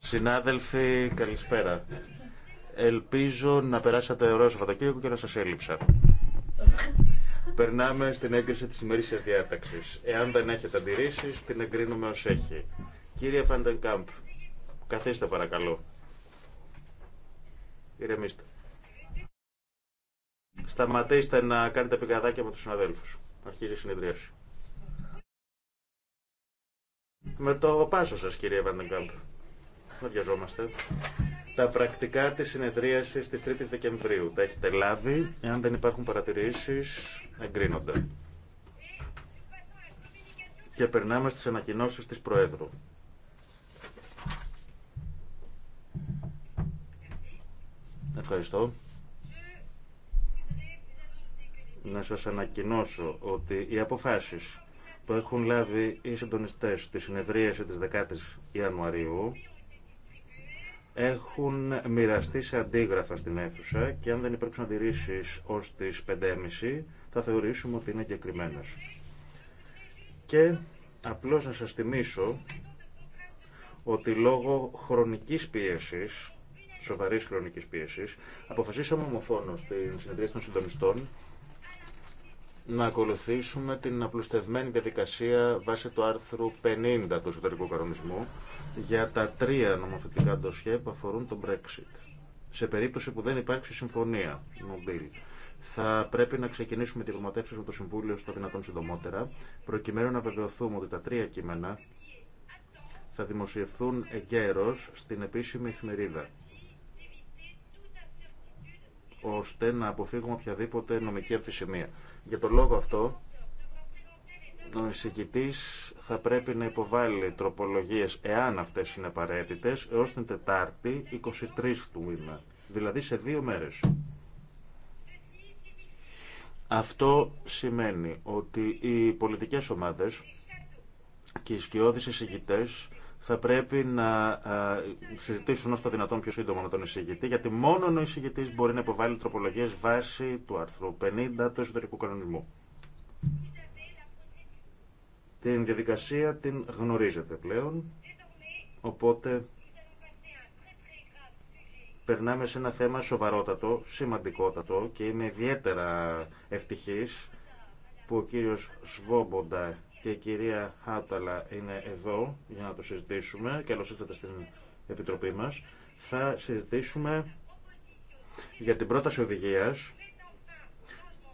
Συνάδελφοι, καλησπέρα. Ελπίζω να περάσατε ωραίο Σαββατοκύριακο και να σα έλειψα. Περνάμε στην έγκριση τη ημερήσιας διάταξη. Εάν δεν έχετε αντιρρήσει την εγκρίνουμε ω έχει. Κύριε Κάμπ, καθίστε παρακαλώ. Ηρεμήστε. Σταματήστε να κάνετε πηγαδάκια με του συναδέλφου. Αρχίζει η συνεδρίαση. Με το πάσο σας, κύριε Βαντεγκάμπ. Δεν βιαζόμαστε. Τα πρακτικά της συνεδρίασης της 3ης Δεκεμβρίου τα έχετε λάβει. Εάν δεν υπάρχουν παρατηρήσεις, εγκρίνονται. Και περνάμε στις ανακοινώσεις της Προέδρου. Ευχαριστώ. Να σας ανακοινώσω ότι οι αποφάσεις έχουν λάβει οι συντονιστέ στη συνεδρίαση της 10 η Ιανουαρίου έχουν μοιραστεί σε αντίγραφα στην αίθουσα και αν δεν υπάρξουν αντιρρήσει ως τι 5.30 θα θεωρήσουμε ότι είναι εγκεκριμένε. Και απλώς να σα θυμίσω ότι λόγω χρονικής πίεσης, σοβαρής χρονική πίεσης, αποφασίσαμε ομοφόνο στην συνεδρία των συντονιστών να ακολουθήσουμε την απλουστευμένη διαδικασία βάσει του άρθρου 50 του εσωτερικού κανονισμού για τα τρία νομοθετικά ντοσιέ που αφορούν τον Brexit. Σε περίπτωση που δεν υπάρξει συμφωνία, θα πρέπει να ξεκινήσουμε τη διαπραγματεύσει με το Συμβούλιο στο δυνατόν συντομότερα, προκειμένου να βεβαιωθούμε ότι τα τρία κείμενα θα δημοσιευθούν εγκαίρω στην επίσημη εφημερίδα ώστε να αποφύγουμε οποιαδήποτε νομική αμφισημία. Για τον λόγο αυτό, ο εισηγητή θα πρέπει να υποβάλει τροπολογίε, εάν αυτέ είναι απαραίτητε, έω την Τετάρτη 23 του μήνα, δηλαδή σε δύο μέρε. Αυτό σημαίνει ότι οι πολιτικές ομάδες και οι σκιώδεις εισηγητές θα πρέπει να ε, συζητήσουν ω το δυνατόν πιο σύντομα με τον εισηγητή, γιατί μόνο ο εισηγητή μπορεί να υποβάλει τροπολογίε βάσει του άρθρου 50 του εσωτερικού κανονισμού. Την διαδικασία την γνωρίζετε πλέον, οπότε περνάμε σε ένα θέμα σοβαρότατο, σημαντικότατο και είμαι ιδιαίτερα ευτυχής που ο κύριος Σβόμποντα και η κυρία Χάταλα είναι εδώ για να το συζητήσουμε. Καλώ ήρθατε στην Επιτροπή μας. Θα συζητήσουμε για την πρόταση οδηγία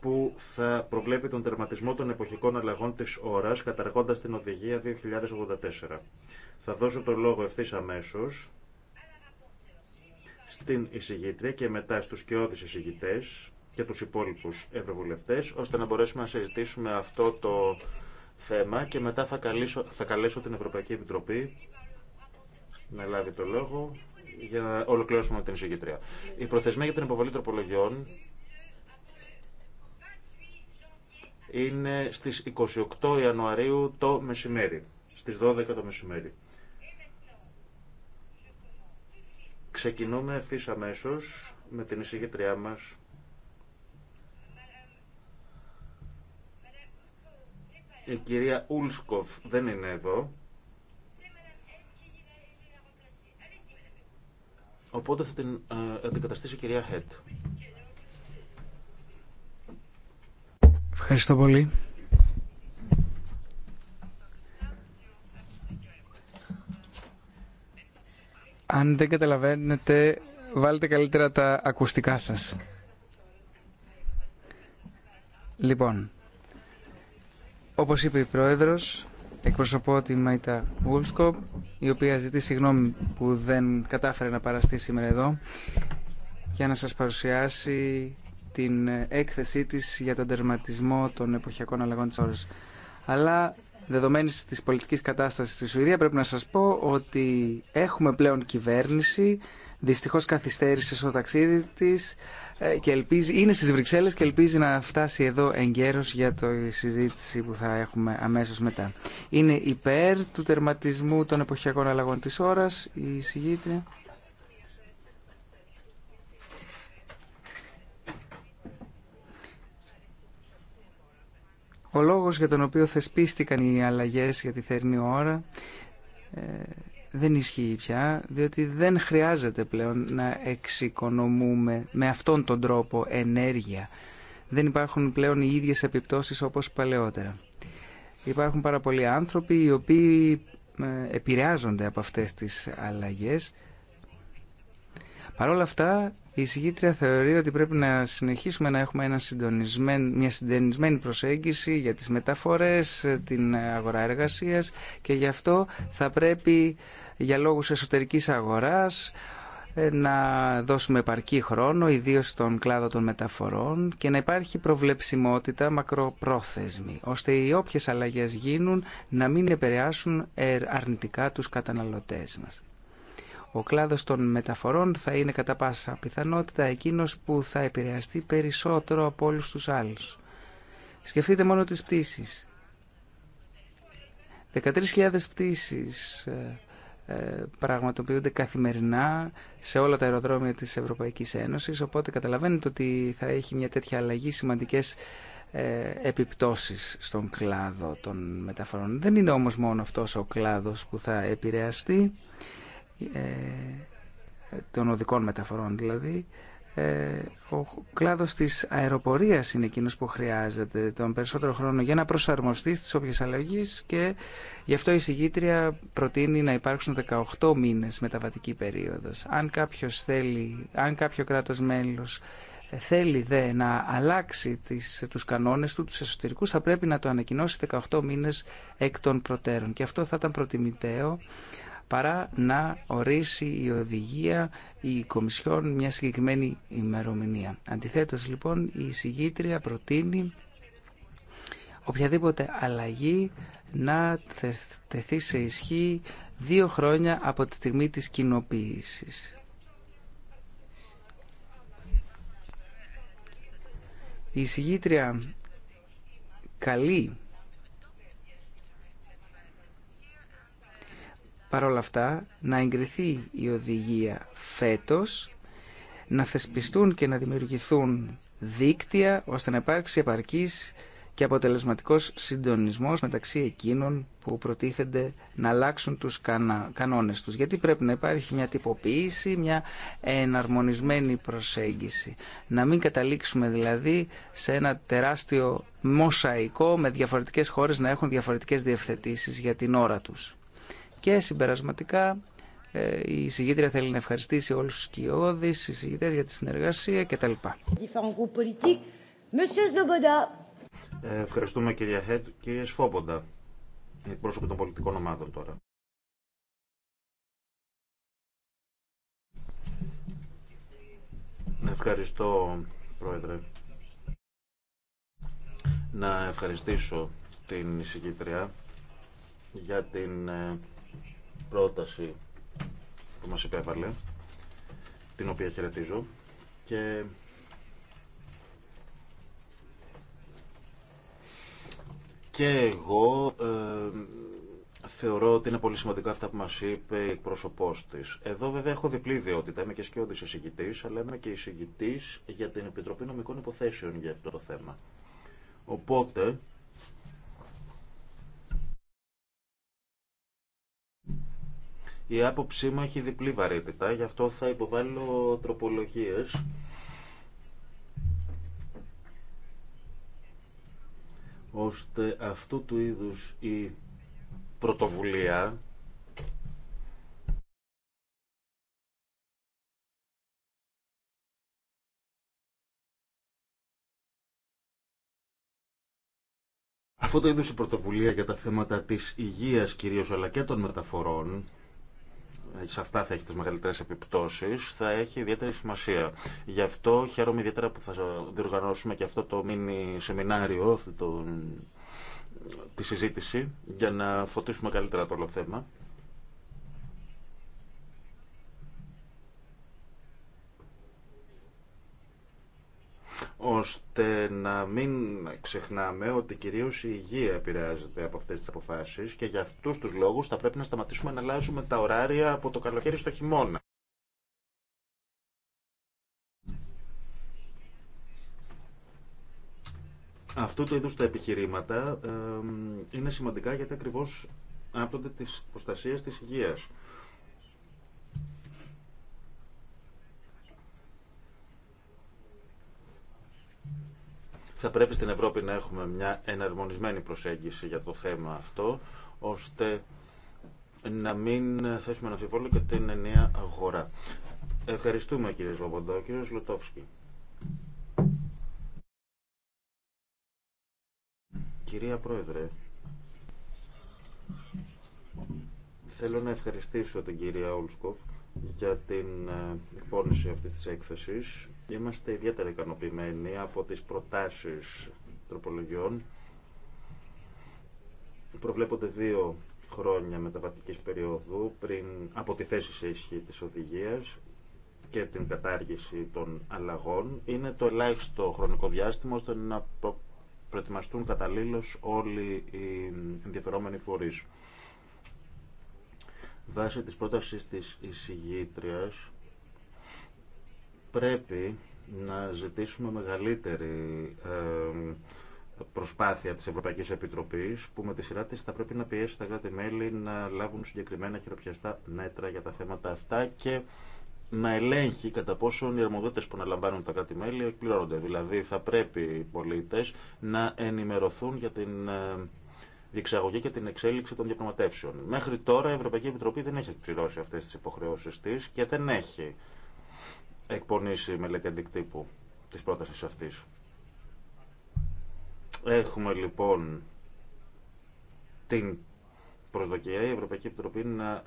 που θα προβλέπει τον τερματισμό των εποχικών αλλαγών τη ώρα καταργώντα την οδηγία 2084. Θα δώσω το λόγο ευθύ αμέσω στην εισηγήτρια και μετά στους κοιόδης εισηγητές και τους υπόλοιπους ευρωβουλευτές, ώστε να μπορέσουμε να συζητήσουμε αυτό το θέμα και μετά θα, καλήσω, θα καλέσω την Ευρωπαϊκή Επιτροπή να λάβει το λόγο για να ολοκληρώσουμε την εισηγητρία. Η προθεσμία για την υποβολή τροπολογιών είναι στις 28 Ιανουαρίου το μεσημέρι, στις 12 το μεσημέρι. Ξεκινούμε ευθύ αμέσως με την εισηγητριά μας, Η κυρία Ούλσκοφ δεν είναι εδώ. Οπότε θα την ε, αντικαταστήσει η κυρία Χέτ. Ευχαριστώ πολύ. Αν δεν καταλαβαίνετε, βάλτε καλύτερα τα ακουστικά σας. Λοιπόν, όπως είπε η Πρόεδρος, εκπροσωπώ τη Μαϊτά Γουλσκοπ, η οποία ζητεί συγγνώμη που δεν κατάφερε να παραστεί σήμερα εδώ, για να σας παρουσιάσει την έκθεσή της για τον τερματισμό των εποχιακών αλλαγών της Αλλά δεδομένη της πολιτικής κατάστασης στη Σουηδία πρέπει να σας πω ότι έχουμε πλέον κυβέρνηση, δυστυχώ καθυστέρησε στο ταξίδι τη. Ε, και ελπίζει, είναι στις Βρυξέλλες και ελπίζει να φτάσει εδώ εγκαίρως για το συζήτηση που θα έχουμε αμέσως μετά. Είναι υπέρ του τερματισμού των εποχιακών αλλαγών της ώρας η συγγήτρια. Ο λόγος για τον οποίο θεσπίστηκαν οι αλλαγές για τη θερινή ώρα ε, δεν ισχύει πια, διότι δεν χρειάζεται πλέον να εξοικονομούμε με αυτόν τον τρόπο ενέργεια. Δεν υπάρχουν πλέον οι ίδιες επιπτώσεις όπως παλαιότερα. Υπάρχουν πάρα πολλοί άνθρωποι οι οποίοι ε, επηρεάζονται από αυτές τις αλλαγές. Παρ' αυτά η εισηγήτρια θεωρεί ότι πρέπει να συνεχίσουμε να έχουμε ένα μια συντονισμένη προσέγγιση για τις μεταφορές, την αγορά εργασίας και γι' αυτό θα πρέπει για λόγους εσωτερικής αγοράς ε, να δώσουμε επαρκή χρόνο, ιδίως στον κλάδο των μεταφορών και να υπάρχει προβλεψιμότητα μακροπρόθεσμη, ώστε οι όποιες αλλαγές γίνουν να μην επηρεάσουν αρνητικά τους καταναλωτές μας. Ο κλάδος των μεταφορών θα είναι κατά πάσα πιθανότητα εκείνος που θα επηρεαστεί περισσότερο από όλους τους άλλους. Σκεφτείτε μόνο τις πτήσεις. 13.000 πτήσεις ε, ε, πραγματοποιούνται καθημερινά σε όλα τα αεροδρόμια της Ευρωπαϊκής Ένωσης, οπότε καταλαβαίνετε ότι θα έχει μια τέτοια αλλαγή σημαντικές ε, επιπτώσεις στον κλάδο των μεταφορών. Δεν είναι όμως μόνο αυτός ο κλάδος που θα επηρεαστεί. Ε, των οδικών μεταφορών δηλαδή, ε, ο κλάδος της αεροπορίας είναι εκείνος που χρειάζεται τον περισσότερο χρόνο για να προσαρμοστεί στις όποιες αλλαγές και γι' αυτό η συγγήτρια προτείνει να υπάρξουν 18 μήνες μεταβατική περίοδος. Αν, κάποιος θέλει, αν κάποιο κράτος μέλος θέλει δε να αλλάξει τις, τους κανόνες του, τους εσωτερικούς, θα πρέπει να το ανακοινώσει 18 μήνες εκ των προτέρων. Και αυτό θα ήταν προτιμητέο παρά να ορίσει η οδηγία η Κομισιόν μια συγκεκριμένη ημερομηνία. Αντιθέτως λοιπόν η εισηγήτρια προτείνει οποιαδήποτε αλλαγή να τεθεί σε ισχύ δύο χρόνια από τη στιγμή της κοινοποίηση. Η εισηγήτρια καλεί παρόλα αυτά να εγκριθεί η οδηγία φέτος, να θεσπιστούν και να δημιουργηθούν δίκτυα ώστε να υπάρξει επαρκής και αποτελεσματικός συντονισμός μεταξύ εκείνων που προτίθενται να αλλάξουν τους κανα... κανόνες τους. Γιατί πρέπει να υπάρχει μια τυποποίηση, μια εναρμονισμένη προσέγγιση. Να μην καταλήξουμε δηλαδή σε ένα τεράστιο μοσαϊκό με διαφορετικές χώρες να έχουν διαφορετικές διευθετήσεις για την ώρα τους. Και συμπερασματικά ε, η συγγήτρια θέλει να ευχαριστήσει όλους τους κοιόδης, οι εισηγητές για τη συνεργασία κτλ. Ε, ευχαριστούμε κυρία Χέτ. Κύριε Σφόποντα, πρόσωπο των πολιτικών ομάδων τώρα. Ευχαριστώ, Πρόεδρε. Να ευχαριστήσω την εισηγήτρια για την ε, πρόταση που μας υπέβαλε, την οποία χαιρετίζω και και εγώ ε, θεωρώ ότι είναι πολύ σημαντικά αυτά που μας είπε η εκπρόσωπός της. Εδώ βέβαια έχω διπλή ιδιότητα, είμαι και σκιώδης εισηγητής, αλλά είμαι και εισηγητής για την Επιτροπή Νομικών Υποθέσεων για αυτό το θέμα. Οπότε, Η άποψή μου έχει διπλή βαρύτητα, γι' αυτό θα υποβάλω τροπολογίες. ώστε αυτού του είδους η πρωτοβουλία Αυτό το είδους η πρωτοβουλία για τα θέματα της υγείας κυρίως αλλά και των μεταφορών σε αυτά θα έχει τις μεγαλύτερε επιπτώσεις, θα έχει ιδιαίτερη σημασία. Γι' αυτό χαίρομαι ιδιαίτερα που θα διοργανώσουμε και αυτό το μίνι σεμινάριο, τη συζήτηση, για να φωτίσουμε καλύτερα το όλο θέμα ώστε να μην ξεχνάμε ότι κυρίως η υγεία επηρεάζεται από αυτές τις αποφάσεις και για αυτούς τους λόγους θα πρέπει να σταματήσουμε να αλλάζουμε τα ωράρια από το καλοκαίρι στο χειμώνα. Αυτού του είδους τα επιχειρήματα είναι σημαντικά γιατί ακριβώς άπτονται της προστασία της υγείας. Θα πρέπει στην Ευρώπη να έχουμε μια εναρμονισμένη προσέγγιση για το θέμα αυτό, ώστε να μην θέσουμε αμφιβόλο και την ενιαία αγορά. Ευχαριστούμε κύριε Σβαμποντό. κύριε Λουτόφσκι. Κυρία Πρόεδρε, θέλω να ευχαριστήσω την κυρία Όλσκοφ για την ε, εκπόνηση αυτής της έκθεσης Είμαστε ιδιαίτερα ικανοποιημένοι από τις προτάσεις τροπολογιών. Προβλέπονται δύο χρόνια μεταβατικής περίοδου πριν από τη θέση σε ισχύ της οδηγίας και την κατάργηση των αλλαγών. Είναι το ελάχιστο χρονικό διάστημα ώστε να προετοιμαστούν καταλήλως όλοι οι ενδιαφερόμενοι φορείς. Βάσει της πρότασης της εισηγήτριας, πρέπει να ζητήσουμε μεγαλύτερη ε, προσπάθεια της Ευρωπαϊκής Επιτροπής που με τη σειρά της θα πρέπει να πιέσει τα κράτη-μέλη να λάβουν συγκεκριμένα χειροπιαστά μέτρα για τα θέματα αυτά και να ελέγχει κατά πόσο οι αρμοδότητες που αναλαμβάνουν τα κράτη-μέλη εκπληρώνονται. Δηλαδή θα πρέπει οι πολίτες να ενημερωθούν για την ε, διεξαγωγή και την εξέλιξη των διαπραγματεύσεων. Μέχρι τώρα η Ευρωπαϊκή Επιτροπή δεν έχει εκπληρώσει αυτές τις υποχρεώσεις της και δεν έχει εκπονήσει η μελέτη αντικτύπου της πρότασης αυτής. Έχουμε λοιπόν την προσδοκία η Ευρωπαϊκή Επιτροπή να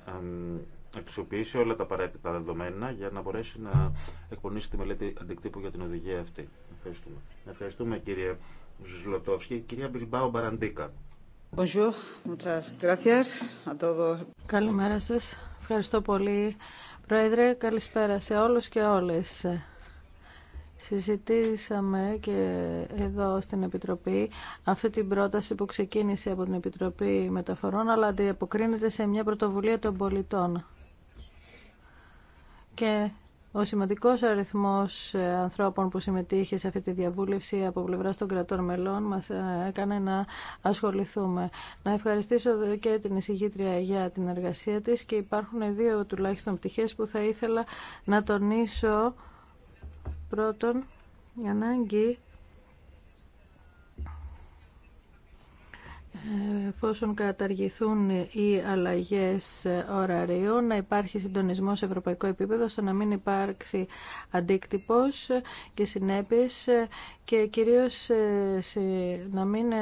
αξιοποιήσει όλα τα απαραίτητα δεδομένα για να μπορέσει να εκπονήσει τη μελέτη αντικτύπου για την οδηγία αυτή. Ευχαριστούμε. Ευχαριστούμε κύριε Ζουσλοτόφσκι. Κυρία Μπιλμπάου Μπαραντίκα. Bonjour, muchas gracias a todos. Καλημέρα σας. Ευχαριστώ πολύ Πρόεδρε, καλησπέρα σε όλους και όλες. Συζητήσαμε και εδώ στην Επιτροπή αυτή την πρόταση που ξεκίνησε από την Επιτροπή Μεταφορών, αλλά αντιαποκρίνεται σε μια πρωτοβουλία των πολιτών. Ο σημαντικό αριθμό ε, ανθρώπων που συμμετείχε σε αυτή τη διαβούλευση από πλευρά των κρατών μελών μας ε, έκανε να ασχοληθούμε. Να ευχαριστήσω και την εισηγήτρια για την εργασία της και υπάρχουν δύο τουλάχιστον πτυχές που θα ήθελα να τονίσω πρώτον η ανάγκη εφόσον καταργηθούν οι αλλαγές ωραρίου, να υπάρχει συντονισμό σε ευρωπαϊκό επίπεδο, ώστε να μην υπάρξει αντίκτυπος και συνέπειες και κυρίως ε, να μην ε,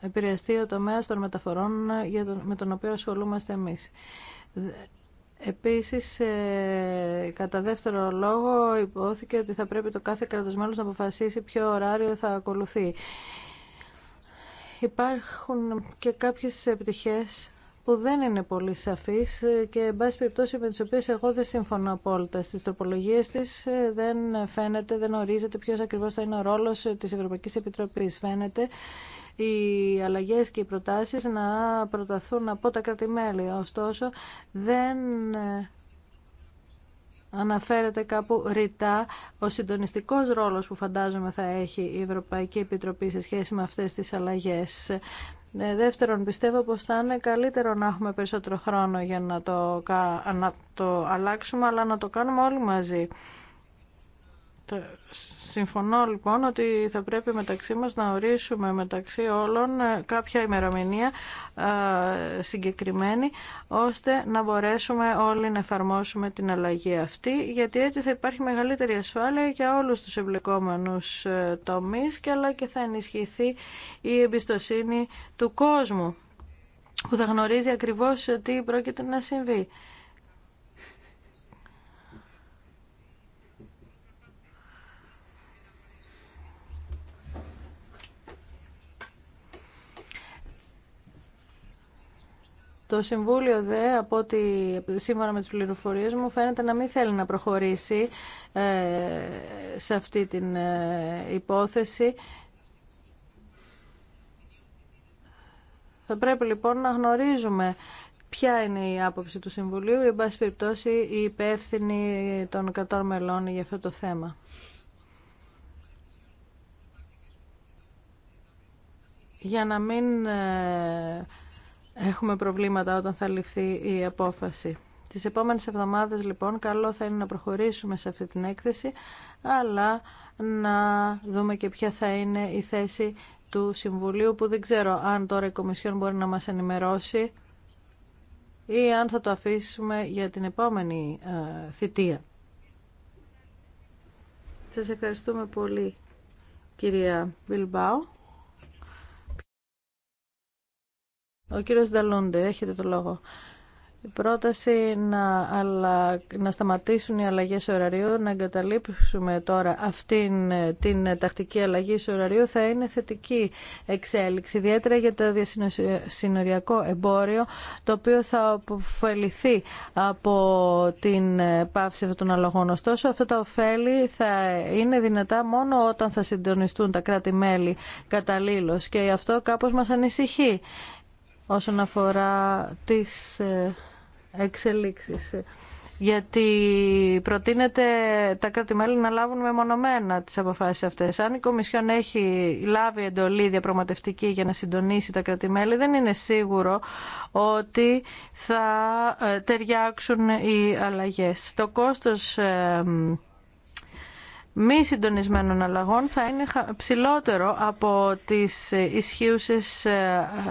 επηρεαστεί ο τομέας των μεταφορών με τον οποίο ασχολούμαστε εμείς. Επίσης, ε, κατά δεύτερο λόγο, υπόθηκε ότι θα πρέπει το κάθε κράτος να αποφασίσει ποιο ωράριο θα ακολουθεί υπάρχουν και κάποιες επιτυχίες που δεν είναι πολύ σαφείς και εν πάση περιπτώσει με τις οποίες εγώ δεν συμφωνώ απόλυτα. Στις τροπολογίες της ε, δεν φαίνεται, δεν ορίζεται ποιος ακριβώς θα είναι ο ρόλος ε, της Ευρωπαϊκής Επιτροπής. Φαίνεται οι αλλαγές και οι προτάσεις να προταθούν από τα κράτη-μέλη. Ωστόσο δεν ε, Αναφέρεται κάπου ρητά ο συντονιστικός ρόλος που φαντάζομαι θα έχει η Ευρωπαϊκή Επιτροπή σε σχέση με αυτές τις αλλαγές. Ε, δεύτερον, πιστεύω πως θα είναι καλύτερο να έχουμε περισσότερο χρόνο για να το, να το αλλάξουμε, αλλά να το κάνουμε όλοι μαζί. Συμφωνώ λοιπόν ότι θα πρέπει μεταξύ μας να ορίσουμε μεταξύ όλων ε, κάποια ημερομηνία ε, συγκεκριμένη ώστε να μπορέσουμε όλοι να εφαρμόσουμε την αλλαγή αυτή γιατί έτσι θα υπάρχει μεγαλύτερη ασφάλεια για όλους τους εμπλεκόμενους ε, τομείς και αλλά και θα ενισχυθεί η εμπιστοσύνη του κόσμου που θα γνωρίζει ακριβώς τι πρόκειται να συμβεί. Το Συμβούλιο ΔΕ, από ό,τι σύμφωνα με τις πληροφορίες μου, φαίνεται να μην θέλει να προχωρήσει ε, σε αυτή την ε, υπόθεση. Θα πρέπει λοιπόν να γνωρίζουμε ποια είναι η άποψη του Συμβουλίου ή, εν πάση περιπτώσει, η υπεύθυνη των κρατών μελών για αυτό το θέμα. Για να μην ε, έχουμε προβλήματα όταν θα ληφθεί η απόφαση. Τις επόμενες εβδομάδες λοιπόν καλό θα είναι να προχωρήσουμε σε αυτή την έκθεση αλλά να δούμε και ποια θα είναι η θέση του Συμβουλίου που δεν ξέρω αν τώρα η Κομισιόν μπορεί να μας ενημερώσει ή αν θα το αφήσουμε για την επόμενη ε, θητεία. Σας ευχαριστούμε πολύ κυρία Μπιλμπάου. Ο κύριος Νταλούντε, έχετε το λόγο. Η πρόταση να, αλλα... να σταματήσουν οι αλλαγές ωραρίου, να εγκαταλείψουμε τώρα αυτήν την τακτική αλλαγή ωραρίου θα είναι θετική εξέλιξη, ιδιαίτερα για το διασυνοριακό εμπόριο, το οποίο θα ωφεληθεί από την πάυση αυτών των αλλαγών. Ωστόσο, αυτά τα ωφέλη θα είναι δυνατά μόνο όταν θα συντονιστούν τα κράτη-μέλη καταλήλως και αυτό κάπως μας ανησυχεί όσον αφορά τις ε, εξελίξεις. Γιατί προτείνεται τα κράτη-μέλη να λάβουν μεμονωμένα τις αποφάσεις αυτές. Αν η Κομισιόν έχει λάβει εντολή διαπραγματευτική για να συντονίσει τα κράτη-μέλη, δεν είναι σίγουρο ότι θα ε, ταιριάξουν οι αλλαγές. Το κόστος ε, μη συντονισμένων αλλαγών θα είναι ψηλότερο από τις ισχύουσες ε, ε,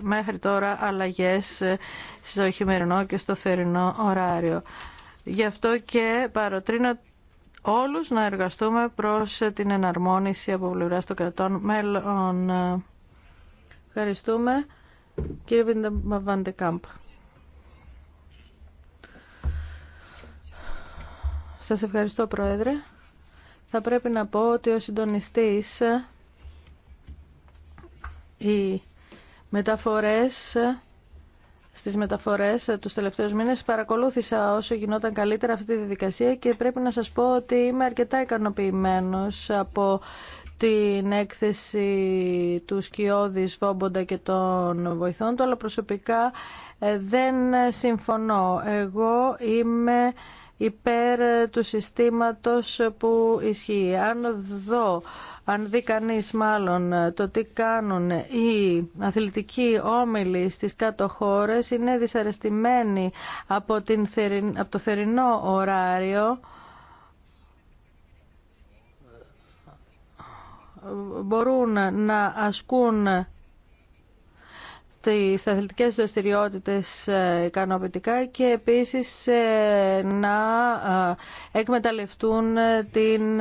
μέχρι τώρα αλλαγές ε, στο χειμερινό και στο θερινό ωράριο. Γι' αυτό και παροτρύνω όλους να εργαστούμε προς την εναρμόνιση από πλευρά των κρατών μέλλον. Ευχαριστούμε. Κύριε Βαντεκάμπ. Σας ευχαριστώ, Πρόεδρε θα πρέπει να πω ότι ο συντονιστής οι μεταφορές στις μεταφορές τους τελευταίους μήνες παρακολούθησα όσο γινόταν καλύτερα αυτή τη διαδικασία και πρέπει να σας πω ότι είμαι αρκετά ικανοποιημένος από την έκθεση του Σκιώδη Βόμποντα και των βοηθών του, αλλά προσωπικά ε, δεν συμφωνώ. Εγώ είμαι υπέρ του συστήματος που ισχύει. Αν δω αν δει κανεί μάλλον το τι κάνουν οι αθλητικοί όμιλοι στις κάτω χώρες, είναι δυσαρεστημένοι από, την, από το θερινό ωράριο. Μπορούν να ασκούν τις αθλητικές δραστηριότητε ε, ικανοποιητικά και επίσης ε, να ε, εκμεταλλευτούν την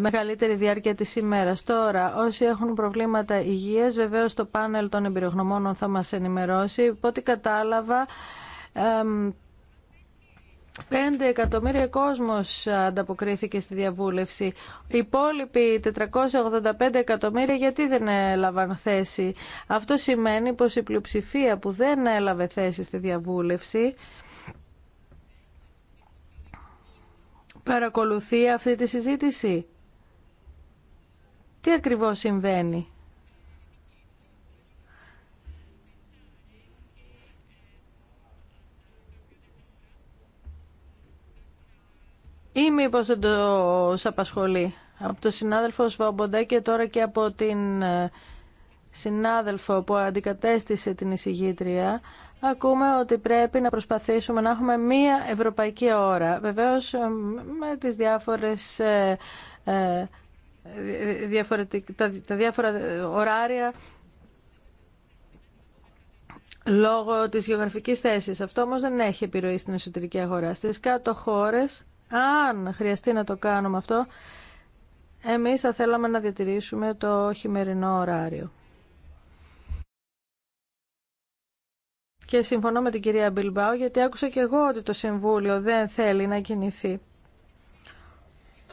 μεγαλύτερη διάρκεια της ημέρας. Τώρα, όσοι έχουν προβλήματα υγείας, βεβαίως το πάνελ των εμπειρογνωμόνων θα μας ενημερώσει. Πότε κατάλαβα, 5 εκατομμύρια κόσμος ανταποκρίθηκε στη διαβούλευση. Οι υπόλοιποι 485 εκατομμύρια γιατί δεν έλαβαν θέση. Αυτό σημαίνει πως η πλειοψηφία που δεν έλαβε θέση στη διαβούλευση παρακολουθεί αυτή τη συζήτηση. Τι ακριβώς συμβαίνει. ή μήπως δεν το απασχολεί. Από τον συνάδελφο Σβόμποντα και τώρα και από την ε, συνάδελφο που αντικατέστησε την εισηγήτρια ακούμε ότι πρέπει να προσπαθήσουμε να έχουμε μία ευρωπαϊκή ώρα. Βεβαίως ε, με τις διάφορες ε, τα διάφορα ωράρια λόγω της γεωγραφικής θέσης. Αυτό όμως δεν έχει επιρροή στην εσωτερική αγορά. Στις κάτω χώρες αν χρειαστεί να το κάνουμε αυτό, εμείς θα θέλαμε να διατηρήσουμε το χειμερινό ωράριο. Και συμφωνώ με την κυρία Μπιλμπάου, γιατί άκουσα και εγώ ότι το Συμβούλιο δεν θέλει να κινηθεί.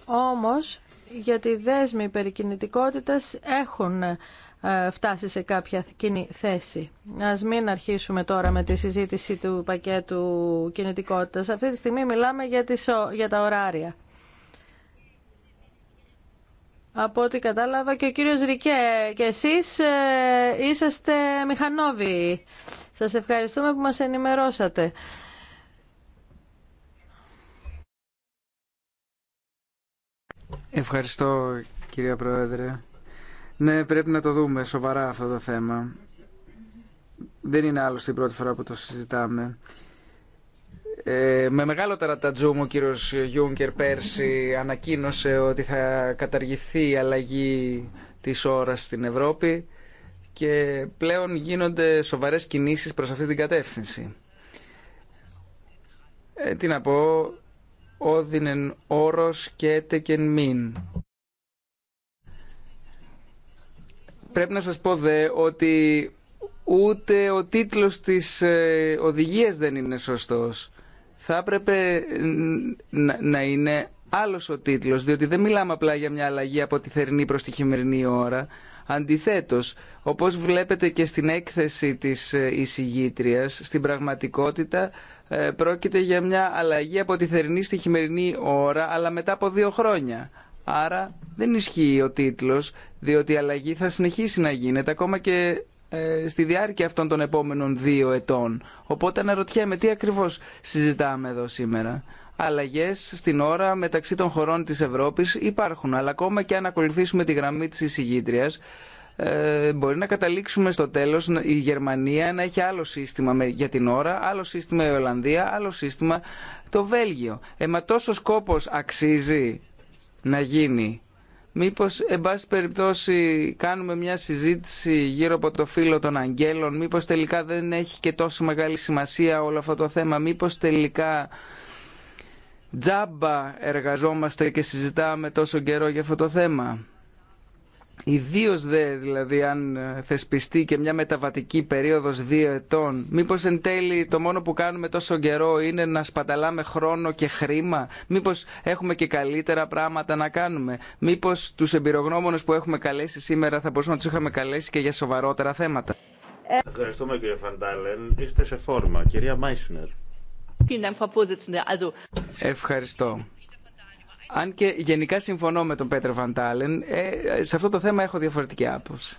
Όμως, γιατί οι δέσμοι περικινητικότητας έχουν ε, φτάσει σε κάποια κοινή θέση. Ας μην αρχίσουμε τώρα με τη συζήτηση του πακέτου κινητικότητας. Αυτή τη στιγμή μιλάμε για, τις, για τα ωράρια. Από ό,τι κατάλαβα και ο κύριος Ρικέ και εσείς ε, είσαστε μηχανόβοι. Σας ευχαριστούμε που μας ενημερώσατε. Ευχαριστώ κυρία Πρόεδρε. Ναι, πρέπει να το δούμε σοβαρά αυτό το θέμα. Δεν είναι άλλωστε η πρώτη φορά που το συζητάμε. Ε, με μεγάλο ταρατατζούμ ο κύριος Γιούγκερ πέρσι ανακοίνωσε ότι θα καταργηθεί η αλλαγή της ώρας στην Ευρώπη και πλέον γίνονται σοβαρές κινήσεις προς αυτή την κατεύθυνση. Ε, τι να πω, όδινεν όρος και έτεκεν μην. Πρέπει να σας πω δε ότι ούτε ο τίτλος της ε, οδηγίας δεν είναι σωστός. Θα έπρεπε να είναι άλλος ο τίτλος, διότι δεν μιλάμε απλά για μια αλλαγή από τη θερινή προς τη χειμερινή ώρα. Αντιθέτως, όπως βλέπετε και στην έκθεση της ε, εισηγήτριας, στην πραγματικότητα ε, πρόκειται για μια αλλαγή από τη θερινή στη χειμερινή ώρα, αλλά μετά από δύο χρόνια. Άρα δεν ισχύει ο τίτλος, διότι η αλλαγή θα συνεχίσει να γίνεται ακόμα και ε, στη διάρκεια αυτών των επόμενων δύο ετών. Οπότε αναρωτιέμαι τι ακριβώς συζητάμε εδώ σήμερα. Αλλαγέ στην ώρα μεταξύ των χωρών της Ευρώπης υπάρχουν, αλλά ακόμα και αν ακολουθήσουμε τη γραμμή της εισηγήτριας, ε, μπορεί να καταλήξουμε στο τέλος η Γερμανία να έχει άλλο σύστημα για την ώρα, άλλο σύστημα η Ολλανδία, άλλο σύστημα το Βέλγιο. Ε, τόσο σκόπος αξίζει να γίνει. Μήπως, εν πάση περιπτώσει, κάνουμε μια συζήτηση γύρω από το φύλλο των αγγέλων, μήπως τελικά δεν έχει και τόσο μεγάλη σημασία όλο αυτό το θέμα, μήπως τελικά τζάμπα εργαζόμαστε και συζητάμε τόσο καιρό για αυτό το θέμα. Ιδίω δε, δηλαδή, αν ε, θεσπιστεί και μια μεταβατική περίοδο δύο ετών, μήπω εν τέλει το μόνο που κάνουμε τόσο καιρό είναι να σπαταλάμε χρόνο και χρήμα, Μήπω έχουμε και καλύτερα πράγματα να κάνουμε, Μήπω του εμπειρογνώμονε που έχουμε καλέσει σήμερα θα μπορούσαμε να του είχαμε καλέσει και για σοβαρότερα θέματα. Ευχαριστούμε κύριε Φαντάλεν. Είστε σε φόρμα. Κυρία Μάισνερ. Ευχαριστώ. Αν και γενικά συμφωνώ με τον Πέτρο Βαντάλεν, ε, σε αυτό το θέμα έχω διαφορετική άποψη.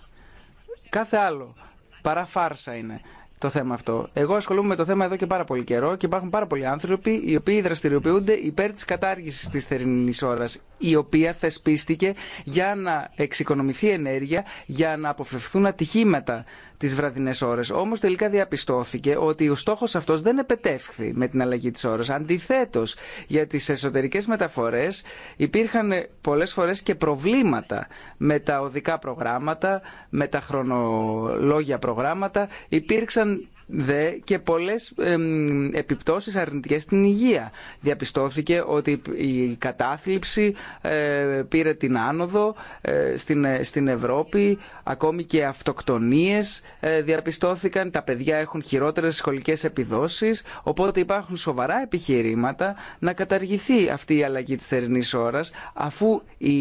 Κάθε άλλο παρά φάρσα είναι το θέμα αυτό. Εγώ ασχολούμαι με το θέμα εδώ και πάρα πολύ καιρό και υπάρχουν πάρα πολλοί άνθρωποι οι οποίοι δραστηριοποιούνται υπέρ τη κατάργηση τη θερινή ώρα, η οποία θεσπίστηκε για να εξοικονομηθεί ενέργεια, για να αποφευθούν ατυχήματα τις βραδινέ ώρες. όμω τελικά διαπιστώθηκε ότι ο στόχο αυτό δεν επετεύχθη με την αλλαγή τη ώρα. Αντιθέτω, για τι εσωτερικέ μεταφορέ υπήρχαν πολλέ φορέ και προβλήματα με τα οδικά προγράμματα, με τα χρονολόγια προγράμματα. Υπήρξαν δε και πολλές επιπτώσεις αρνητικές στην υγεία. Διαπιστώθηκε ότι η κατάθλιψη ε, πήρε την άνοδο ε, στην, ε, στην Ευρώπη, ακόμη και αυτοκτονίες διαπιστώθηκαν, τα παιδιά έχουν χειρότερες σχολικές επιδόσεις, οπότε υπάρχουν σοβαρά επιχειρήματα να καταργηθεί αυτή η αλλαγή της θερινής ώρας, αφού οι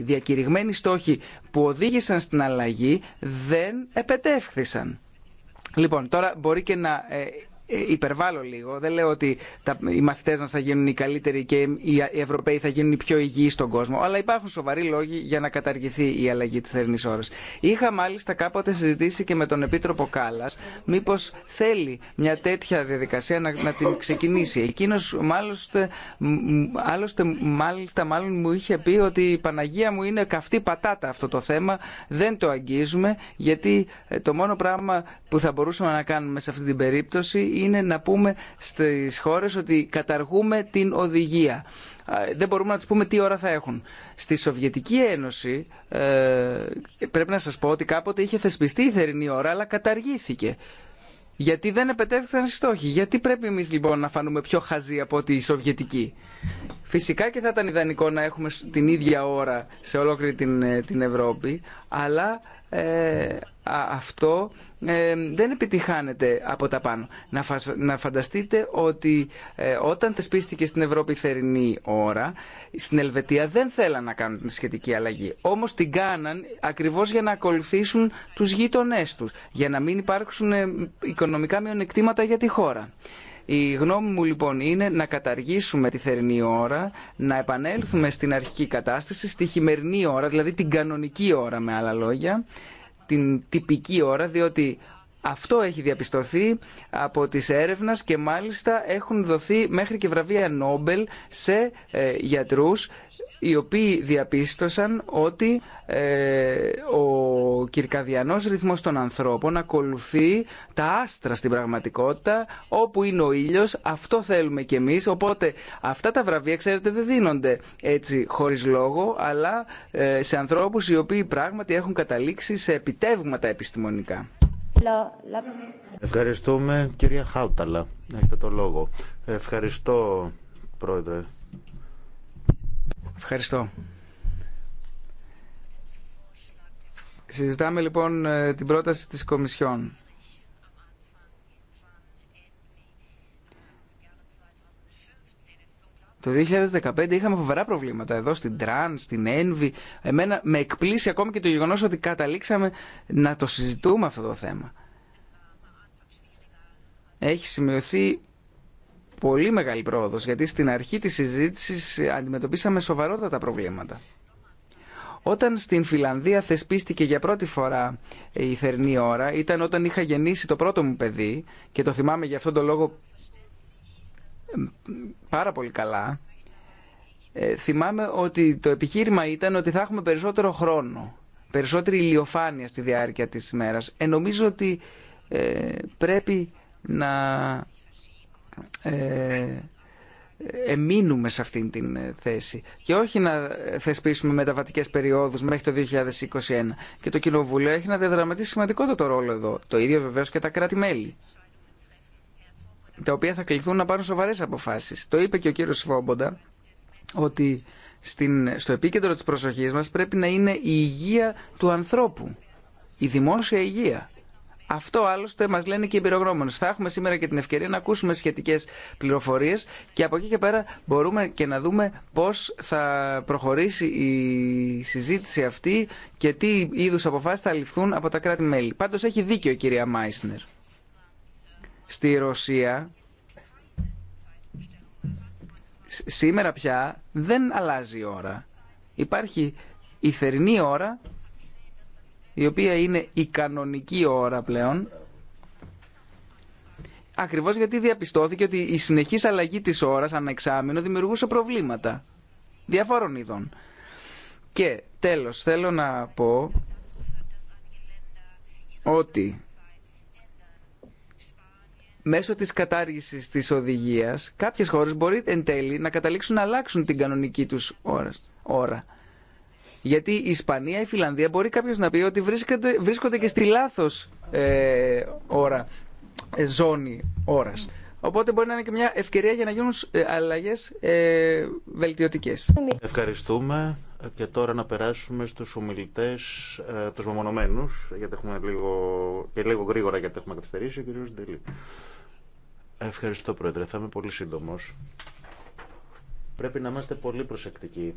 διακηρυγμένοι στόχοι που οδήγησαν στην αλλαγή δεν επετεύχθησαν. Λοιπόν, τώρα μπορεί και να ε, υπερβάλλω λίγο. Δεν λέω ότι τα, οι μαθητέ μα θα γίνουν οι καλύτεροι και οι Ευρωπαίοι θα γίνουν οι πιο υγιεί στον κόσμο. Αλλά υπάρχουν σοβαροί λόγοι για να καταργηθεί η αλλαγή τη θερινή ώρα. Είχα μάλιστα κάποτε συζητήσει και με τον Επίτροπο Κάλλα μήπω θέλει μια τέτοια διαδικασία να, να την ξεκινήσει. Εκείνο μάλιστα, μάλιστα μάλλον μου είχε πει ότι η Παναγία μου είναι καυτή πατάτα αυτό το θέμα. Δεν το αγγίζουμε γιατί ε, το μόνο πράγμα που θα μπορούσαμε να κάνουμε σε αυτή την περίπτωση είναι να πούμε στις χώρες ότι καταργούμε την οδηγία. Δεν μπορούμε να τους πούμε τι ώρα θα έχουν. Στη Σοβιετική Ένωση ε, πρέπει να σας πω ότι κάποτε είχε θεσπιστεί η θερινή ώρα αλλά καταργήθηκε. Γιατί δεν επετέφθηκαν οι στόχοι. Γιατί πρέπει εμεί λοιπόν να φανούμε πιο χαζοί από ότι οι Σοβιετικοί. Φυσικά και θα ήταν ιδανικό να έχουμε την ίδια ώρα σε ολόκληρη την, ε, την Ευρώπη, αλλά ε, αυτό ε, δεν επιτυχάνεται από τα πάνω. Να φανταστείτε ότι ε, όταν θεσπίστηκε στην Ευρώπη η θερινή ώρα, στην Ελβετία δεν θέλαν να κάνουν σχετική αλλαγή. Όμως την κάναν ακριβώς για να ακολουθήσουν τους γείτονές τους, για να μην υπάρξουν οικονομικά μειονεκτήματα για τη χώρα. Η γνώμη μου λοιπόν είναι να καταργήσουμε τη θερινή ώρα, να επανέλθουμε στην αρχική κατάσταση, στη χειμερινή ώρα, δηλαδή την κανονική ώρα με άλλα λόγια, την τυπική ώρα, διότι αυτό έχει διαπιστωθεί από τις έρευνας και μάλιστα έχουν δοθεί μέχρι και βραβεία Νόμπελ σε ε, γιατρούς οι οποίοι διαπίστωσαν ότι ε, ο κυρκαδιανός ρυθμός των ανθρώπων ακολουθεί τα άστρα στην πραγματικότητα, όπου είναι ο ήλιος, αυτό θέλουμε κι εμείς, οπότε αυτά τα βραβεία, ξέρετε, δεν δίνονται έτσι χωρίς λόγο, αλλά ε, σε ανθρώπους οι οποίοι πράγματι έχουν καταλήξει σε επιτεύγματα επιστημονικά. Ευχαριστούμε κυρία Χάουταλα. Έχετε το λόγο. Ευχαριστώ πρόεδρε. Ευχαριστώ. Συζητάμε λοιπόν ε, την πρόταση της Κομισιόν. Το 2015 είχαμε φοβερά προβλήματα εδώ στην Τραν, στην Ένβη. Εμένα με εκπλήσει ακόμη και το γεγονός ότι καταλήξαμε να το συζητούμε αυτό το θέμα. Έχει σημειωθεί πολύ μεγάλη πρόοδος, γιατί στην αρχή της συζήτησης αντιμετωπίσαμε σοβαρότατα προβλήματα. Όταν στην Φιλανδία θεσπίστηκε για πρώτη φορά η θερινή ώρα, ήταν όταν είχα γεννήσει το πρώτο μου παιδί και το θυμάμαι για αυτόν τον λόγο πάρα πολύ καλά. Ε, θυμάμαι ότι το επιχείρημα ήταν ότι θα έχουμε περισσότερο χρόνο, περισσότερη ηλιοφάνεια στη διάρκεια της ημέρας. Ε, ότι ε, πρέπει να ε, εμείνουμε σε αυτήν την ε, θέση και όχι να θεσπίσουμε μεταβατικές περιόδους μέχρι το 2021. Και το Κοινοβουλίο έχει να διαδραματίσει σημαντικότατο ρόλο εδώ. Το ίδιο βεβαίως και τα κράτη-μέλη τα οποία θα κληθούν να πάρουν σοβαρές αποφάσεις. Το είπε και ο κύριος Σφόμποντα ότι στην, στο επίκεντρο της προσοχής μας πρέπει να είναι η υγεία του ανθρώπου, η δημόσια υγεία. Αυτό άλλωστε μα λένε και οι εμπειρογνώμονε. Θα έχουμε σήμερα και την ευκαιρία να ακούσουμε σχετικέ πληροφορίε και από εκεί και πέρα μπορούμε και να δούμε πώ θα προχωρήσει η συζήτηση αυτή και τι είδου αποφάσει θα ληφθούν από τα κράτη-μέλη. Πάντω έχει δίκιο η κυρία Μάισνερ. Στη Ρωσία σήμερα πια δεν αλλάζει η ώρα. Υπάρχει η θερινή ώρα η οποία είναι η κανονική ώρα πλέον, ακριβώς γιατί διαπιστώθηκε ότι η συνεχής αλλαγή της ώρας ανεξάμεινο δημιουργούσε προβλήματα διαφόρων ειδών. Και τέλος θέλω να πω ότι μέσω της κατάργησης της οδηγίας κάποιες χώρες μπορεί εν τέλει να καταλήξουν να αλλάξουν την κανονική τους ώρα. Γιατί η Ισπανία, η Φιλανδία μπορεί κάποιο να πει ότι βρίσκονται, και στη λάθο ε, ώρα, ε, ζώνη ώρα. Οπότε μπορεί να είναι και μια ευκαιρία για να γίνουν αλλαγέ ε, ε βελτιωτικέ. Ευχαριστούμε. Και τώρα να περάσουμε στους ομιλητές, ε, τους μεμονωμένους, γιατί έχουμε λίγο, και λίγο γρήγορα γιατί έχουμε καθυστερήσει, ο κ. Ντελή. Ευχαριστώ, Πρόεδρε. Θα είμαι πολύ σύντομος. Πρέπει να είμαστε πολύ προσεκτικοί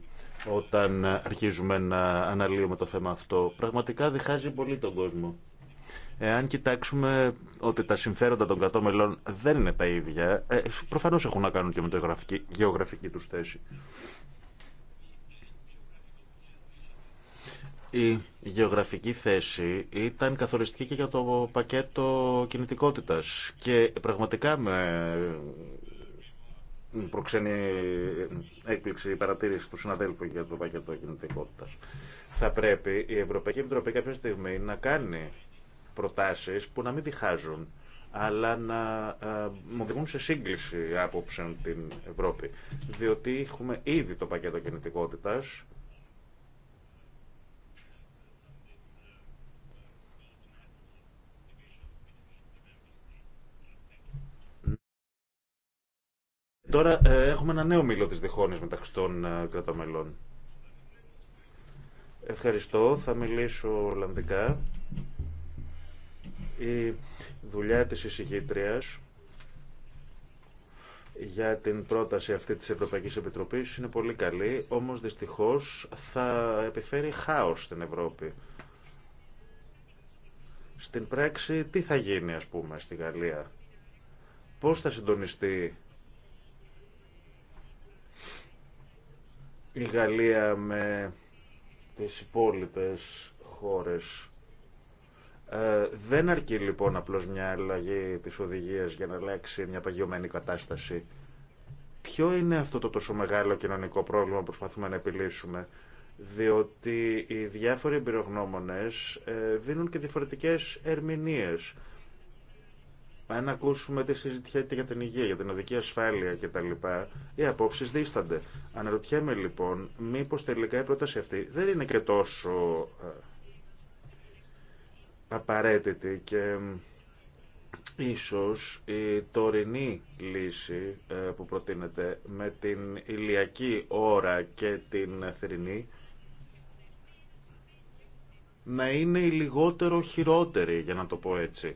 όταν αρχίζουμε να αναλύουμε το θέμα αυτό. Πραγματικά διχάζει πολύ τον κόσμο. Εάν κοιτάξουμε ότι τα συμφέροντα των κρατών μελών δεν είναι τα ίδια, ε, προφανώς έχουν να κάνουν και με τη γεωγραφική τους θέση. Η γεωγραφική θέση ήταν καθοριστική και για το πακέτο κινητικότητας και πραγματικά με προξενεί ε, έκπληξη η παρατήρηση του συναδέλφου για το πακέτο κινητικότητα. Θα πρέπει η Ευρωπαϊκή Επιτροπή κάποια στιγμή να κάνει προτάσει που να μην διχάζουν, αλλά να ε, οδηγούν σε σύγκληση άποψεων την Ευρώπη. Διότι έχουμε ήδη το πακέτο κινητικότητα Τώρα ε, έχουμε ένα νέο μήλο της διχόνης μεταξύ των ε, Ευχαριστώ. Θα μιλήσω Ολλανδικά. Η δουλειά της εισηγήτριας για την πρόταση αυτή της Ευρωπαϊκής Επιτροπής είναι πολύ καλή, όμως δυστυχώς θα επιφέρει χάος στην Ευρώπη. Στην πράξη τι θα γίνει ας πούμε στη Γαλλία, πώς θα συντονιστεί η Γαλλία με τις υπόλοιπες χώρες. Ε, δεν αρκεί λοιπόν απλώς μια αλλαγή της οδηγίας για να αλλάξει μια παγιωμένη κατάσταση. Ποιο είναι αυτό το τόσο μεγάλο κοινωνικό πρόβλημα που προσπαθούμε να επιλύσουμε. Διότι οι διάφοροι εμπειρογνώμονες ε, δίνουν και διαφορετικές ερμηνείες. Αν ακούσουμε τι συζητιέται για την υγεία, για την οδική ασφάλεια κτλ., οι απόψει δίστανται. Αναρωτιέμαι λοιπόν, μήπω τελικά η πρόταση αυτή δεν είναι και τόσο ε, απαραίτητη και ίσως η τωρινή λύση ε, που προτείνεται με την ηλιακή ώρα και την θερινή να είναι η λιγότερο χειρότερη, για να το πω έτσι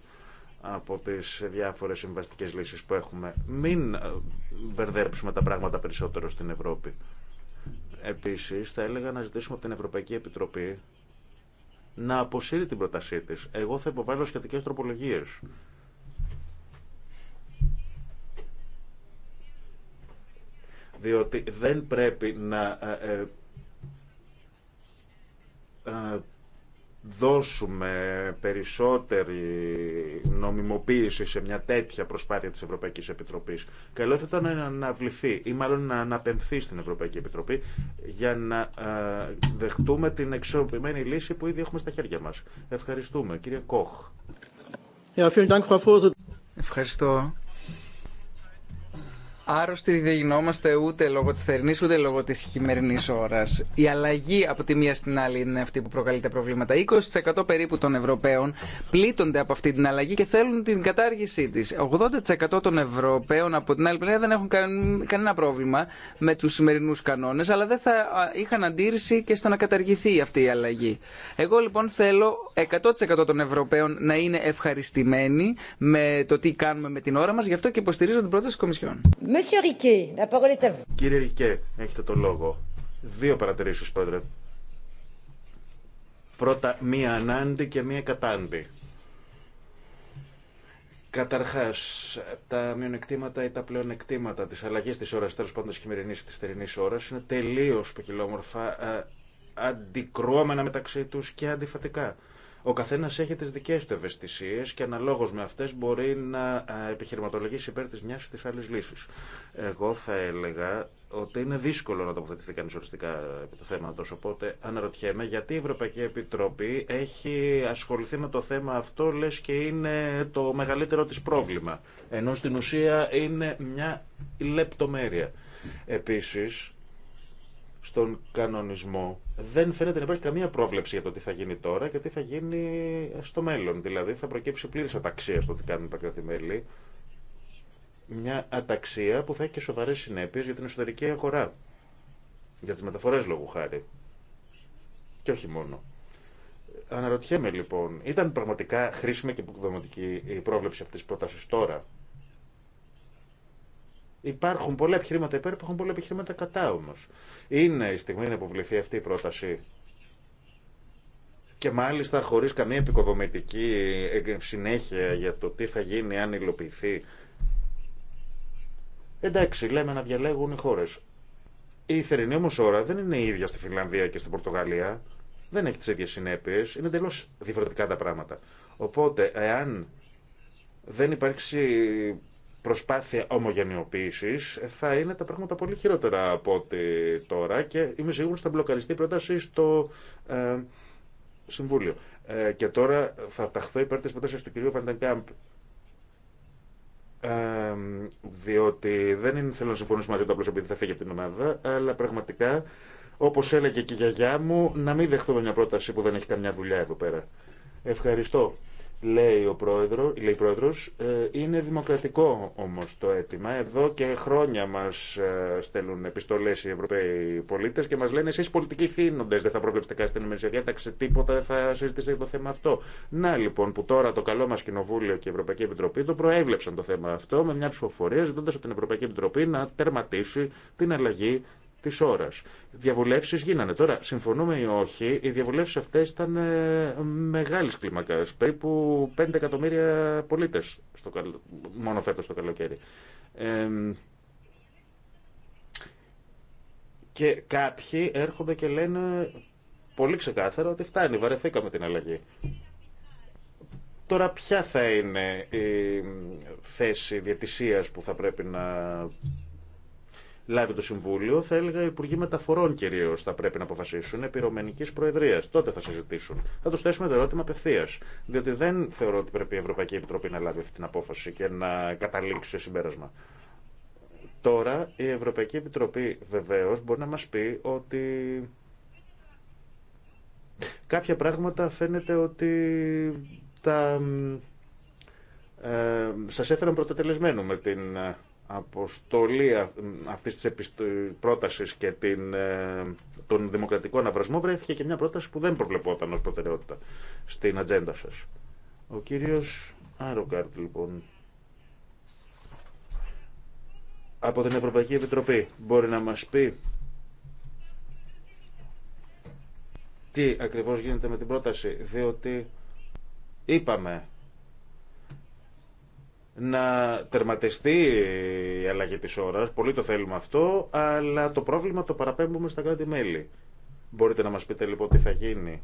από τις διάφορες συμβαστικές λύσεις που έχουμε. Μην ε, μπερδέψουμε τα πράγματα περισσότερο στην Ευρώπη. Επίσης, θα έλεγα να ζητήσουμε από την Ευρωπαϊκή Επιτροπή να αποσύρει την πρότασή της. Εγώ θα υποβάλω σχετικές τροπολογίες. Διότι δεν πρέπει να ε, ε, δώσουμε περισσότερη νομιμοποίηση σε μια τέτοια προσπάθεια της Ευρωπαϊκής Επιτροπής. Καλό θα ήταν να αναβληθεί ή μάλλον να αναπενθεί στην Ευρωπαϊκή Επιτροπή για να ε, δεχτούμε την εξοπλισμένη λύση που ήδη έχουμε στα χέρια μας. Ευχαριστούμε. Κύριε Κόχ. Ευχαριστώ Άρρωστοι δεν γινόμαστε ούτε λόγω τη θερινή ούτε λόγω τη χειμερινή ώρα. Η αλλαγή από τη μία στην άλλη είναι αυτή που προκαλεί τα προβλήματα. 20% περίπου των Ευρωπαίων πλήττονται από αυτή την αλλαγή και θέλουν την κατάργησή τη. 80% των Ευρωπαίων από την άλλη πλευρά δεν έχουν κανένα πρόβλημα με του σημερινού κανόνε, αλλά δεν θα είχαν αντίρρηση και στο να καταργηθεί αυτή η αλλαγή. Εγώ λοιπόν θέλω 100% των Ευρωπαίων να είναι ευχαριστημένοι με το τι κάνουμε με την ώρα μα, γι' αυτό και υποστηρίζω την πρόταση τη Monsieur Κύριε Ρικέ, έχετε το λόγο. Δύο παρατηρήσεις, πρόεδρε. Πρώτα, μία ανάντη και μία κατάντη. Καταρχάς, τα μειονεκτήματα ή τα πλεονεκτήματα της αλλαγής της ώρας, τέλος πάντων της χειμερινής της θερινής ώρας, είναι τελείως ποικιλόμορφα, ε, αντικρουόμενα μεταξύ τους και αντιφατικά. Ο καθένα έχει τι δικέ του ευαισθησίε και αναλόγω με αυτέ μπορεί να επιχειρηματολογήσει υπέρ τη μια ή τη άλλη λύση. Εγώ θα έλεγα ότι είναι δύσκολο να τοποθετηθεί κανεί οριστικά επί του θέματο. Οπότε αναρωτιέμαι γιατί η Ευρωπαϊκή Επιτροπή έχει ασχοληθεί με το θέμα αυτό, λε και είναι το μεγαλύτερο τη πρόβλημα. Ενώ στην ουσία είναι μια λεπτομέρεια. Επίσης, στον κανονισμό δεν φαίνεται να υπάρχει καμία πρόβλεψη για το τι θα γίνει τώρα και τι θα γίνει στο μέλλον. Δηλαδή θα προκύψει πλήρη αταξία στο τι κάνουν τα κράτη-μέλη. Μια αταξία που θα έχει και σοβαρέ συνέπειε για την εσωτερική αγορά. Για τι μεταφορέ λόγου χάρη. Και όχι μόνο. Αναρωτιέμαι λοιπόν, ήταν πραγματικά χρήσιμη και υποδοματική η πρόβλεψη αυτή τη πρόταση τώρα. Υπάρχουν πολλά επιχειρήματα υπέρ, υπάρχουν πολλά επιχειρήματα κατά όμω. Είναι η στιγμή να υποβληθεί αυτή η πρόταση. Και μάλιστα χωρί καμία επικοδομητική συνέχεια για το τι θα γίνει αν υλοποιηθεί. Εντάξει, λέμε να διαλέγουν οι χώρε. Η θερινή όμω ώρα δεν είναι η ίδια στη Φιλανδία και στην Πορτογαλία. Δεν έχει τι ίδιε συνέπειε. Είναι εντελώ διαφορετικά τα πράγματα. Οπότε, εάν δεν υπάρξει προσπάθεια ομογενειοποίηση, θα είναι τα πράγματα πολύ χειρότερα από ότι τώρα και είμαι σίγουρος ότι θα μπλοκαριστεί η πρόταση στο ε, Συμβούλιο. Ε, και τώρα θα ταχθώ υπέρ τη πρόταση του κυρίου Βαντεγκάμπ ε, διότι δεν είναι, θέλω να συμφωνήσω μαζί του απλώ επειδή θα φύγει από την ομάδα, αλλά πραγματικά, όπως έλεγε και η γιαγιά μου, να μην δεχτούμε μια πρόταση που δεν έχει καμιά δουλειά εδώ πέρα. Ευχαριστώ λέει ο πρόεδρο, λέει πρόεδρος, ε, είναι δημοκρατικό όμως το αίτημα. Εδώ και χρόνια μας ε, στέλνουν επιστολές οι Ευρωπαίοι πολίτες και μας λένε εσείς πολιτικοί θύνοντες δεν θα προβλέψετε κάτι στην ημερησία διάταξη, τίποτα δεν θα συζητήσετε το θέμα αυτό. Να λοιπόν που τώρα το καλό μας Κοινοβούλιο και η Ευρωπαϊκή Επιτροπή το προέβλεψαν το θέμα αυτό με μια ψηφοφορία ζητώντας από την Ευρωπαϊκή Επιτροπή να τερματίσει την αλλαγή τη ώρα. Διαβουλεύσει γίνανε. Τώρα, συμφωνούμε ή όχι, οι διαβουλεύσει αυτέ ήταν ε, μεγάλη κλίμακα. Περίπου 5 εκατομμύρια πολίτε μόνο φέτο το καλοκαίρι. και κάποιοι έρχονται και λένε πολύ ξεκάθαρα ότι φτάνει, βαρεθήκαμε την αλλαγή. Τώρα ποια θα είναι η θέση διατησίας που θα πρέπει να λάβει το Συμβούλιο, θα έλεγα οι Υπουργοί Μεταφορών κυρίω θα πρέπει να αποφασίσουν επί Ρωμανική Προεδρία. Τότε θα συζητήσουν. Θα του θέσουμε το ερώτημα απευθεία. Διότι δεν θεωρώ ότι πρέπει η Ευρωπαϊκή Επιτροπή να λάβει αυτή την απόφαση και να καταλήξει σε συμπέρασμα. Τώρα η Ευρωπαϊκή Επιτροπή βεβαίω μπορεί να μα πει ότι κάποια πράγματα φαίνεται ότι τα. Ε, σας έφεραν πρωτοτελεσμένο με την ε, αποστολή αυτής της πρότασης και την, ε, τον δημοκρατικό αναβρασμό βρέθηκε και μια πρόταση που δεν προβλεπόταν ως προτεραιότητα στην ατζέντα σα. Ο κύριος Άρογκαρτ, λοιπόν από την Ευρωπαϊκή Επιτροπή μπορεί να μας πει τι ακριβώς γίνεται με την πρόταση διότι είπαμε να τερματιστεί η αλλαγή της ώρας, πολύ το θέλουμε αυτό, αλλά το πρόβλημα το παραπέμπουμε στα κράτη-μέλη. Μπορείτε να μας πείτε λοιπόν τι θα γίνει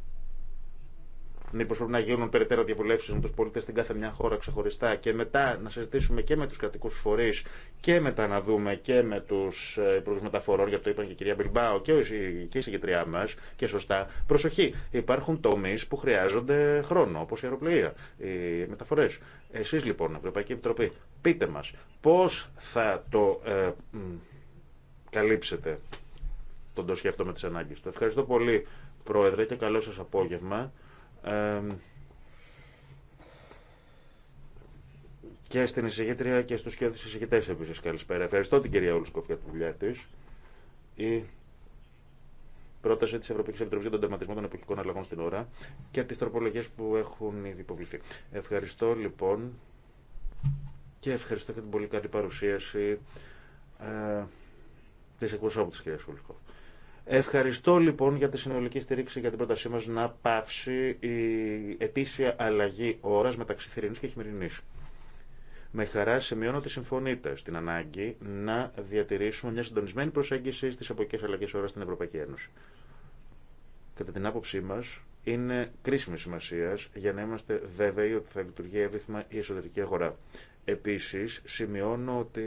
Μήπω πρέπει να γίνουν περαιτέρω διαβουλεύσει με του πολίτε στην κάθε μια χώρα ξεχωριστά και μετά να συζητήσουμε και με του κρατικού φορεί και μετά να δούμε και με του ε, υπουργού μεταφορών, γιατί το είπαν και η κυρία Μπιλμπάο και η συγκεκριά μα και σωστά. Προσοχή, υπάρχουν τομεί που χρειάζονται χρόνο, όπω η αεροπλοεία, οι μεταφορέ. Εσεί λοιπόν, Ευρωπαϊκή Επιτροπή, πείτε μα πώ θα το ε, καλύψετε τον το αυτό με τις ανάγκες του. Ευχαριστώ πολύ, Πρόεδρε, και καλό σα απόγευμα και στην εισηγήτρια και στους και εισηγητές επίσης καλησπέρα. Ευχαριστώ την κυρία Ολουσκοφ για τη δουλειά τη Η πρόταση της Ευρωπαϊκής Επιτροπής για τον τερματισμό των εποχικών αλλαγών στην ώρα και τις τροπολογίες που έχουν ήδη υποβληθεί. Ευχαριστώ λοιπόν και ευχαριστώ και την πολύ καλή παρουσίαση ε, της εκπροσώπου της κυρίας Ευχαριστώ λοιπόν για τη συνολική στήριξη για την πρότασή μας να πάυσει η ετήσια αλλαγή ώρα μεταξύ θηρινή και χειμερινής. Με χαρά σημειώνω ότι συμφωνείτε στην ανάγκη να διατηρήσουμε μια συντονισμένη προσέγγιση στις αποκές αλλαγές ώρα στην Ευρωπαϊκή Ένωση. Κατά την άποψή μας, είναι κρίσιμη σημασία για να είμαστε βέβαιοι ότι θα λειτουργεί εύρυθμα η εσωτερική αγορά. Επίσης, σημειώνω ότι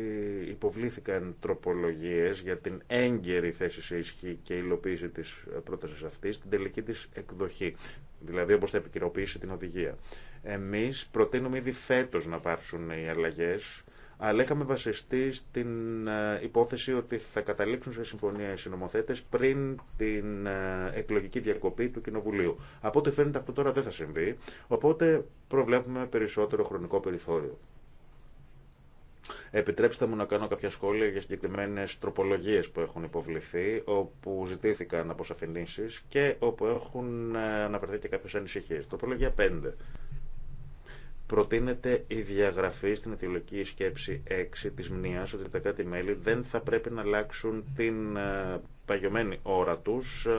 υποβλήθηκαν τροπολογίες για την έγκαιρη θέση σε ισχύ και υλοποίηση της πρότασης αυτής στην τελική της εκδοχή, δηλαδή όπως θα επικοινοποιήσει την οδηγία. Εμείς προτείνουμε ήδη φέτος να πάυσουν οι αλλαγές, αλλά είχαμε βασιστεί στην ε, υπόθεση ότι θα καταλήξουν σε συμφωνία οι συνομοθέτες πριν την ε, εκλογική διακοπή του Κοινοβουλίου. Από ό,τι φαίνεται αυτό τώρα δεν θα συμβεί, οπότε προβλέπουμε περισσότερο χρονικό περιθώριο. Επιτρέψτε μου να κάνω κάποια σχόλια για συγκεκριμένε τροπολογίε που έχουν υποβληθεί, όπου ζητήθηκαν αποσαφηνήσει και όπου έχουν ε, αναφερθεί και κάποιε ανησυχίε. Τροπολογία 5. Προτείνεται η διαγραφή στην αιτιολογική σκέψη 6 της μνήας ότι τα κράτη-μέλη δεν θα πρέπει να αλλάξουν την ε, παγιωμένη ώρα τους ε,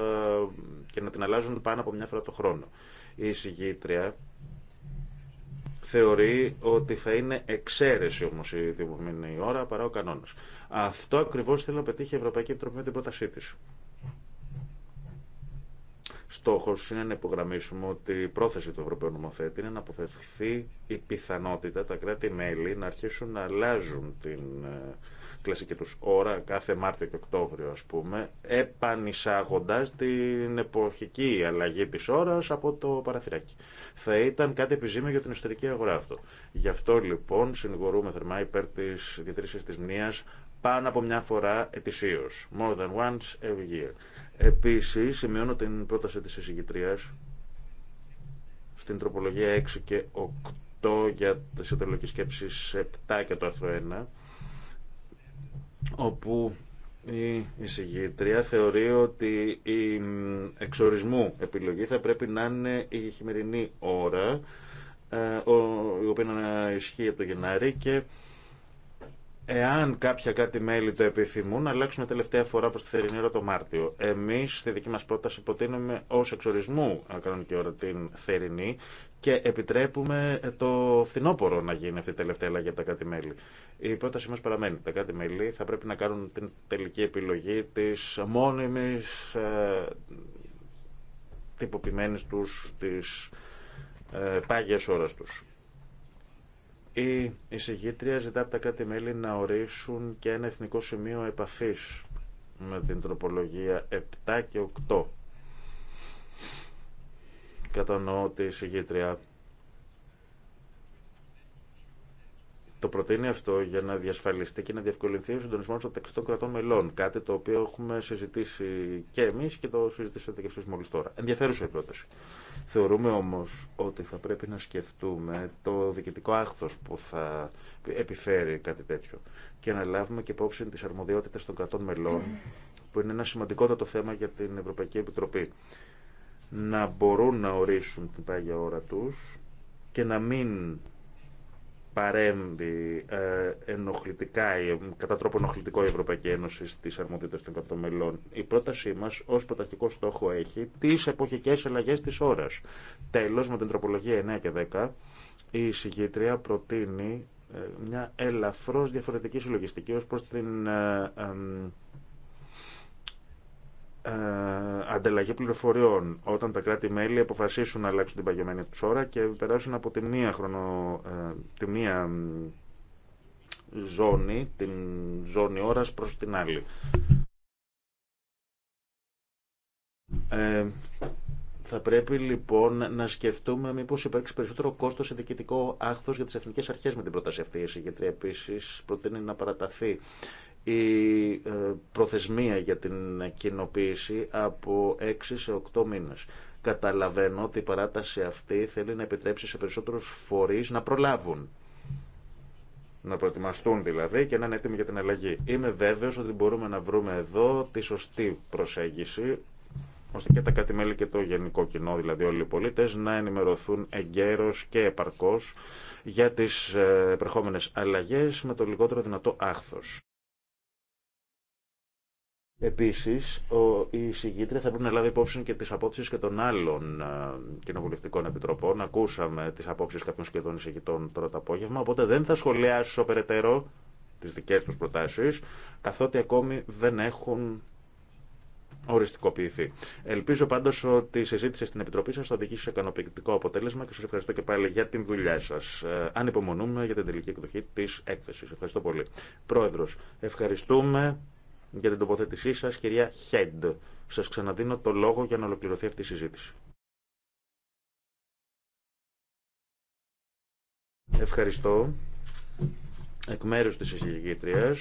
και να την αλλάζουν πάνω από μια φορά το χρόνο. Η συγγήτρια θεωρεί ότι θα είναι εξαίρεση όμω η ώρα παρά ο κανόνα. Αυτό ακριβώ θέλει να πετύχει η Ευρωπαϊκή Επιτροπή με την πρότασή τη. Στόχο είναι να υπογραμμίσουμε ότι η πρόθεση του Ευρωπαίου Νομοθέτη είναι να αποφευθεί η πιθανότητα τα κράτη-μέλη να αρχίσουν να αλλάζουν την ε, κλασική του ώρα κάθε Μάρτιο και Οκτώβριο ας πούμε επανεισάγοντα την εποχική αλλαγή τη ώρας από το παραθυράκι. Θα ήταν κάτι επιζήμιο για την εσωτερική αγορά αυτό. Γι' αυτό λοιπόν συνηγορούμε θερμά υπέρ τη διατήρηση τη μνήμα πάνω από μια φορά ετησίω More than once every year. Επίσης, σημειώνω την πρόταση τη εισηγητρίας στην τροπολογία 6 και 8 για τι ιδεολογικές σκέψεις 7 και το άρθρο 1 όπου η εισηγήτρια θεωρεί ότι η εξορισμού επιλογή θα πρέπει να είναι η χειμερινή ώρα ε, η οποία να ισχύει από το Γενάρη και Εάν κάποια κάτι μέλη το επιθυμούν, να αλλάξουμε τελευταία φορά προ τη θερινή το Μάρτιο. Εμεί στη δική μα πρόταση υποτείνουμε ω εξορισμού κανονική ώρα την θερινή και επιτρέπουμε το φθινόπωρο να γίνει αυτή η τελευταία αλλαγή από τα κάτι μέλη. Η πρότασή μα παραμένει. Τα κάτι μέλη θα πρέπει να κάνουν την τελική επιλογή τη μόνιμη ε, τυποποιημένη του τη ε, πάγια του. Η εισηγήτρια ζητά από τα κράτη-μέλη να ορίσουν και ένα εθνικό σημείο επαφής με την τροπολογία 7 και 8. Κατανοώ ότι η εισηγήτρια Το προτείνει αυτό για να διασφαλιστεί και να διευκολυνθεί ο συντονισμό των ταξιδιών κρατών μελών. Κάτι το οποίο έχουμε συζητήσει και εμεί και το συζητήσατε και εσεί μόλι τώρα. Ενδιαφέρουσα η πρόταση. Θεωρούμε όμω ότι θα πρέπει να σκεφτούμε το διοικητικό άχθο που θα επιφέρει κάτι τέτοιο και να λάβουμε και υπόψη τι αρμοδιότητε των κρατών μελών, που είναι ένα σημαντικότατο θέμα για την Ευρωπαϊκή Επιτροπή. Να μπορούν να ορίσουν την πάγια ώρα του και να μην παρέμβει ε, ενοχλητικά, κατά τρόπο ενοχλητικό η Ευρωπαϊκή Ένωση στι αρμοδιότητε των κρατομελών. Η πρότασή μα ω πρωταρχικό στόχο έχει τι εποχικέ αλλαγέ τη ώρα. Τέλο, με την τροπολογία 9 και 10, η συγγήτρια προτείνει ε, μια ελαφρώς διαφορετική συλλογιστική ως προς την ε, ε, ανταλλαγή πληροφοριών όταν τα κράτη-μέλη αποφασίσουν να αλλάξουν την παγιωμένη του ώρα και περάσουν από τη μία, χρονο, ε, τη μία ζώνη, την ζώνη ώρας προς την άλλη. Ε, θα πρέπει λοιπόν να σκεφτούμε μήπως υπάρξει περισσότερο κόστος σε διοικητικό άχθος για τις εθνικές αρχές με την πρόταση αυτή. Η συγκεκριτή επίσης προτείνει να παραταθεί η ε, προθεσμία για την κοινοποίηση από 6 σε 8 μήνες. Καταλαβαίνω ότι η παράταση αυτή θέλει να επιτρέψει σε περισσότερους φορείς να προλάβουν. Να προετοιμαστούν δηλαδή και να είναι έτοιμοι για την αλλαγή. Είμαι βέβαιος ότι μπορούμε να βρούμε εδώ τη σωστή προσέγγιση ώστε και τα κατημέλη και το γενικό κοινό, δηλαδή όλοι οι πολίτες, να ενημερωθούν εγκαίρως και επαρκώς για τις ε, επερχόμενες αλλαγές με το λιγότερο δυνατό άχθος. Επίση, οι η θα πρέπει να λάβει υπόψη και τι απόψει και των άλλων ε, κοινοβουλευτικών επιτροπών. Ακούσαμε τι απόψει κάποιων σχεδόν εισηγητών τώρα το απόγευμα, οπότε δεν θα σχολιάσω περαιτέρω τις δικέ του προτάσει, καθότι ακόμη δεν έχουν οριστικοποιηθεί. Ελπίζω πάντω ότι η συζήτηση στην Επιτροπή σα θα οδηγήσει σε ικανοποιητικό αποτέλεσμα και σα ευχαριστώ και πάλι για την δουλειά σα. Ε, αν υπομονούμε για την τελική εκδοχή τη έκθεση. Ευχαριστώ πολύ. Πρόεδρο, ευχαριστούμε για την τοποθέτησή σα κυρία Χέντ. Σας ξαναδίνω το λόγο για να ολοκληρωθεί αυτή η συζήτηση. Ευχαριστώ εκ μέρους της εισηγητρίας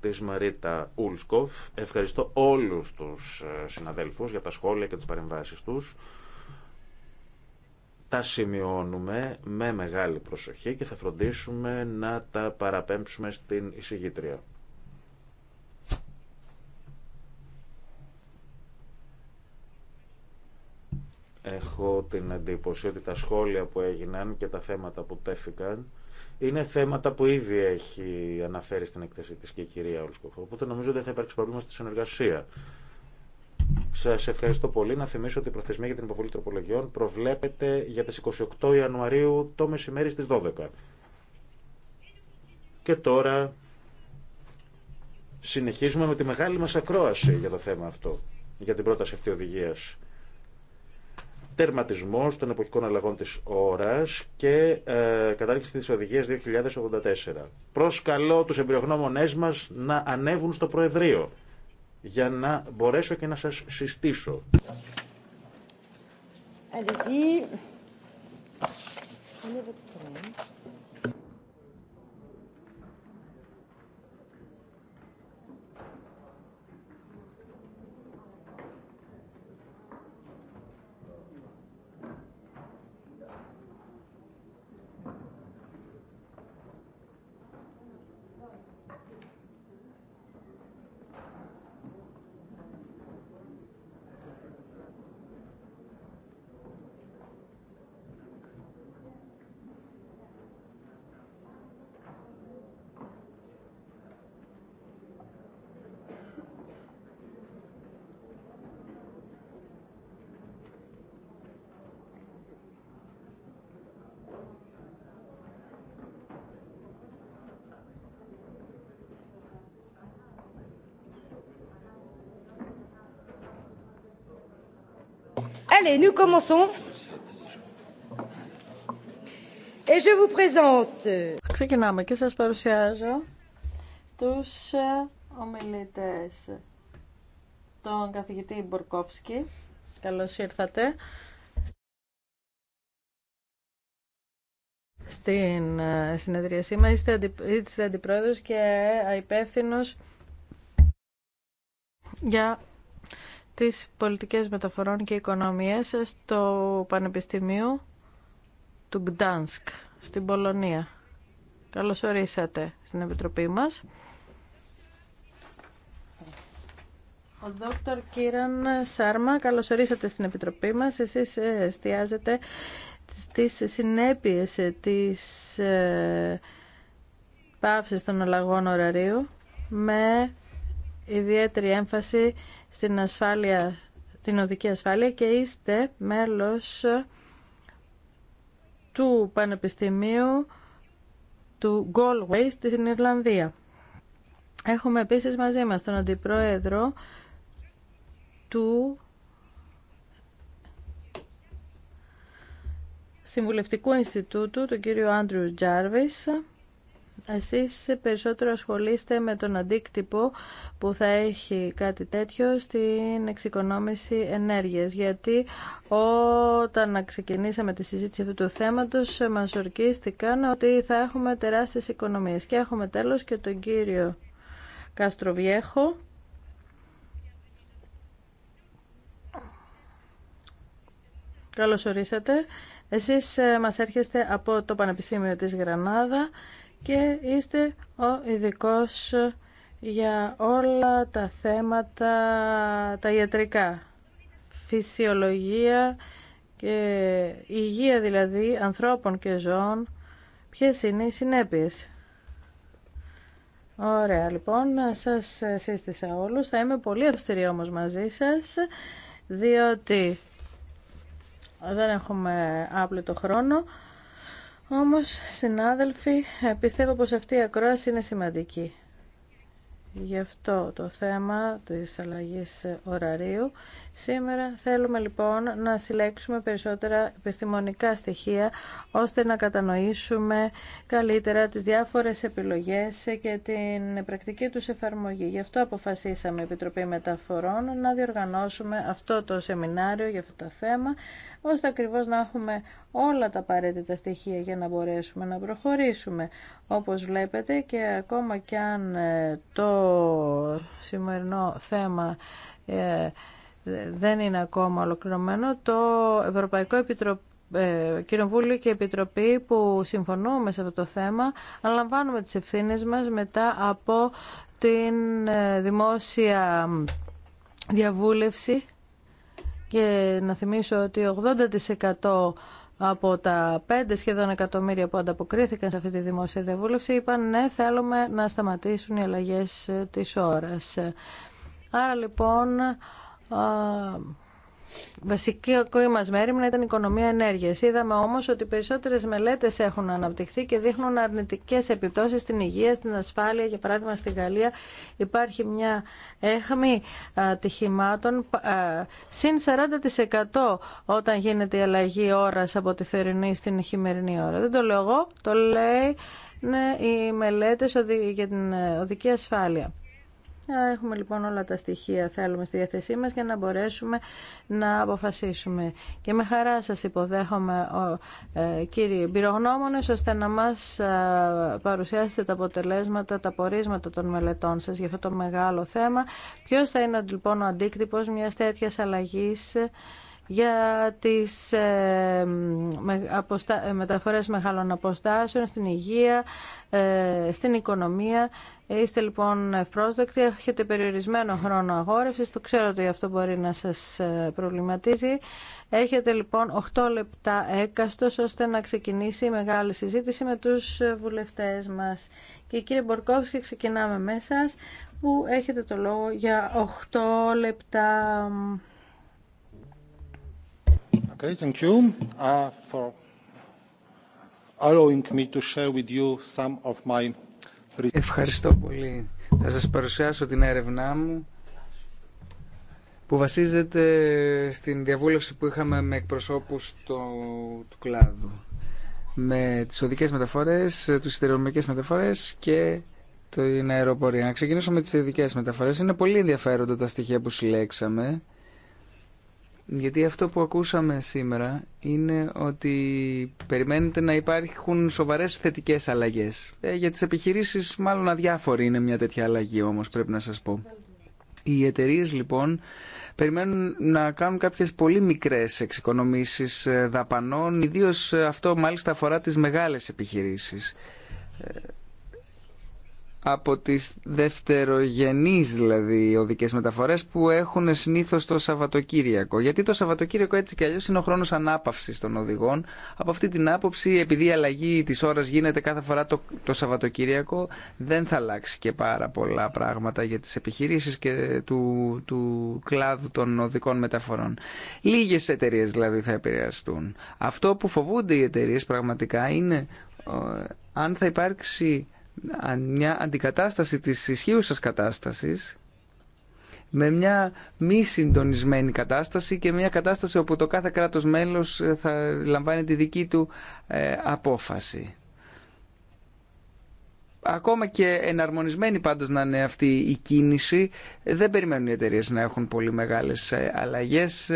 της Μαρίτα Ούλσκοφ. Ευχαριστώ όλους τους ε, συναδέλφους για τα σχόλια και τις παρεμβάσει τους. Τα σημειώνουμε με μεγάλη προσοχή και θα φροντίσουμε να τα παραπέμψουμε στην εισηγήτρια. Έχω την εντύπωση ότι τα σχόλια που έγιναν και τα θέματα που τέθηκαν είναι θέματα που ήδη έχει αναφέρει στην έκθεση της και η κυρία Ολσκοφ. Οπότε νομίζω ότι δεν θα υπάρξει πρόβλημα στη συνεργασία. Σα ευχαριστώ πολύ. Να θυμίσω ότι η προθεσμία για την υποβολή τροπολογιών προβλέπεται για τι 28 Ιανουαρίου το μεσημέρι στι 12. Και τώρα συνεχίζουμε με τη μεγάλη μας ακρόαση για το θέμα αυτό, για την πρόταση αυτή οδηγίας. Τερματισμό των εποχικών αλλαγών της ώρας και ε, κατάργηση της οδηγίας 2084. Προσκαλώ τους εμπειρογνώμονε μας να ανέβουν στο Προεδρείο για να μπορέσω και να σας συστησω Allez, nous commençons. Ξεκινάμε και σας παρουσιάζω τους ε, ομιλητές. Τον καθηγητή Μπορκόφσκι. Καλώς ήρθατε. Στην ε, συνεδρίασή μας είστε, αντι... και υπεύθυνο για τις πολιτικές μεταφορών και οικονομίες στο Πανεπιστημίο του Γκτάνσκ στην Πολωνία. Καλώς ορίσατε στην Επιτροπή μας. Ο Δόκτωρ Κίραν Σάρμα, καλώς ορίσατε στην Επιτροπή μας. Εσείς ε, εστιάζετε στις συνέπειες ε, της ε, πάυσης των αλλαγών ωραρίου με ιδιαίτερη έμφαση στην ασφάλεια, την οδική ασφάλεια και είστε μέλος του Πανεπιστημίου του Galway στην Ιρλανδία. Έχουμε επίσης μαζί μας τον Αντιπρόεδρο του Συμβουλευτικού Ινστιτούτου, τον κύριο Άντριου Τζάρβις, εσείς περισσότερο ασχολείστε με τον αντίκτυπο που θα έχει κάτι τέτοιο στην εξοικονόμηση ενέργειας, γιατί όταν ξεκινήσαμε τη συζήτηση αυτού του θέματος μας ορκίστηκαν ότι θα έχουμε τεράστιες οικονομίες. Και έχουμε τέλος και τον κύριο Καστροβιέχο, Καλώς ορίσατε. Εσείς ε, μας έρχεστε από το Πανεπιστήμιο της Γρανάδα και είστε ο ειδικό για όλα τα θέματα τα ιατρικά, φυσιολογία και υγεία δηλαδή ανθρώπων και ζώων, ποιες είναι οι συνέπειες. Ωραία, λοιπόν, σας σύστησα όλους. Θα είμαι πολύ αυστηρή όμως μαζί σας, διότι δεν έχουμε το χρόνο. Όμως, συνάδελφοι, πιστεύω πως αυτή η ακρόαση είναι σημαντική. Γι' αυτό το θέμα της αλλαγής ωραρίου. Σήμερα θέλουμε λοιπόν να συλλέξουμε περισσότερα επιστημονικά στοιχεία ώστε να κατανοήσουμε καλύτερα τις διάφορες επιλογές και την πρακτική τους εφαρμογή. Γι' αυτό αποφασίσαμε η Επιτροπή Μεταφορών να διοργανώσουμε αυτό το σεμινάριο για αυτό το θέμα ώστε ακριβώς να έχουμε όλα τα απαραίτητα στοιχεία για να μπορέσουμε να προχωρήσουμε. Όπως βλέπετε και ακόμα κι αν ε, το σημερινό θέμα ε, δεν είναι ακόμα ολοκληρωμένο, το Ευρωπαϊκό Επιτροπή ε, Κοινοβούλιο και Επιτροπή που συμφωνούμε σε αυτό το θέμα, αναλαμβάνουμε τις ευθύνες μας μετά από την ε, δημόσια διαβούλευση και να θυμίσω ότι 80% από τα 5 σχεδόν εκατομμύρια που ανταποκρίθηκαν σε αυτή τη δημόσια διαβούλευση είπαν ναι θέλουμε να σταματήσουν οι αλλαγές της ώρας. Άρα λοιπόν Βασική μας μέρημνα ήταν η οικονομία ενέργειας. Είδαμε όμως ότι περισσότερες μελέτες έχουν αναπτυχθεί και δείχνουν αρνητικές επιπτώσεις στην υγεία, στην ασφάλεια. Για παράδειγμα, στην Γαλλία υπάρχει μια έχμη ατυχημάτων συν 40% όταν γίνεται η αλλαγή ώρα από τη θερινή στην χειμερινή ώρα. Δεν το λέω εγώ, το λέει οι μελέτες για την οδική ασφάλεια. Έχουμε λοιπόν όλα τα στοιχεία θέλουμε στη διαθεσή μας για να μπορέσουμε να αποφασίσουμε. Και με χαρά σας υποδέχομαι ε, κύριοι εμπειρογνώμονες ώστε να μας ε, παρουσιάσετε τα αποτελέσματα, τα πορίσματα των μελετών σας για αυτό το μεγάλο θέμα. Ποιος θα είναι λοιπόν ο αντίκτυπος μιας τέτοιας αλλαγής για τις ε, ε, μεταφορές μεγάλων αποστάσεων στην υγεία, ε, στην οικονομία. Είστε λοιπόν ευπρόσδεκτοι, έχετε περιορισμένο χρόνο αγόρευσης, το ξέρω ότι αυτό μπορεί να σας προβληματίζει. Έχετε λοιπόν 8 λεπτά έκαστος ώστε να ξεκινήσει η μεγάλη συζήτηση με τους βουλευτές μας. Και κύριε Μπορκόφσκι ξεκινάμε με σας που έχετε το λόγο για 8 λεπτά. Okay, thank you uh, for allowing me to share with you some of Ευχαριστώ πολύ. Θα σας παρουσιάσω την έρευνά μου που βασίζεται στην διαβούλευση που είχαμε με εκπροσώπους του κλάδου. Με τις οδικές μεταφορές, τις σιδηροδρομικές μεταφορές και την αεροπορία. Να ξεκινήσω με τις οδικές μεταφορές. Είναι πολύ ενδιαφέροντα τα στοιχεία που συλλέξαμε. Γιατί αυτό που ακούσαμε σήμερα είναι ότι περιμένετε να υπάρχουν σοβαρές θετικές αλλαγές. Ε, για τις επιχειρήσεις μάλλον αδιάφορη είναι μια τέτοια αλλαγή όμως πρέπει να σας πω. Οι εταιρείε λοιπόν περιμένουν να κάνουν κάποιες πολύ μικρές εξοικονομήσεις ε, δαπανών, ιδίως αυτό μάλιστα αφορά τις μεγάλες επιχειρήσεις. Ε, από τις δευτερογενείς δηλαδή οδικές μεταφορές που έχουν συνήθως το Σαββατοκύριακο. Γιατί το Σαββατοκύριακο έτσι κι αλλιώς είναι ο χρόνος ανάπαυσης των οδηγών. Από αυτή την άποψη επειδή η αλλαγή της ώρας γίνεται κάθε φορά το, το Σαββατοκύριακο δεν θα αλλάξει και πάρα πολλά πράγματα για τις επιχειρήσεις και του, του κλάδου των οδικών μεταφορών. Λίγες εταιρείε δηλαδή θα επηρεαστούν. Αυτό που φοβούνται οι εταιρείε πραγματικά είναι ε, αν θα υπάρξει μια αντικατάσταση της σας κατάστασης με μια μη συντονισμένη κατάσταση και μια κατάσταση όπου το κάθε κράτος μέλος ε, θα λαμβάνει τη δική του ε, απόφαση. Ακόμα και εναρμονισμένη πάντως να είναι αυτή η κίνηση, ε, δεν περιμένουν οι εταιρείε να έχουν πολύ μεγάλες αλλαγές,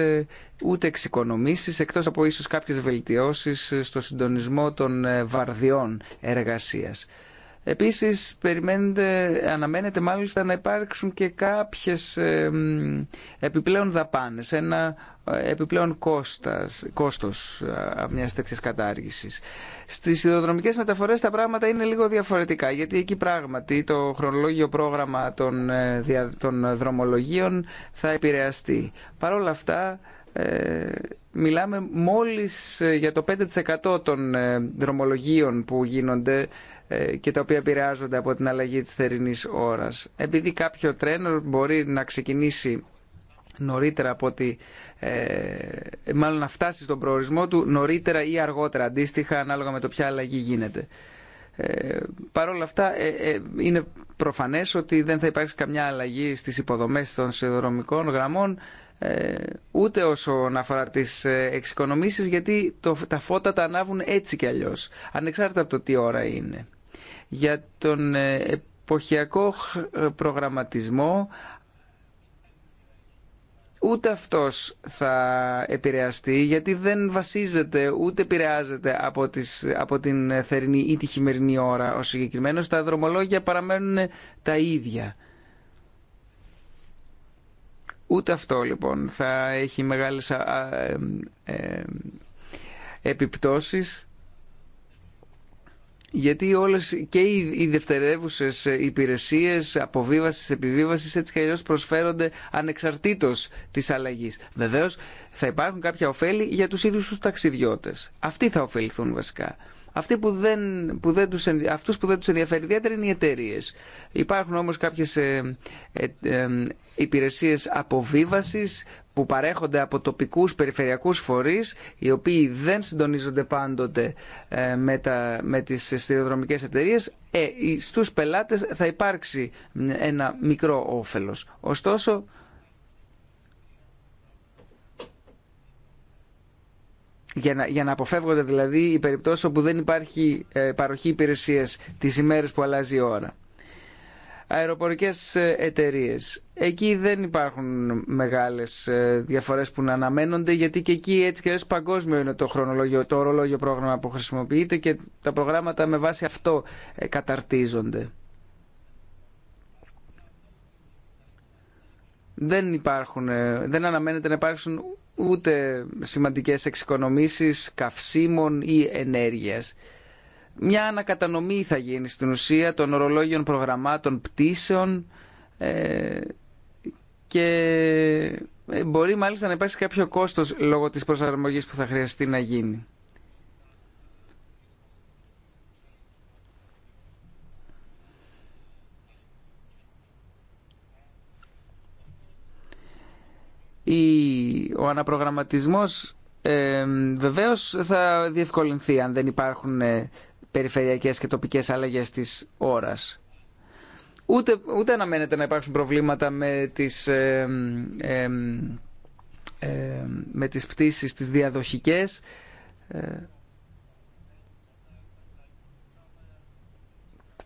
ούτε εξοικονομήσεις, εκτός από ίσως κάποιες βελτιώσεις στο συντονισμό των βαρδιών εργασίας. Επίσης περιμένετε, αναμένεται μάλιστα να υπάρξουν και κάποιες επιπλέον δαπάνες, ένα ε, επιπλέον κόστας, κόστος ε, από μιας τέτοιας κατάργησης. Στις ιδοδρομικές μεταφορές τα πράγματα είναι λίγο διαφορετικά, γιατί εκεί πράγματι το χρονολόγιο πρόγραμμα των, ε, των δρομολογίων θα επηρεαστεί. Παρ' όλα αυτά μιλάμε μόλις για το 5% των δρομολογίων που γίνονται ε, και τα οποία επηρεάζονται από την αλλαγή της θερινής ώρας. Επειδή κάποιο τρένο μπορεί να ξεκινήσει νωρίτερα από ότι ε, μάλλον να φτάσει στον προορισμό του νωρίτερα ή αργότερα αντίστοιχα ανάλογα με το ποια αλλαγή γίνεται. Ε, Παρ' όλα αυτά ε, ε, είναι προφανές ότι δεν θα υπάρξει καμιά αλλαγή στις υποδομές των σιδηροδρομικών γραμμών ε, ούτε όσον αφορά τις εξοικονομήσεις γιατί το, τα φώτα τα ανάβουν έτσι κι αλλιώς ανεξάρτητα από το τι ώρα είναι για τον ε, εποχιακό ε, προγραμματισμό ούτε αυτός θα επηρεαστεί γιατί δεν βασίζεται ούτε επηρεάζεται από, τις, από την θερινή ή τη χειμερινή ώρα ο συγκεκριμένο. Τα δρομολόγια παραμένουν τα ίδια. Ούτε αυτό λοιπόν θα έχει μεγάλες α, ε, επιπτώσεις γιατί όλες και οι δευτερεύουσες υπηρεσίες αποβίβασης, επιβίβασης έτσι και αλλιώς προσφέρονται ανεξαρτήτως της αλλαγής. Βεβαίως θα υπάρχουν κάποια ωφέλη για τους ίδιους τους ταξιδιώτες. Αυτοί θα ωφεληθούν βασικά. Αυτοί που δεν, που δεν τους, αυτούς που δεν τους ενδιαφέρει ιδιαίτερα είναι οι εταιρείε. Υπάρχουν όμως κάποιες ε, ε, ε, ε υπηρεσίες αποβίβασης που παρέχονται από τοπικούς περιφερειακούς φορείς οι οποίοι δεν συντονίζονται πάντοτε ε, με, τα, με τις στου εταιρείες ε, στους πελάτες θα υπάρξει ένα μικρό όφελος. Ωστόσο Για να, για να αποφεύγονται δηλαδή οι περιπτώσεις όπου δεν υπάρχει ε, παροχή υπηρεσίας τις ημέρες που αλλάζει η ώρα αεροπορικές εταιρείες. Εκεί δεν υπάρχουν μεγάλες ε, διαφορές που να αναμένονται γιατί και εκεί έτσι και έτσι παγκόσμιο είναι το, χρονολόγιο, το ορολόγιο πρόγραμμα που χρησιμοποιείται και τα προγράμματα με βάση αυτό ε, καταρτίζονται. Δεν, υπάρχουν, ε, δεν αναμένεται να υπάρξουν ούτε σημαντικές εξοικονομήσεις καυσίμων ή ενέργειας μια ανακατανομή θα γίνει στην ουσία των ορολόγιων προγραμμάτων πτήσεων ε, και ε, μπορεί μάλιστα να υπάρξει κάποιο κόστος λόγω της προσαρμογής που θα χρειαστεί να γίνει. ο αναπρογραμματισμός ε, βεβαίως θα διευκολυνθεί αν δεν υπάρχουν ε, περιφερειακές και τοπικές αλλαγές της ώρας. Ούτε, ούτε αναμένεται να υπάρξουν προβλήματα με τις, ε, ε, ε, με τις πτήσεις τις διαδοχικές. Ε,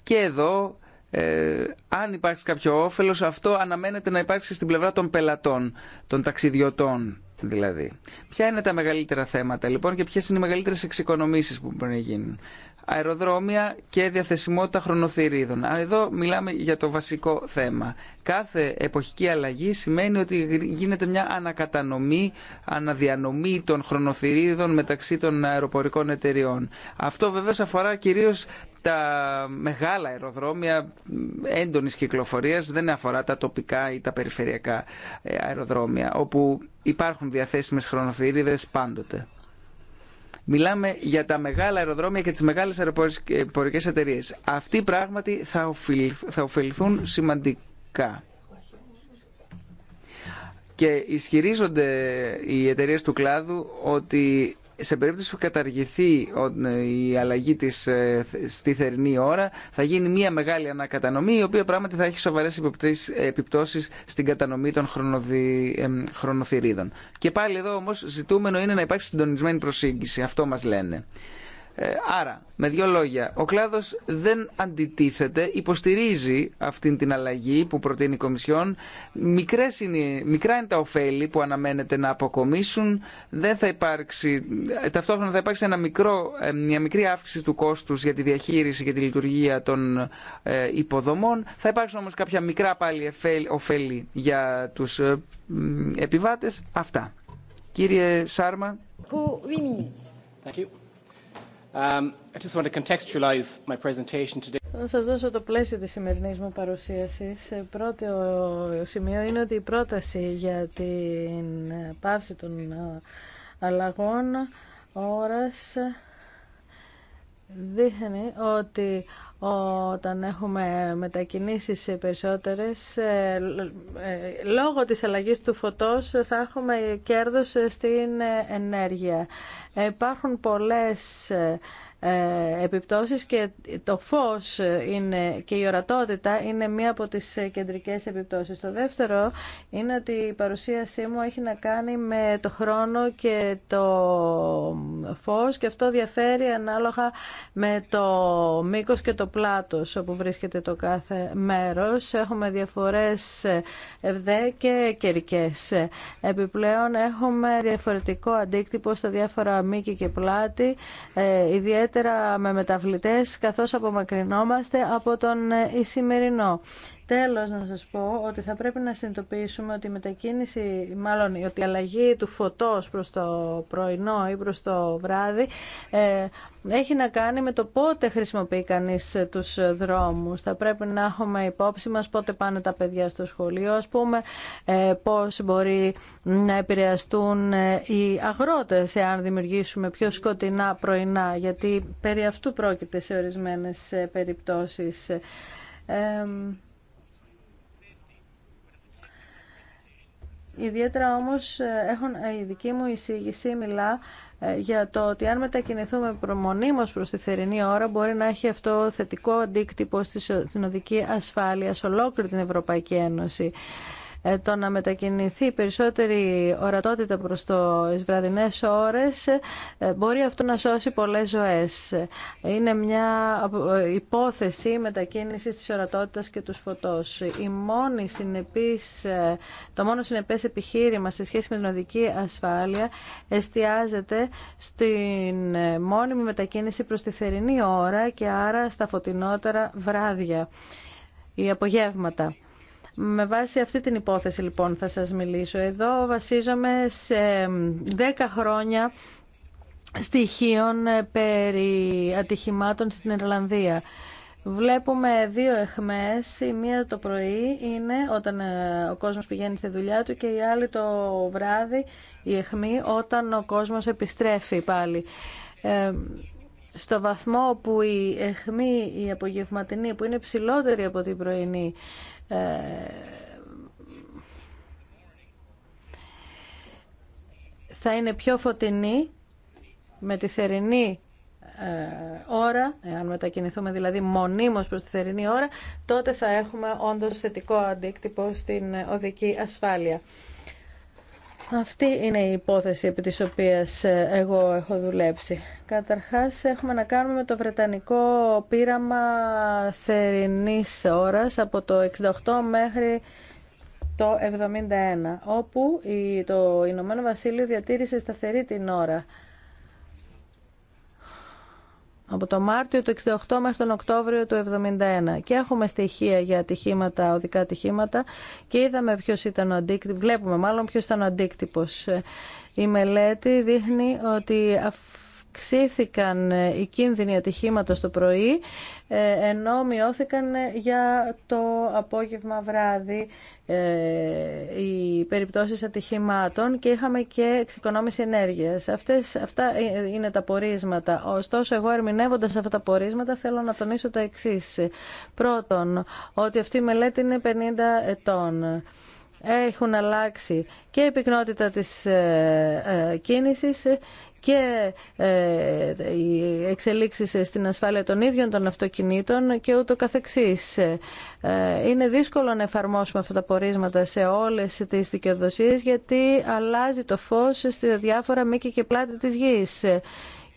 και εδώ ε, αν υπάρξει κάποιο όφελος αυτό αναμένεται να υπάρξει στην πλευρά των πελατών, των ταξιδιωτών δηλαδή. Ποια είναι τα μεγαλύτερα θέματα λοιπόν και ποιες είναι οι μεγαλύτερες εξοικονομήσεις που μπορεί να γίνουν αεροδρόμια και διαθεσιμότητα χρονοθυρίδων. Εδώ μιλάμε για το βασικό θέμα. Κάθε εποχική αλλαγή σημαίνει ότι γίνεται μια ανακατανομή, αναδιανομή των χρονοθυρίδων μεταξύ των αεροπορικών εταιριών. Αυτό βέβαια, αφορά κυρίως τα μεγάλα αεροδρόμια έντονης κυκλοφορίας, δεν αφορά τα τοπικά ή τα περιφερειακά ε, αεροδρόμια, όπου υπάρχουν διαθέσιμες χρονοθυρίδες πάντοτε. Μιλάμε για τα μεγάλα αεροδρόμια και τις μεγάλες αεροπορικές εταιρείες. Αυτοί πράγματι θα ωφεληθούν σημαντικά. Και ισχυρίζονται οι εταιρείες του κλάδου ότι σε περίπτωση που καταργηθεί η αλλαγή της ε, στη θερινή ώρα θα γίνει μια μεγάλη ανακατανομή η οποία πράγματι θα έχει σοβαρές επιπτώσεις στην κατανομή των χρονοθυρίδων. Και πάλι εδώ όμως ζητούμενο είναι να υπάρξει συντονισμένη προσέγγιση, Αυτό μας λένε. Ε, άρα, με δύο λόγια, ο κλάδος δεν αντιτίθεται, υποστηρίζει αυτήν την αλλαγή που προτείνει η Κομισιόν. Μικρές μικρά είναι τα ωφέλη που αναμένεται να αποκομίσουν. Δεν θα υπάρξει, ε, ταυτόχρονα θα υπάρξει μικρό, ε, μια μικρή αύξηση του κόστους για τη διαχείριση και τη λειτουργία των υποδομών. Θα υπάρξουν όμως κάποια μικρά πάλι ωφέλη για τους επιβάτες. Αυτά. Κύριε Σάρμα. Um, Θα σας δώσω το πλαίσιο της σημερινής μου παρουσίασης. Ε, πρώτο σημείο είναι ότι η πρόταση για την πάυση των ε, αλλαγών ώρας δείχνει ότι όταν έχουμε μετακινήσεις σε περισσότερες ε, ε, λόγω της αλλαγής του φωτός θα έχουμε κέρδος στην ενέργεια. Ε, υπάρχουν πολλές ε, επιπτώσεις και το φως είναι, και η ορατότητα είναι μία από τις κεντρικές επιπτώσεις. Το δεύτερο είναι ότι η παρουσίασή μου έχει να κάνει με το χρόνο και το φως και αυτό διαφέρει ανάλογα με το μήκος και το πλάτος όπου βρίσκεται το κάθε μέρος. Έχουμε διαφορές ευδέ και κερικές. Επιπλέον έχουμε διαφορετικό αντίκτυπο στα διάφορα μήκη και πλάτη, ε, ιδιαίτερα ιδιαίτερα με μεταβλητές καθώς απομακρυνόμαστε από τον Ισημερινό. Ε, Τέλος να σας πω ότι θα πρέπει να συνειδητοποιήσουμε ότι η μετακίνηση, μάλλον ότι η αλλαγή του φωτός προς το πρωινό ή προς το βράδυ ε, έχει να κάνει με το πότε χρησιμοποιεί κανείς τους δρόμους. Θα πρέπει να έχουμε υπόψη μας πότε πάνε τα παιδιά στο σχολείο, ας πούμε, ε, πώς μπορεί να επηρεαστούν ε, οι αγρότες εάν δημιουργήσουμε πιο σκοτεινά πρωινά, γιατί περί αυτού πρόκειται σε ορισμένες περιπτώσεις. Ιδιαίτερα όμως ε, έχουν, ε, η δική μου εισήγηση μιλά ε, για το ότι αν μετακινηθούμε προμονήμως προς τη θερινή ώρα μπορεί να έχει αυτό θετικό αντίκτυπο στην οδική ασφάλεια σε ολόκληρη την Ευρωπαϊκή Ένωση. Ε, το να μετακινηθεί περισσότερη ορατότητα προς το βραδινές ώρες ε, μπορεί αυτό να σώσει πολλές ζωές. Είναι μια ε, υπόθεση μετακίνησης της ορατότητας και του φωτός. Η μόνη συνεπής, το μόνο συνεπές επιχείρημα σε σχέση με την οδική ασφάλεια εστιάζεται στην μόνιμη μετακίνηση προς τη θερινή ώρα και άρα στα φωτεινότερα βράδια ή απογεύματα. Με βάση αυτή την υπόθεση λοιπόν θα σας μιλήσω. Εδώ βασίζομαι σε 10 χρόνια στοιχείων ε, περί ατυχημάτων στην Ιρλανδία. Βλέπουμε δύο εχμές, η μία το πρωί είναι όταν ε, ο κόσμος πηγαίνει στη δουλειά του και η άλλη το βράδυ η εχμή όταν ο κόσμος επιστρέφει πάλι. Ε, στο βαθμό που η εχμή η απογευματινή που είναι ψηλότερη από την πρωινή ε, θα είναι πιο φωτεινή με τη θερινή ε, ώρα, εάν μετακινηθούμε δηλαδή μονίμως προς τη θερινή ώρα, τότε θα έχουμε όντως θετικό αντίκτυπο στην οδική ασφάλεια. Αυτή είναι η υπόθεση επί της οποίας ε, εγώ έχω δουλέψει. Καταρχάς έχουμε να κάνουμε με το βρετανικό πείραμα θερινής ώρας από το 68 μέχρι το 71, όπου το Ηνωμένο Βασίλειο διατήρησε σταθερή την ώρα από το Μάρτιο του 68 μέχρι τον Οκτώβριο του 71. Και έχουμε στοιχεία για ατυχήματα, οδικά ατυχήματα και είδαμε ποιος ήταν ο αντίκτυπος, βλέπουμε μάλλον ποιος ήταν ο αντίκτυπος. Η μελέτη δείχνει ότι αυξήθηκαν οι κίνδυνοι ατυχήματος το πρωί ε, ενώ μειώθηκαν για το απόγευμα βράδυ ε, οι περιπτώσεις ατυχημάτων και είχαμε και εξοικονόμηση ενέργειας. Αυτές, αυτά είναι τα πορίσματα. Ωστόσο, εγώ ερμηνεύοντας αυτά τα πορίσματα θέλω να τονίσω τα εξής. Πρώτον, ότι αυτή η μελέτη είναι 50 ετών έχουν αλλάξει και η πυκνότητα της ε, κίνησης και ε, οι εξελίξεις στην ασφάλεια των ίδιων των αυτοκινήτων και ούτω καθεξής. Ε, είναι δύσκολο να εφαρμόσουμε αυτά τα πορίσματα σε όλες τις δικαιοδοσίες γιατί αλλάζει το φως στη διάφορα μήκη και πλάτη της γης.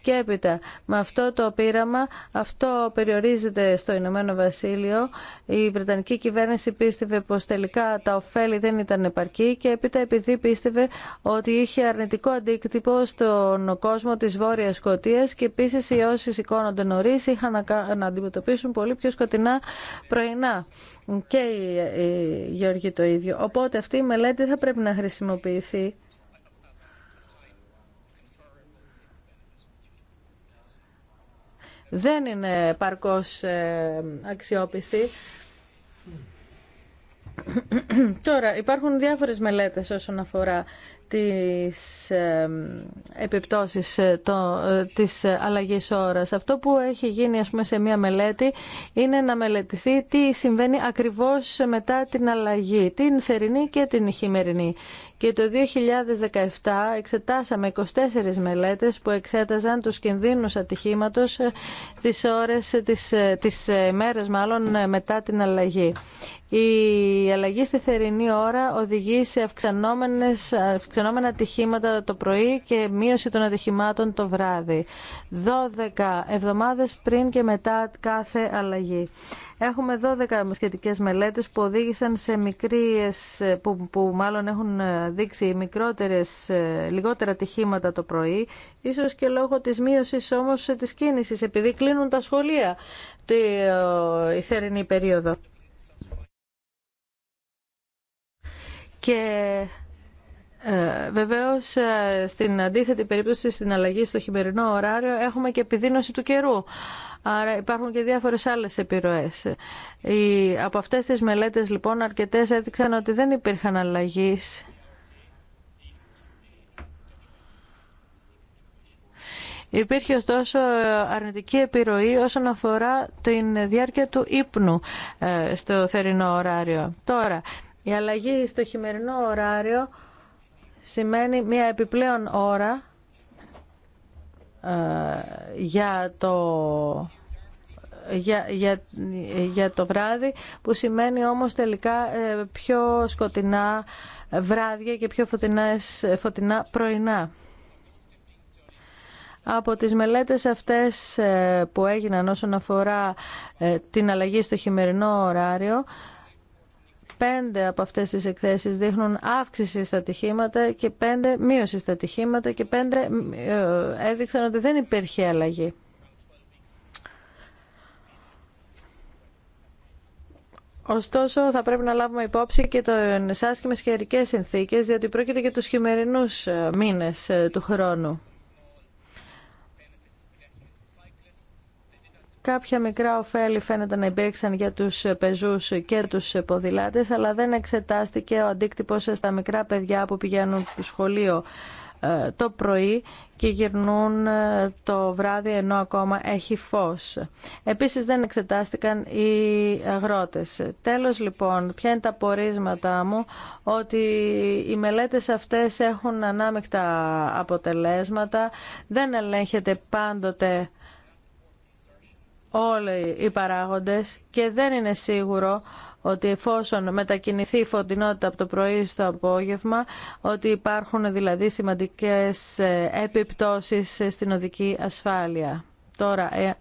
Και έπειτα, με αυτό το πείραμα, αυτό περιορίζεται στο Ηνωμένο Βασίλειο. Η Βρετανική κυβέρνηση πίστευε πως τελικά τα ωφέλη δεν ήταν επαρκή και έπειτα επειδή πίστευε ότι είχε αρνητικό αντίκτυπο στον κόσμο της Βόρειας Σκοτίας και επίση οι όσοι σηκώνονται νωρί είχαν να αντιμετωπίσουν πολύ πιο σκοτεινά πρωινά και η το ίδιο. Οπότε αυτή η μελέτη θα πρέπει να χρησιμοποιηθεί δεν είναι παρκώς ε, αξιόπιστη. Τώρα, υπάρχουν διάφορες μελέτες όσον αφορά τις ε, επιπτώσεις ε, το, της αλλαγής ώρας. Αυτό που έχει γίνει ας σε μία μελέτη είναι να μελετηθεί τι συμβαίνει ακριβώς μετά την αλλαγή, την θερινή και την χειμερινή και το 2017 εξετάσαμε 24 μελέτες που εξέταζαν τους κινδύνους ατυχήματος ε, τις ώρες, ε, τις, ε, τις μέρες μάλλον μετά την αλλαγή. Η αλλαγή στη θερινή ώρα οδηγεί σε αυξανόμενα ατυχήματα το πρωί και μείωση των ατυχημάτων το βράδυ. 12 εβδομάδες πριν και μετά κάθε αλλαγή. Έχουμε 12 σχετικέ μελέτες που οδήγησαν σε μικρέ που, που μάλλον έχουν ε, δείξει μικρότερες, ε, λιγότερα τυχήματα το πρωί, ίσω και λόγω τη μείωση όμω ε, τη κίνηση, επειδή κλείνουν τα σχολεία τη, η θερινή περίοδο. Και ε, Βεβαίω, στην αντίθετη περίπτωση, στην αλλαγή στο χειμερινό ωράριο, έχουμε και επιδείνωση του καιρού. Άρα υπάρχουν και διάφορες άλλες επιρροές. Οι, από αυτές τις μελέτες λοιπόν αρκετές έδειξαν ότι δεν υπήρχαν αλλαγή. Υπήρχε ωστόσο αρνητική επιρροή όσον αφορά την διάρκεια του ύπνου ε, στο θερινό ωράριο. Τώρα, η αλλαγή στο χειμερινό ωράριο σημαίνει μια επιπλέον ώρα ε, για το για, για, το βράδυ που σημαίνει όμως τελικά ε, πιο σκοτεινά βράδια και πιο φωτεινές, φωτεινά πρωινά. Από τις μελέτες αυτές ε, που έγιναν όσον αφορά την αλλαγή στο χειμερινό ωράριο πέντε από αυτές τις εκθέσεις δείχνουν αύξηση στα ατυχήματα και πέντε μείωση στα ατυχήματα και πέντε ε, έδειξαν ότι δεν υπήρχε αλλαγή. Ωστόσο, θα πρέπει να λάβουμε υπόψη και το άσχημες χειρικές συνθήκες, διότι πρόκειται για τους χειμερινούς ε, μήνες ε, του χρόνου. Κάποια μικρά ωφέλη φαίνεται να υπήρξαν για τους πεζούς και τους ποδηλάτες, αλλά δεν εξετάστηκε ο αντίκτυπος στα μικρά παιδιά που πηγαίνουν στο σχολείο ε, το πρωί και γυρνούν ε, το βράδυ ενώ ακόμα έχει φως. Επίσης δεν εξετάστηκαν οι αγρότες. Τέλος λοιπόν, ποια είναι τα πορίσματά μου, ότι οι μελέτες αυτές έχουν ανάμεικτα αποτελέσματα, δεν ελέγχεται πάντοτε όλοι οι παράγοντες και δεν είναι σίγουρο ότι εφόσον μετακινηθεί η φωτεινότητα από το πρωί στο απόγευμα, ότι υπάρχουν δηλαδή σημαντικές επιπτώσεις στην οδική ασφάλεια. Τώρα, ε,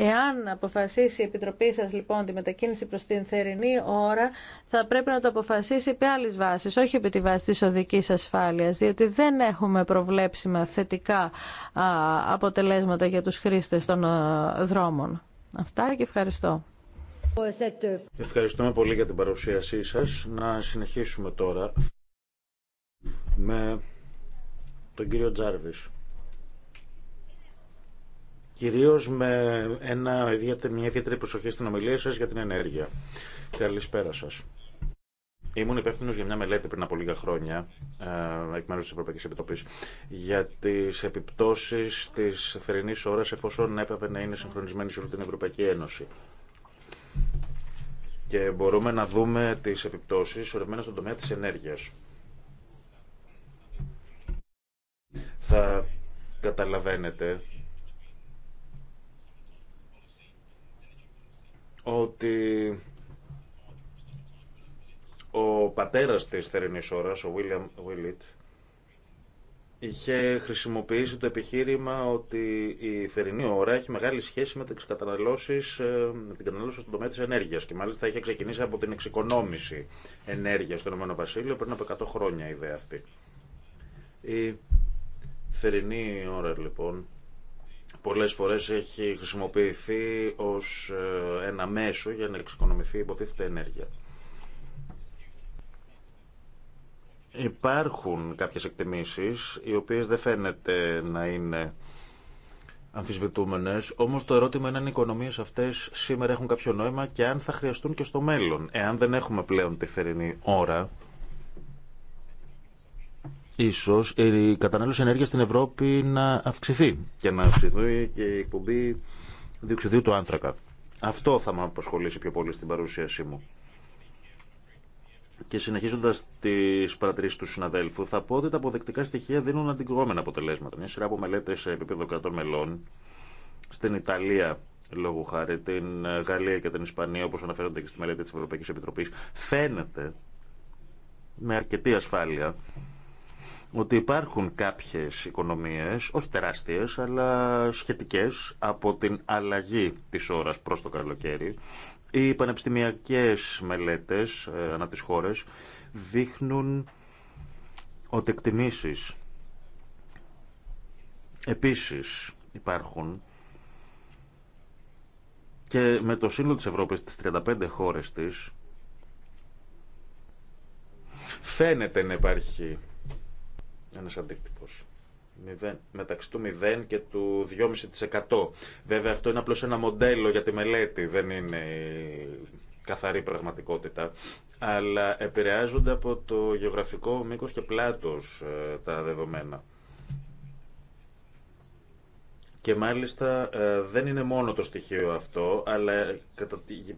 Εάν αποφασίσει η Επιτροπή σα λοιπόν τη μετακίνηση προς την θερινή ώρα, θα πρέπει να το αποφασίσει επί άλλη βάσης, όχι επί τη βάση τη οδικής ασφάλειας, διότι δεν έχουμε προβλέψιμα θετικά αποτελέσματα για τους χρήστε των δρόμων. Αυτά και ευχαριστώ. Ευχαριστούμε πολύ για την παρουσίασή σας. Να συνεχίσουμε τώρα με τον κύριο Τζάρβης κυρίως με ένα, μια ιδιαίτερη προσοχή στην ομιλία σας για την ενέργεια. Καλησπέρα σας. Ήμουν υπεύθυνο για μια μελέτη πριν από λίγα χρόνια, ε, εκ μέρου τη Ευρωπαϊκή Επιτροπή, για τι επιπτώσει τη θερινή ώρα εφόσον έπρεπε να είναι συγχρονισμένη σε όλη την Ευρωπαϊκή Ένωση. Και μπορούμε να δούμε τι επιπτώσει ορισμένα στον τομέα τη ενέργεια. Θα καταλαβαίνετε ότι ο πατέρας της θερινής ώρας, ο William Willett, είχε χρησιμοποιήσει το επιχείρημα ότι η θερινή ώρα έχει μεγάλη σχέση με τις καταναλώσεις, ε, με την κατανάλωση στον τομέα της ενέργειας και μάλιστα είχε ξεκινήσει από την εξοικονόμηση ενέργειας στον Ηνωμένο Βασίλειο πριν από 100 χρόνια η ιδέα αυτή. Η θερινή ώρα λοιπόν πολλές φορές έχει χρησιμοποιηθεί ως ε, ένα μέσο για να εξοικονομηθεί υποτίθεται ενέργεια. Υπάρχουν κάποιες εκτιμήσεις οι οποίες δεν φαίνεται να είναι αμφισβητούμενες, όμως το ερώτημα είναι αν οι οικονομίες αυτές σήμερα έχουν κάποιο νόημα και αν θα χρειαστούν και στο μέλλον. Εάν δεν έχουμε πλέον τη θερινή ώρα, ίσως η κατανάλωση ενέργεια στην Ευρώπη να αυξηθεί και να αυξηθεί και η εκπομπή διοξιδίου του άνθρακα. Αυτό θα με απασχολήσει πιο πολύ στην παρουσίασή μου. Και συνεχίζοντα τι παρατηρήσει του συναδέλφου, θα πω ότι τα αποδεκτικά στοιχεία δίνουν αντικρουόμενα αποτελέσματα. Μια σειρά από μελέτε σε επίπεδο κρατών μελών, στην Ιταλία λόγω χάρη, την Γαλλία και την Ισπανία, όπω αναφέρονται και στη μελέτη τη Ευρωπαϊκή Επιτροπή, φαίνεται με αρκετή ασφάλεια ότι υπάρχουν κάποιες οικονομίες, όχι τεράστιες, αλλά σχετικές από την αλλαγή της ώρας προς το καλοκαίρι. Οι πανεπιστημιακές μελέτες ε, ανά τις χώρες δείχνουν ότι εκτιμήσεις επίσης υπάρχουν και με το σύνολο της Ευρώπης, τις 35 χώρες της, φαίνεται να υπάρχει ένας αντίκτυπος. Μεταξύ του 0 και του 2,5%. Βέβαια αυτό είναι απλώς ένα μοντέλο για τη μελέτη, δεν είναι καθαρή πραγματικότητα. Αλλά επηρεάζονται από το γεωγραφικό μήκος και πλάτος ε, τα δεδομένα. Και μάλιστα ε, δεν είναι μόνο το στοιχείο αυτό, αλλά ε,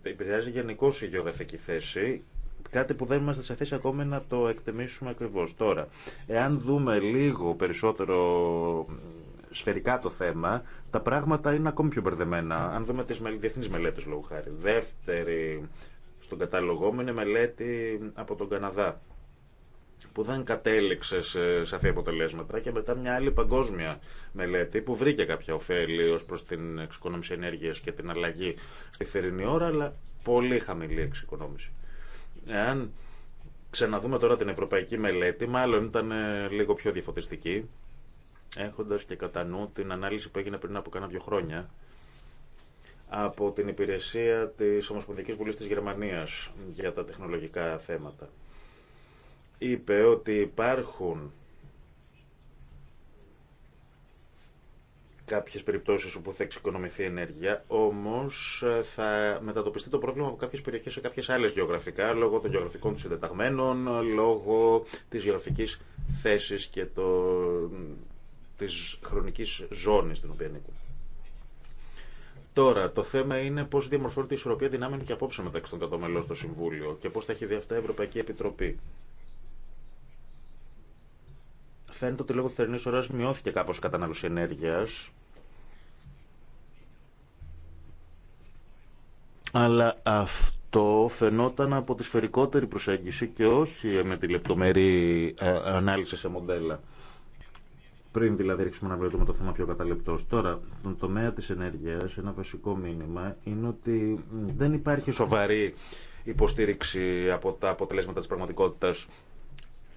επηρεάζει γενικώ η γεωγραφική θέση Κάτι που δεν είμαστε σε θέση ακόμη να το εκτεμήσουμε ακριβώ. τώρα. Εάν δούμε λίγο περισσότερο σφαιρικά το θέμα, τα πράγματα είναι ακόμη πιο μπερδεμένα. Αν δούμε τι διεθνεί μελέτε, λόγω χάρη. Δεύτερη στον κατάλογό μου είναι μελέτη από τον Καναδά που δεν κατέληξε σε σαφή αποτελέσματα και μετά μια άλλη παγκόσμια μελέτη που βρήκε κάποια ωφέλη ως προς την εξοικονόμηση ενέργειας και την αλλαγή στη θερινή ώρα αλλά πολύ χαμηλή εξοικονόμηση. Εάν ξαναδούμε τώρα την ευρωπαϊκή μελέτη, μάλλον ήταν ε, λίγο πιο διαφωτιστική, έχοντας και κατά νου την ανάλυση που έγινε πριν από κάνα δύο χρόνια, από την υπηρεσία της Ομοσπονδιακής Βουλής της Γερμανίας για τα τεχνολογικά θέματα. Είπε ότι υπάρχουν κάποιες περιπτώσεις όπου θα εξοικονομηθεί ενέργεια, όμως ε, θα μετατοπιστεί το πρόβλημα από κάποιες περιοχές σε κάποιες άλλες γεωγραφικά, λόγω των γεωγραφικών του συντεταγμένων, λόγω της γεωγραφικής θέσης και το, της χρονικής ζώνης στην οποία ανήκουν. Τώρα, το θέμα είναι πώ διαμορφώνεται η ισορροπία δυνάμεων και απόψε μεταξύ των κατομελών στο Συμβούλιο και πώ θα έχει δει αυτά η Ευρωπαϊκή Επιτροπή φαίνεται ότι λόγω θερινής ώρα μειώθηκε κάπως η κατανάλωση ενέργειας. Αλλά αυτό φαινόταν από τη σφαιρικότερη προσέγγιση και όχι με τη λεπτομερή ε, ανάλυση σε μοντέλα. Πριν δηλαδή ρίξουμε να βλέπουμε το θέμα πιο καταλεπτό. Τώρα, στον τομέα τη ενέργεια, ένα βασικό μήνυμα είναι ότι δεν υπάρχει σοβαρή υποστήριξη από τα αποτελέσματα τη πραγματικότητα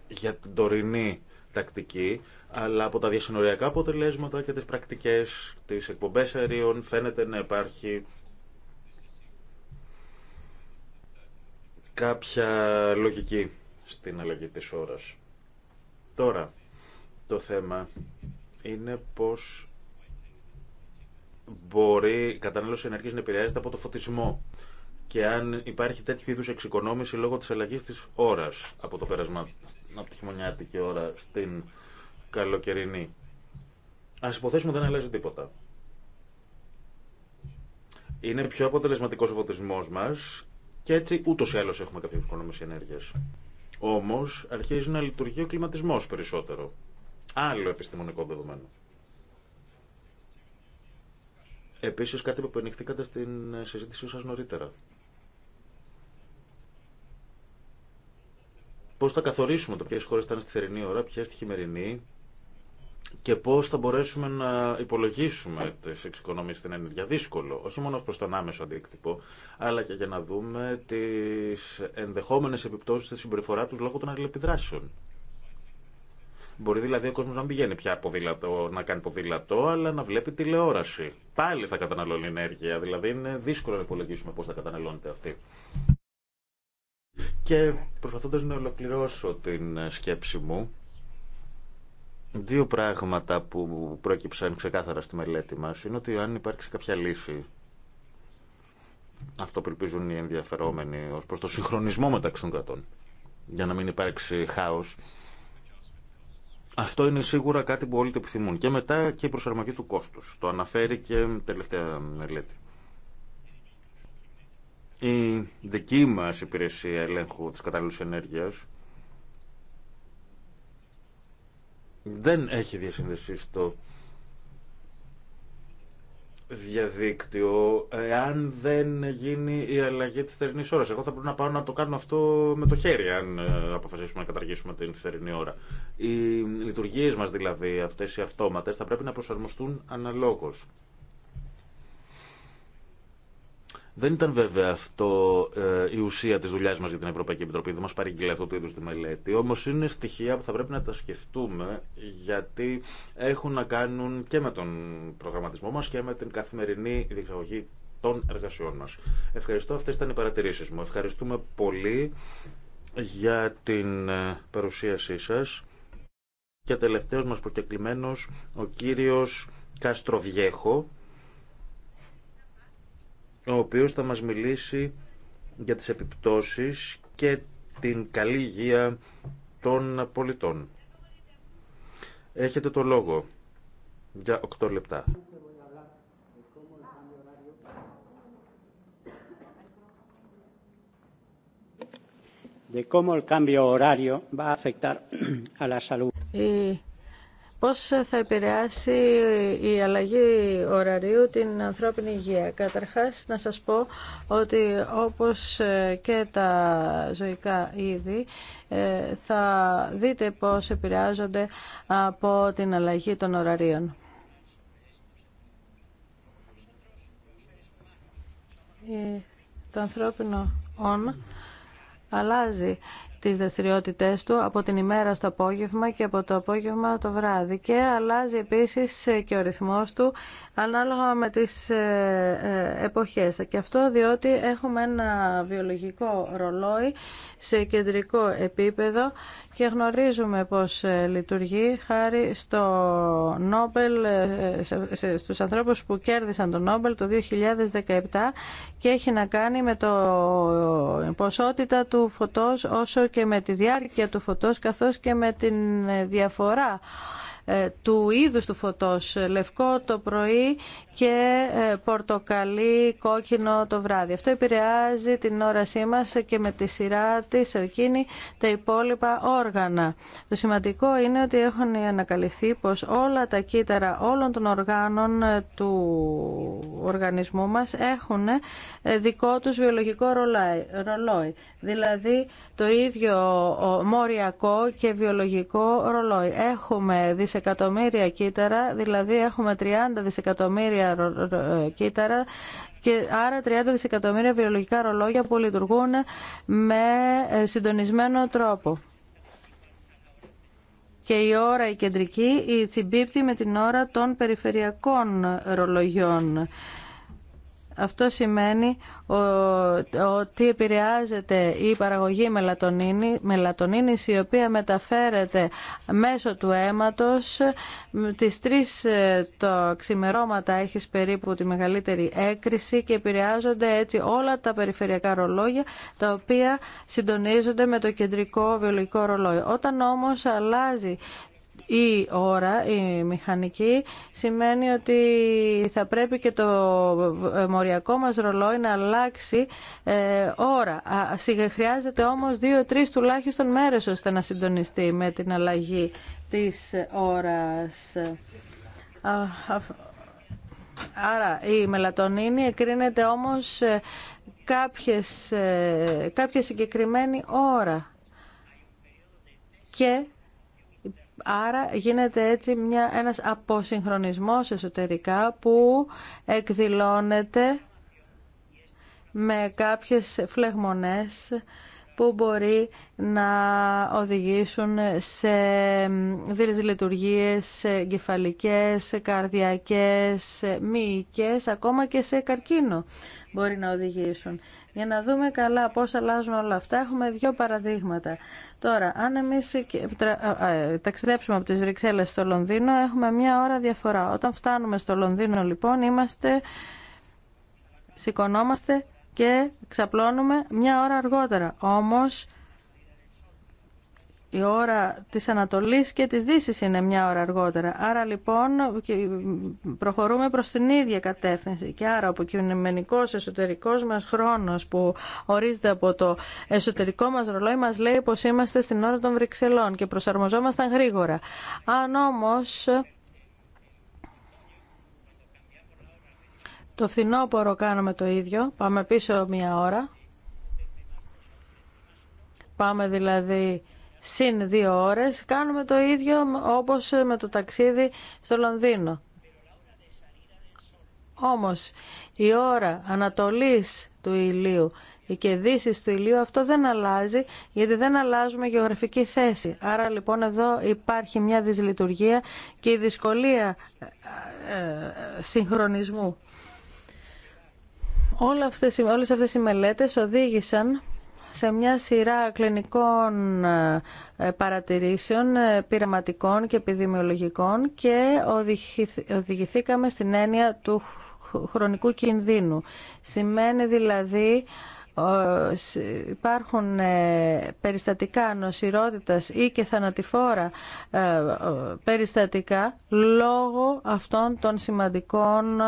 για την τωρινή τακτική, αλλά από τα διασυνοριακά αποτελέσματα και τις πρακτικές, της εκπομπές αερίων φαίνεται να υπάρχει κάποια λογική στην αλλαγή της ώρας. Τώρα, το θέμα είναι πως μπορεί η κατανάλωση ενέργειας να επηρεάζεται από το φωτισμό και αν υπάρχει τέτοιου είδου εξοικονόμηση λόγω τη αλλαγή τη ώρα από το πέρασμα από τη χειμωνιάτικη ώρα στην καλοκαιρινή. Α υποθέσουμε δεν αλλάζει τίποτα. Είναι πιο αποτελεσματικό ο φωτισμό μα και έτσι ούτω ή άλλω έχουμε κάποια εξοικονόμηση ενέργεια. Όμω αρχίζει να λειτουργεί ο κλιματισμό περισσότερο. Άλλο επιστημονικό δεδομένο. Επίση κάτι που επενεχθήκατε στην συζήτησή σα νωρίτερα. Πώς θα καθορίσουμε το ποιε χώρε θα είναι στη θερινή ώρα, ποιες στη χειμερινή και πώς θα μπορέσουμε να υπολογίσουμε τις εξοικονομίες στην ενέργεια. Δύσκολο, όχι μόνο προς τον άμεσο αντίκτυπο, αλλά και για να δούμε τις ενδεχόμενες επιπτώσεις στη συμπεριφορά τους λόγω των αλληλεπιδράσεων. Μπορεί δηλαδή ο κόσμος να μην πηγαίνει πια ποδήλατο, να κάνει ποδήλατο, αλλά να βλέπει τηλεόραση. Πάλι θα καταναλώνει ενέργεια. Δηλαδή είναι δύσκολο να υπολογίσουμε πώ θα καταναλώνεται αυτή. Και προσπαθώντας να ολοκληρώσω την ε, σκέψη μου, δύο πράγματα που πρόκυψαν ξεκάθαρα στη μελέτη μας είναι ότι αν υπάρξει κάποια λύση αυτό που ελπίζουν οι ενδιαφερόμενοι ως προς το συγχρονισμό μεταξύ των κρατών για να μην υπάρξει χάος αυτό είναι σίγουρα κάτι που όλοι το επιθυμούν και μετά και η προσαρμογή του κόστους το αναφέρει και τελευταία μελέτη η δική μας υπηρεσία ελέγχου της κατάλληλης ενέργειας δεν έχει διασύνδεση στο διαδίκτυο αν δεν γίνει η αλλαγή της θερινής ώρας. Εγώ θα πρέπει να πάω να το κάνω αυτό με το χέρι αν ε, αποφασίσουμε να καταργήσουμε την θερινή ώρα. Οι λειτουργίες μας δηλαδή αυτές οι αυτόματες θα πρέπει να προσαρμοστούν αναλόγως. Δεν ήταν βέβαια αυτό ε, η ουσία τη δουλειά μα για την Ευρωπαϊκή Επιτροπή. Δεν μα παρήγγειλε αυτό το είδου τη μελέτη. Όμω είναι στοιχεία που θα πρέπει να τα σκεφτούμε γιατί έχουν να κάνουν και με τον προγραμματισμό μα και με την καθημερινή διεξαγωγή των εργασιών μα. Ευχαριστώ. Αυτέ ήταν οι παρατηρήσει μου. Ευχαριστούμε πολύ για την ε, παρουσίασή σα Και τελευταίο μα προκεκλημένος ο κύριο Καστροβιέχο ο οποίος θα μας μιλήσει για τις επιπτώσεις και την καλή υγεία των πολιτών. Έχετε το λόγο για 8 λεπτά. de cómo el cambio horario va a afectar a la salud. Ε, Πώς θα επηρεάσει η αλλαγή ωραρίου την ανθρώπινη υγεία. Καταρχάς να σας πω ότι όπως και τα ζωικά είδη ε, θα δείτε πώς επηρεάζονται από την αλλαγή των ωραρίων. Το ανθρώπινο «ον» αλλάζει τις δραστηριότητές του από την ημέρα στο απόγευμα και από το απόγευμα το βράδυ και αλλάζει επίσης και ο ρυθμός του ανάλογα με τις ε, ε, εποχές και αυτό διότι έχουμε ένα βιολογικό ρολόι σε κεντρικό επίπεδο και γνωρίζουμε πως ε, λειτουργεί χάρη στο Νόμπελ, στους ανθρώπους που κέρδισαν τον Νόμπελ το 2017 και έχει να κάνει με το ποσότητα του φωτός όσο και με τη διάρκεια του φωτός καθώς και με την ε, διαφορά ε, του είδους του φωτός. Λευκό το πρωί και ε, πορτοκαλί κόκκινο το βράδυ. Αυτό επηρεάζει την όρασή μας και με τη σειρά της εκείνη τα υπόλοιπα όργανα. Το σημαντικό είναι ότι έχουν ανακαλυφθεί πως όλα τα κύτταρα όλων των οργάνων ε, του οργανισμού μας έχουν ε, δικό τους βιολογικό ρολόι. Δηλαδή το ίδιο μοριακό και βιολογικό ρολόι. Έχουμε δισεκατομμύρια κύτταρα, δηλαδή έχουμε 30 δισεκατομμύρια κύτταρα και άρα 30 δισεκατομμύρια βιολογικά ρολόγια που λειτουργούν με ε, συντονισμένο τρόπο. Και η ώρα η κεντρική η συμπίπτει με την ώρα των περιφερειακών ρολογιών. Αυτό σημαίνει ότι επηρεάζεται η παραγωγή μελατονίνης η οποία μεταφέρεται μέσω του αίματος. Τις τρεις ε, το ξημερώματα έχεις περίπου τη μεγαλύτερη έκρηση και επηρεάζονται έτσι όλα τα περιφερειακά ρολόγια τα οποία συντονίζονται με το κεντρικό βιολογικό ρολόι. Όταν όμως αλλάζει η ώρα, η μηχανική, σημαίνει ότι θα πρέπει και το μοριακό μας ρολόι να αλλάξει ε, ώρα. Χρειάζεται όμως δύο-τρεις τουλάχιστον μέρες ώστε να συντονιστεί με την αλλαγή της ώρας. Άρα η μελατονίνη εκρίνεται όμως ε, κάποιες, ε, κάποια συγκεκριμένη ώρα και Άρα γίνεται έτσι μια, ένας αποσυγχρονισμός εσωτερικά που εκδηλώνεται με κάποιες φλεγμονές που μπορεί να οδηγήσουν σε δύρες λειτουργίες κεφαλικές, καρδιακές, μυϊκές, ακόμα και σε καρκίνο μπορεί να οδηγήσουν. Για να δούμε καλά πώς αλλάζουν όλα αυτά, έχουμε δύο παραδείγματα. Τώρα, αν εμείς ταξιδέψουμε από τις Βρυξέλλες στο Λονδίνο, έχουμε μια ώρα διαφορά. Όταν φτάνουμε στο Λονδίνο, λοιπόν, είμαστε, σηκωνόμαστε και ξαπλώνουμε μια ώρα αργότερα. Όμως, η ώρα της Ανατολής και της Δύσης είναι μια ώρα αργότερα. Άρα λοιπόν προχωρούμε προς την ίδια κατεύθυνση και άρα ο αποκοινωνικός εσωτερικός μας χρόνος που ορίζεται από το εσωτερικό μας ρολόι μας λέει πως είμαστε στην ώρα των Βρυξελών και προσαρμοζόμασταν γρήγορα. Αν όμως το φθινόπωρο κάνουμε το ίδιο, πάμε πίσω μια ώρα, πάμε δηλαδή συν δύο ώρες, κάνουμε το ίδιο όπως με το ταξίδι στο Λονδίνο. Όμως η ώρα ανατολής του ηλίου και δύσεις του ηλίου αυτό δεν αλλάζει γιατί δεν αλλάζουμε γεωγραφική θέση. Άρα λοιπόν εδώ υπάρχει μια δυσλειτουργία και η δυσκολία ε, ε, συγχρονισμού. Όλες αυτές οι μελέτες οδήγησαν σε μια σειρά κλινικών ε, παρατηρήσεων ε, πειραματικών και επιδημιολογικών και οδηγηθήκαμε στην έννοια του χρονικού κινδύνου. Σημαίνει δηλαδή υπάρχουν ε, περιστατικά νοσηρότητας ή και θανατηφόρα περιστατικά λόγω αυτών των σημαντικών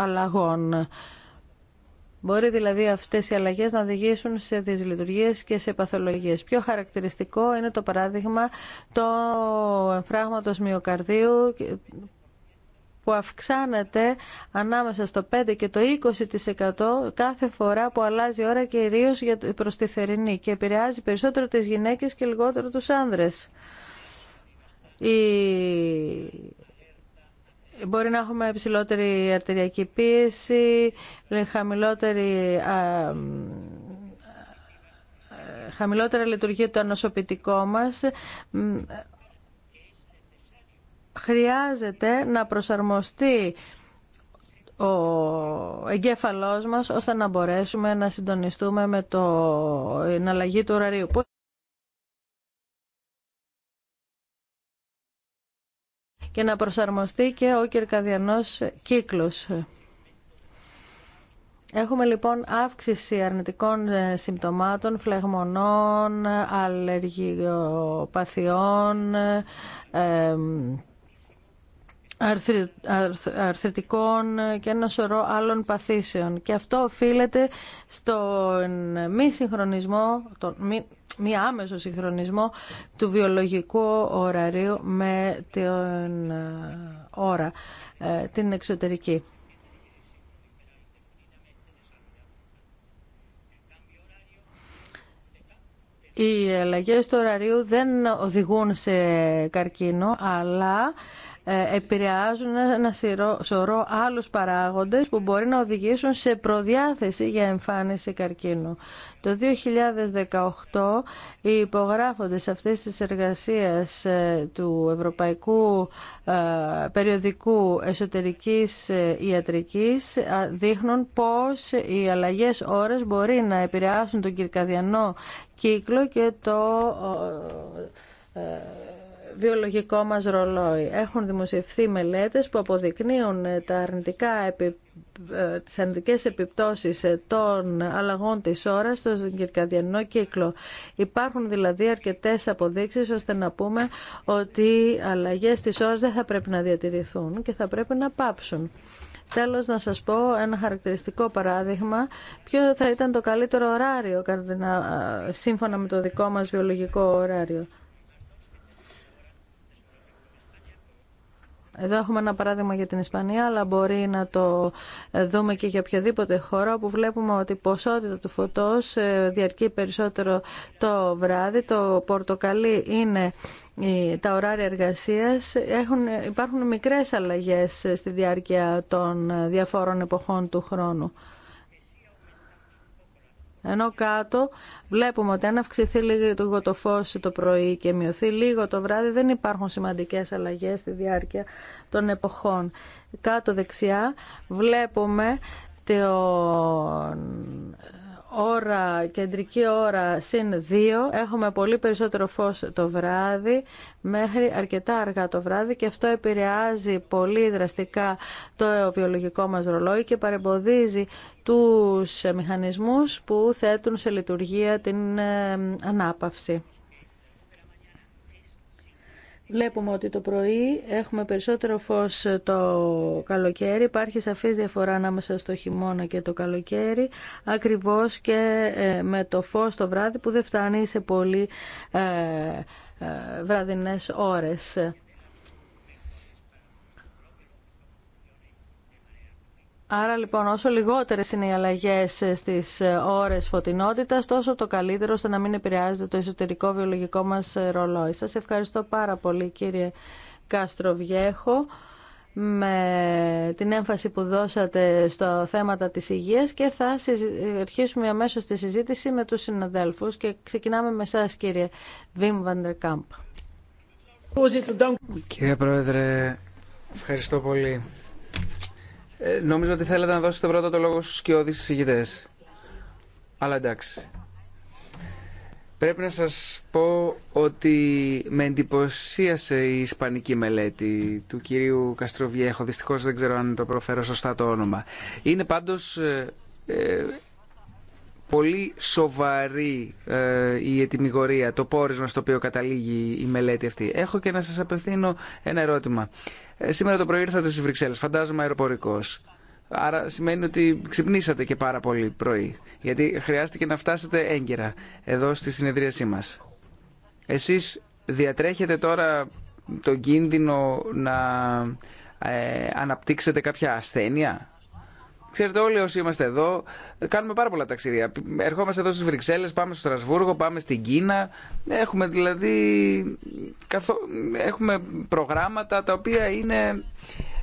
αλλαγών. Μπορεί δηλαδή αυτές οι αλλαγές να οδηγήσουν σε δυσλειτουργίε και σε παθολογίες. Πιο χαρακτηριστικό είναι το παράδειγμα το εμφράγματος μυοκαρδίου που αυξάνεται ανάμεσα στο 5 και το 20% κάθε φορά που αλλάζει η ώρα κυρίως προς τη θερινή και επηρεάζει περισσότερο τις γυναίκες και λιγότερο τους άνδρες μπορεί να έχουμε υψηλότερη αρτηριακή πίεση, χαμηλότερη χαμηλότερα λειτουργία το ανοσοποιητικό μας χρειάζεται να προσαρμοστεί ο εγκέφαλός μας ώστε να μπορέσουμε να συντονιστούμε με το, την αλλαγή του ωραρίου. και να προσαρμοστεί και ο κερκαδιανός κύκλος. Έχουμε λοιπόν αύξηση αρνητικών ε, συμπτωμάτων, φλεγμονών, αλλεργιοπαθειών, ε, αρθρητικών και ένα σωρό άλλων παθήσεων. Και αυτό οφείλεται στον μη συγχρονισμό, τον μη, μη άμεσο συγχρονισμό του βιολογικού ωραρίου με την ε, ώρα, ε, την εξωτερική. Οι αλλαγέ του ωραρίου δεν οδηγούν σε καρκίνο, αλλά ε, επηρεάζουν ένα σωρό άλλους παράγοντες που μπορεί να οδηγήσουν σε προδιάθεση για εμφάνιση καρκίνου. Το 2018 οι υπογράφοντες αυτής της εργασίας ε, του Ευρωπαϊκού ε, Περιοδικού Εσωτερικής Ιατρικής δείχνουν πώς οι αλλαγές ώρες μπορεί να επηρεάσουν τον κυρκαδιανό κύκλο και το βιολογικό μας ρολόι. Έχουν δημοσιευθεί μελέτες που αποδεικνύουν ε, τα αρνητικά επι... Ε, τις αρνητικές επιπτώσεις ε, των αλλαγών της ώρας στο κυρκαδιανό κύκλο. Υπάρχουν δηλαδή αρκετές αποδείξεις ώστε να πούμε ότι οι αλλαγές της ώρας δεν θα πρέπει να διατηρηθούν και θα πρέπει να πάψουν. Τέλος να σας πω ένα χαρακτηριστικό παράδειγμα ποιο θα ήταν το καλύτερο ωράριο σύμφωνα με το δικό μας βιολογικό ωράριο. Εδώ έχουμε ένα παράδειγμα για την Ισπανία, αλλά μπορεί να το ε, δούμε και για οποιαδήποτε χώρα όπου βλέπουμε ότι η ποσότητα του φωτός ε, διαρκεί περισσότερο το βράδυ. Το πορτοκαλί είναι τα ωράρια εργασίας. Έχουν, υπάρχουν μικρές αλλαγές ε, στη διάρκεια των διαφόρων εποχών του χρόνου. Ενώ κάτω βλέπουμε ότι αν αυξηθεί λίγο το φως το πρωί και μειωθεί λίγο το βράδυ δεν υπάρχουν σημαντικές αλλαγές στη διάρκεια των εποχών. Κάτω δεξιά βλέπουμε τον ώρα, κεντρική ώρα συν 2 έχουμε πολύ περισσότερο φως το βράδυ μέχρι αρκετά αργά το βράδυ και αυτό επηρεάζει πολύ δραστικά το βιολογικό μας ρολόι και παρεμποδίζει τους μηχανισμούς που θέτουν σε λειτουργία την ε, ανάπαυση. Βλέπουμε ότι το πρωί έχουμε περισσότερο φως το καλοκαίρι. Υπάρχει σαφής διαφορά ανάμεσα στο χειμώνα και το καλοκαίρι. Ακριβώς και ε, με το φως το βράδυ που δεν φτάνει σε πολύ ε, ε, βραδινές ώρες. Άρα λοιπόν όσο λιγότερες είναι οι αλλαγές στις ώρες φωτεινότητας τόσο το καλύτερο ώστε να μην επηρεάζεται το εσωτερικό βιολογικό μας ρολόι. Σας ευχαριστώ πάρα πολύ κύριε Καστροβιέχο με την έμφαση που δώσατε στο θέματα της υγείας και θα αρχίσουμε αμέσως τη συζήτηση με τους συναδέλφους και ξεκινάμε με εσάς κύριε Βίμ Βαντερκάμπ. Κύριε Πρόεδρε, ευχαριστώ πολύ. Ε, νομίζω ότι θέλετε να δώσετε πρώτα το λόγο στους σκιώδεις συζητητές. Αλλά εντάξει. Πρέπει να σας πω ότι με εντυπωσίασε η ισπανική μελέτη του κυρίου Καστροβιέχο. Δυστυχώς δεν ξέρω αν το προφέρω σωστά το όνομα. Είναι πάντως ε, ε, πολύ σοβαρή η ετοιμιγορία, το πόρισμα στο οποίο καταλήγει η μελέτη αυτή. Έχω και να σας απευθύνω ένα ερώτημα. Ε, σήμερα το πρωί ήρθατε στι Βρυξέλλε, φαντάζομαι αεροπορικό. Άρα σημαίνει ότι ξυπνήσατε και πάρα πολύ πρωί. Γιατί χρειάστηκε να φτάσετε έγκαιρα εδώ στη συνεδρίασή μα. Εσεί διατρέχετε τώρα τον κίνδυνο να ε, αναπτύξετε κάποια ασθένεια Ξέρετε όλοι όσοι είμαστε εδώ, κάνουμε πάρα πολλά ταξίδια. Ερχόμαστε εδώ στι Βρυξέλλες, πάμε στο Στρασβούργο, πάμε στην Κίνα. Έχουμε δηλαδή καθο... έχουμε προγράμματα τα οποία είναι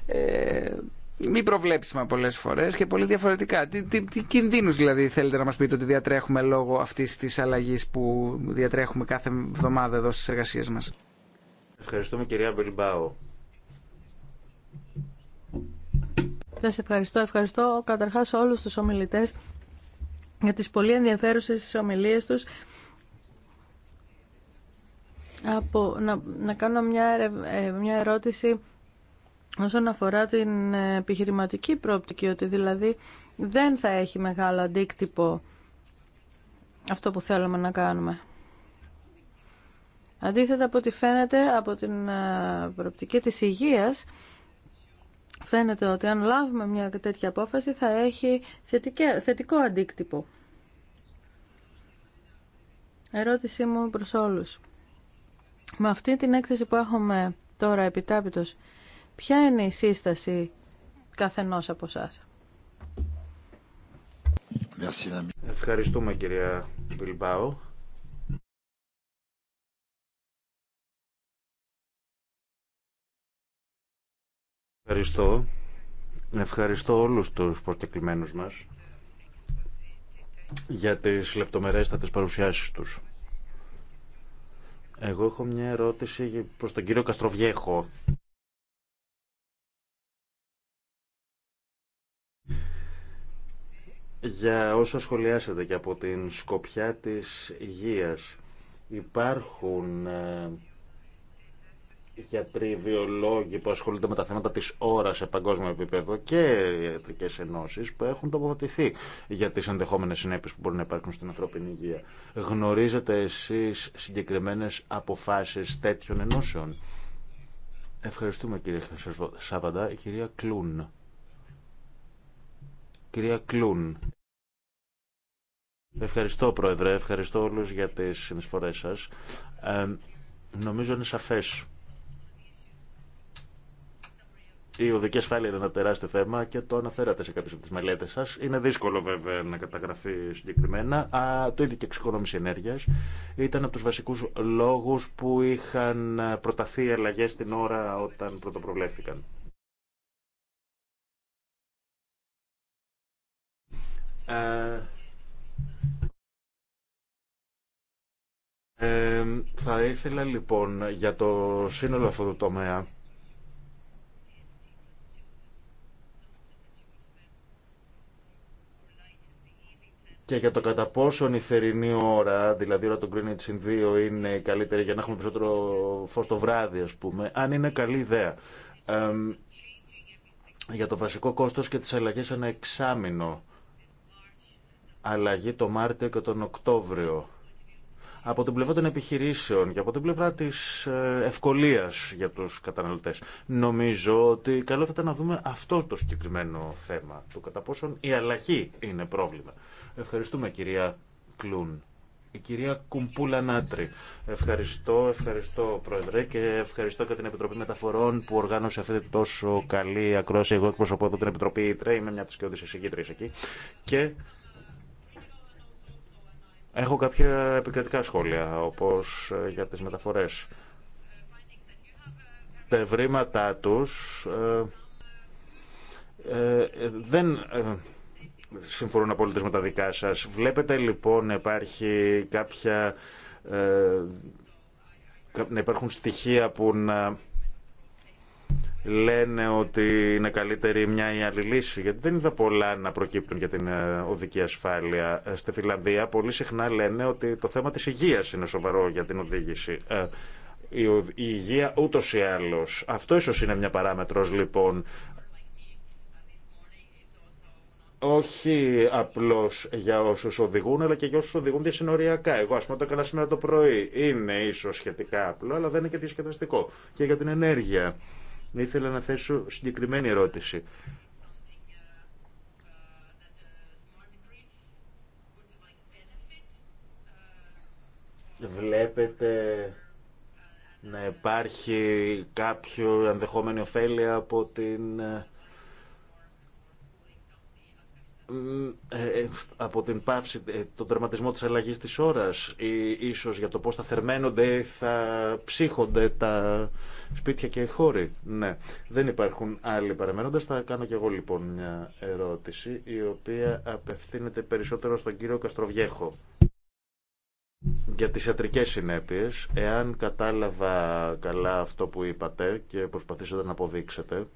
ε, μη προβλέψιμα πολλές φορές και πολύ διαφορετικά. Τι, τι, κινδύνους δηλαδή θέλετε να μας πείτε ότι διατρέχουμε λόγω αυτής τη αλλαγής που διατρέχουμε κάθε εβδομάδα εδώ στις εργασίες μας. Ευχαριστούμε κυρία Μπελμπάου. Σας ευχαριστώ. Ευχαριστώ καταρχάς όλους τους ομιλητές για τις πολύ ενδιαφέρουσες ομιλίες τους. Από, να, να κάνω μια, ε, μια ερώτηση όσον αφορά την ε, επιχειρηματική πρόπτικη, ότι δηλαδή δεν θα έχει μεγάλο αντίκτυπο αυτό που θέλουμε να κάνουμε. Αντίθετα από ό,τι φαίνεται από την ε, προοπτική της υγείας, φαίνεται ότι αν λάβουμε μια τέτοια απόφαση θα έχει θετικό αντίκτυπο. Ερώτησή μου προς όλους. Με αυτή την έκθεση που έχουμε τώρα επιτάπητος, ποια είναι η σύσταση καθενός από εσά. Ευχαριστούμε κυρία Μπιλμπάου. Ευχαριστώ. Ευχαριστώ όλους τους προσκεκλημένους μας για τις λεπτομερέστατες παρουσιάσεις τους. Εγώ έχω μια ερώτηση προς τον κύριο Καστροβιέχο. Για όσα σχολιάσατε και από την σκοπιά της υγείας, υπάρχουν ε, γιατροί, βιολόγοι που ασχολούνται με τα θέματα της ώρας σε παγκόσμιο επίπεδο και ιατρικές ενώσεις που έχουν τοποθετηθεί για τις ενδεχόμενες συνέπειες που μπορεί να υπάρχουν στην ανθρώπινη υγεία. Γνωρίζετε εσείς συγκεκριμένες αποφάσεις τέτοιων ενώσεων. Ευχαριστούμε κύριε Σάβαντα. Κυρία Κλούν. Κυρία Κλούν. Ευχαριστώ Πρόεδρε, ευχαριστώ όλους για τις συνεισφορές σας. Ε, νομίζω είναι σαφές η οδική ασφάλεια είναι ένα τεράστιο θέμα και το αναφέρατε σε κάποιε από τι μελέτε σα. Είναι δύσκολο βέβαια να καταγραφεί συγκεκριμένα. Α, το ίδιο και εξοικονόμηση ενέργεια. Ήταν από του βασικού λόγου που είχαν προταθεί αλλαγέ την ώρα όταν πρωτοπροβλέφθηκαν. Ε, ε, θα ήθελα λοιπόν για το σύνολο αυτού του τομέα και για το κατά πόσο η θερινή ώρα, δηλαδή η ώρα των Greenwich in 2 είναι καλύτερη για να έχουμε περισσότερο φως το βράδυ ας πούμε, αν είναι καλή ιδέα. για το βασικό κόστος και τις αλλαγές ένα εξάμεινο. Αλλαγή το Μάρτιο και τον Οκτώβριο από την πλευρά των επιχειρήσεων και από την πλευρά της ε, ευκολίας για τους καταναλωτές. Νομίζω ότι καλό θα ήταν να δούμε αυτό το συγκεκριμένο θέμα, του κατά πόσον η αλλαγή είναι πρόβλημα. Ευχαριστούμε κυρία Κλούν. Η κυρία Κουμπούλα Νάτρη. Ευχαριστώ, ευχαριστώ Πρόεδρε και ευχαριστώ και την Επιτροπή Μεταφορών που οργάνωσε αυτή την τόσο καλή ακρόαση. Εγώ εκπροσωπώ εδώ την Επιτροπή ΙΤΡΕ, είμαι μια τη εκεί. Και Έχω κάποια επικρατικά σχόλια, όπως ε, για τις μεταφορές. Τα ευρήματά τους ε, ε, δεν συμφωνούν απολύτως με τα δικά σας. Βλέπετε λοιπόν υπάρχει κάποια... να υπάρχουν στοιχεία που να λένε ότι είναι καλύτερη μια ή άλλη λύση, γιατί δεν είδα πολλά να προκύπτουν για την ε, οδική ασφάλεια. Ε, στη Φιλανδία πολύ συχνά λένε ότι το θέμα της υγείας είναι σοβαρό για την οδήγηση. Ε, η υγεία ούτω ή άλλω. Αυτό ίσω είναι μια παράμετρο λοιπόν όχι απλώ για όσου οδηγούν, αλλά και για όσου οδηγούν διασυνοριακά. Εγώ, α πούμε, το έκανα σήμερα το πρωί. Είναι ίσω σχετικά απλό, αλλά δεν είναι και διασκεδαστικό. Και για την ενέργεια ήθελα να θέσω συγκεκριμένη ερώτηση. Βλέπετε να υπάρχει κάποιο ενδεχόμενη ωφέλεια από την ε, ε, ε, από την πάυση, ε, τον τερματισμό της αλλαγής της ώρας ή ίσως για το πώς θα θερμαίνονται ή θα ψύχονται τα σπίτια και οι χώροι. Ναι, δεν υπάρχουν άλλοι παραμένοντας. Θα κάνω και εγώ λοιπόν μια ερώτηση η οποία απευθύνεται περισσότερο στον κύριο Καστροβιέχο. Για τις ιατρικές συνέπειες, εάν κατάλαβα καλά αυτό που είπατε και προσπαθήσατε να αποδείξετε,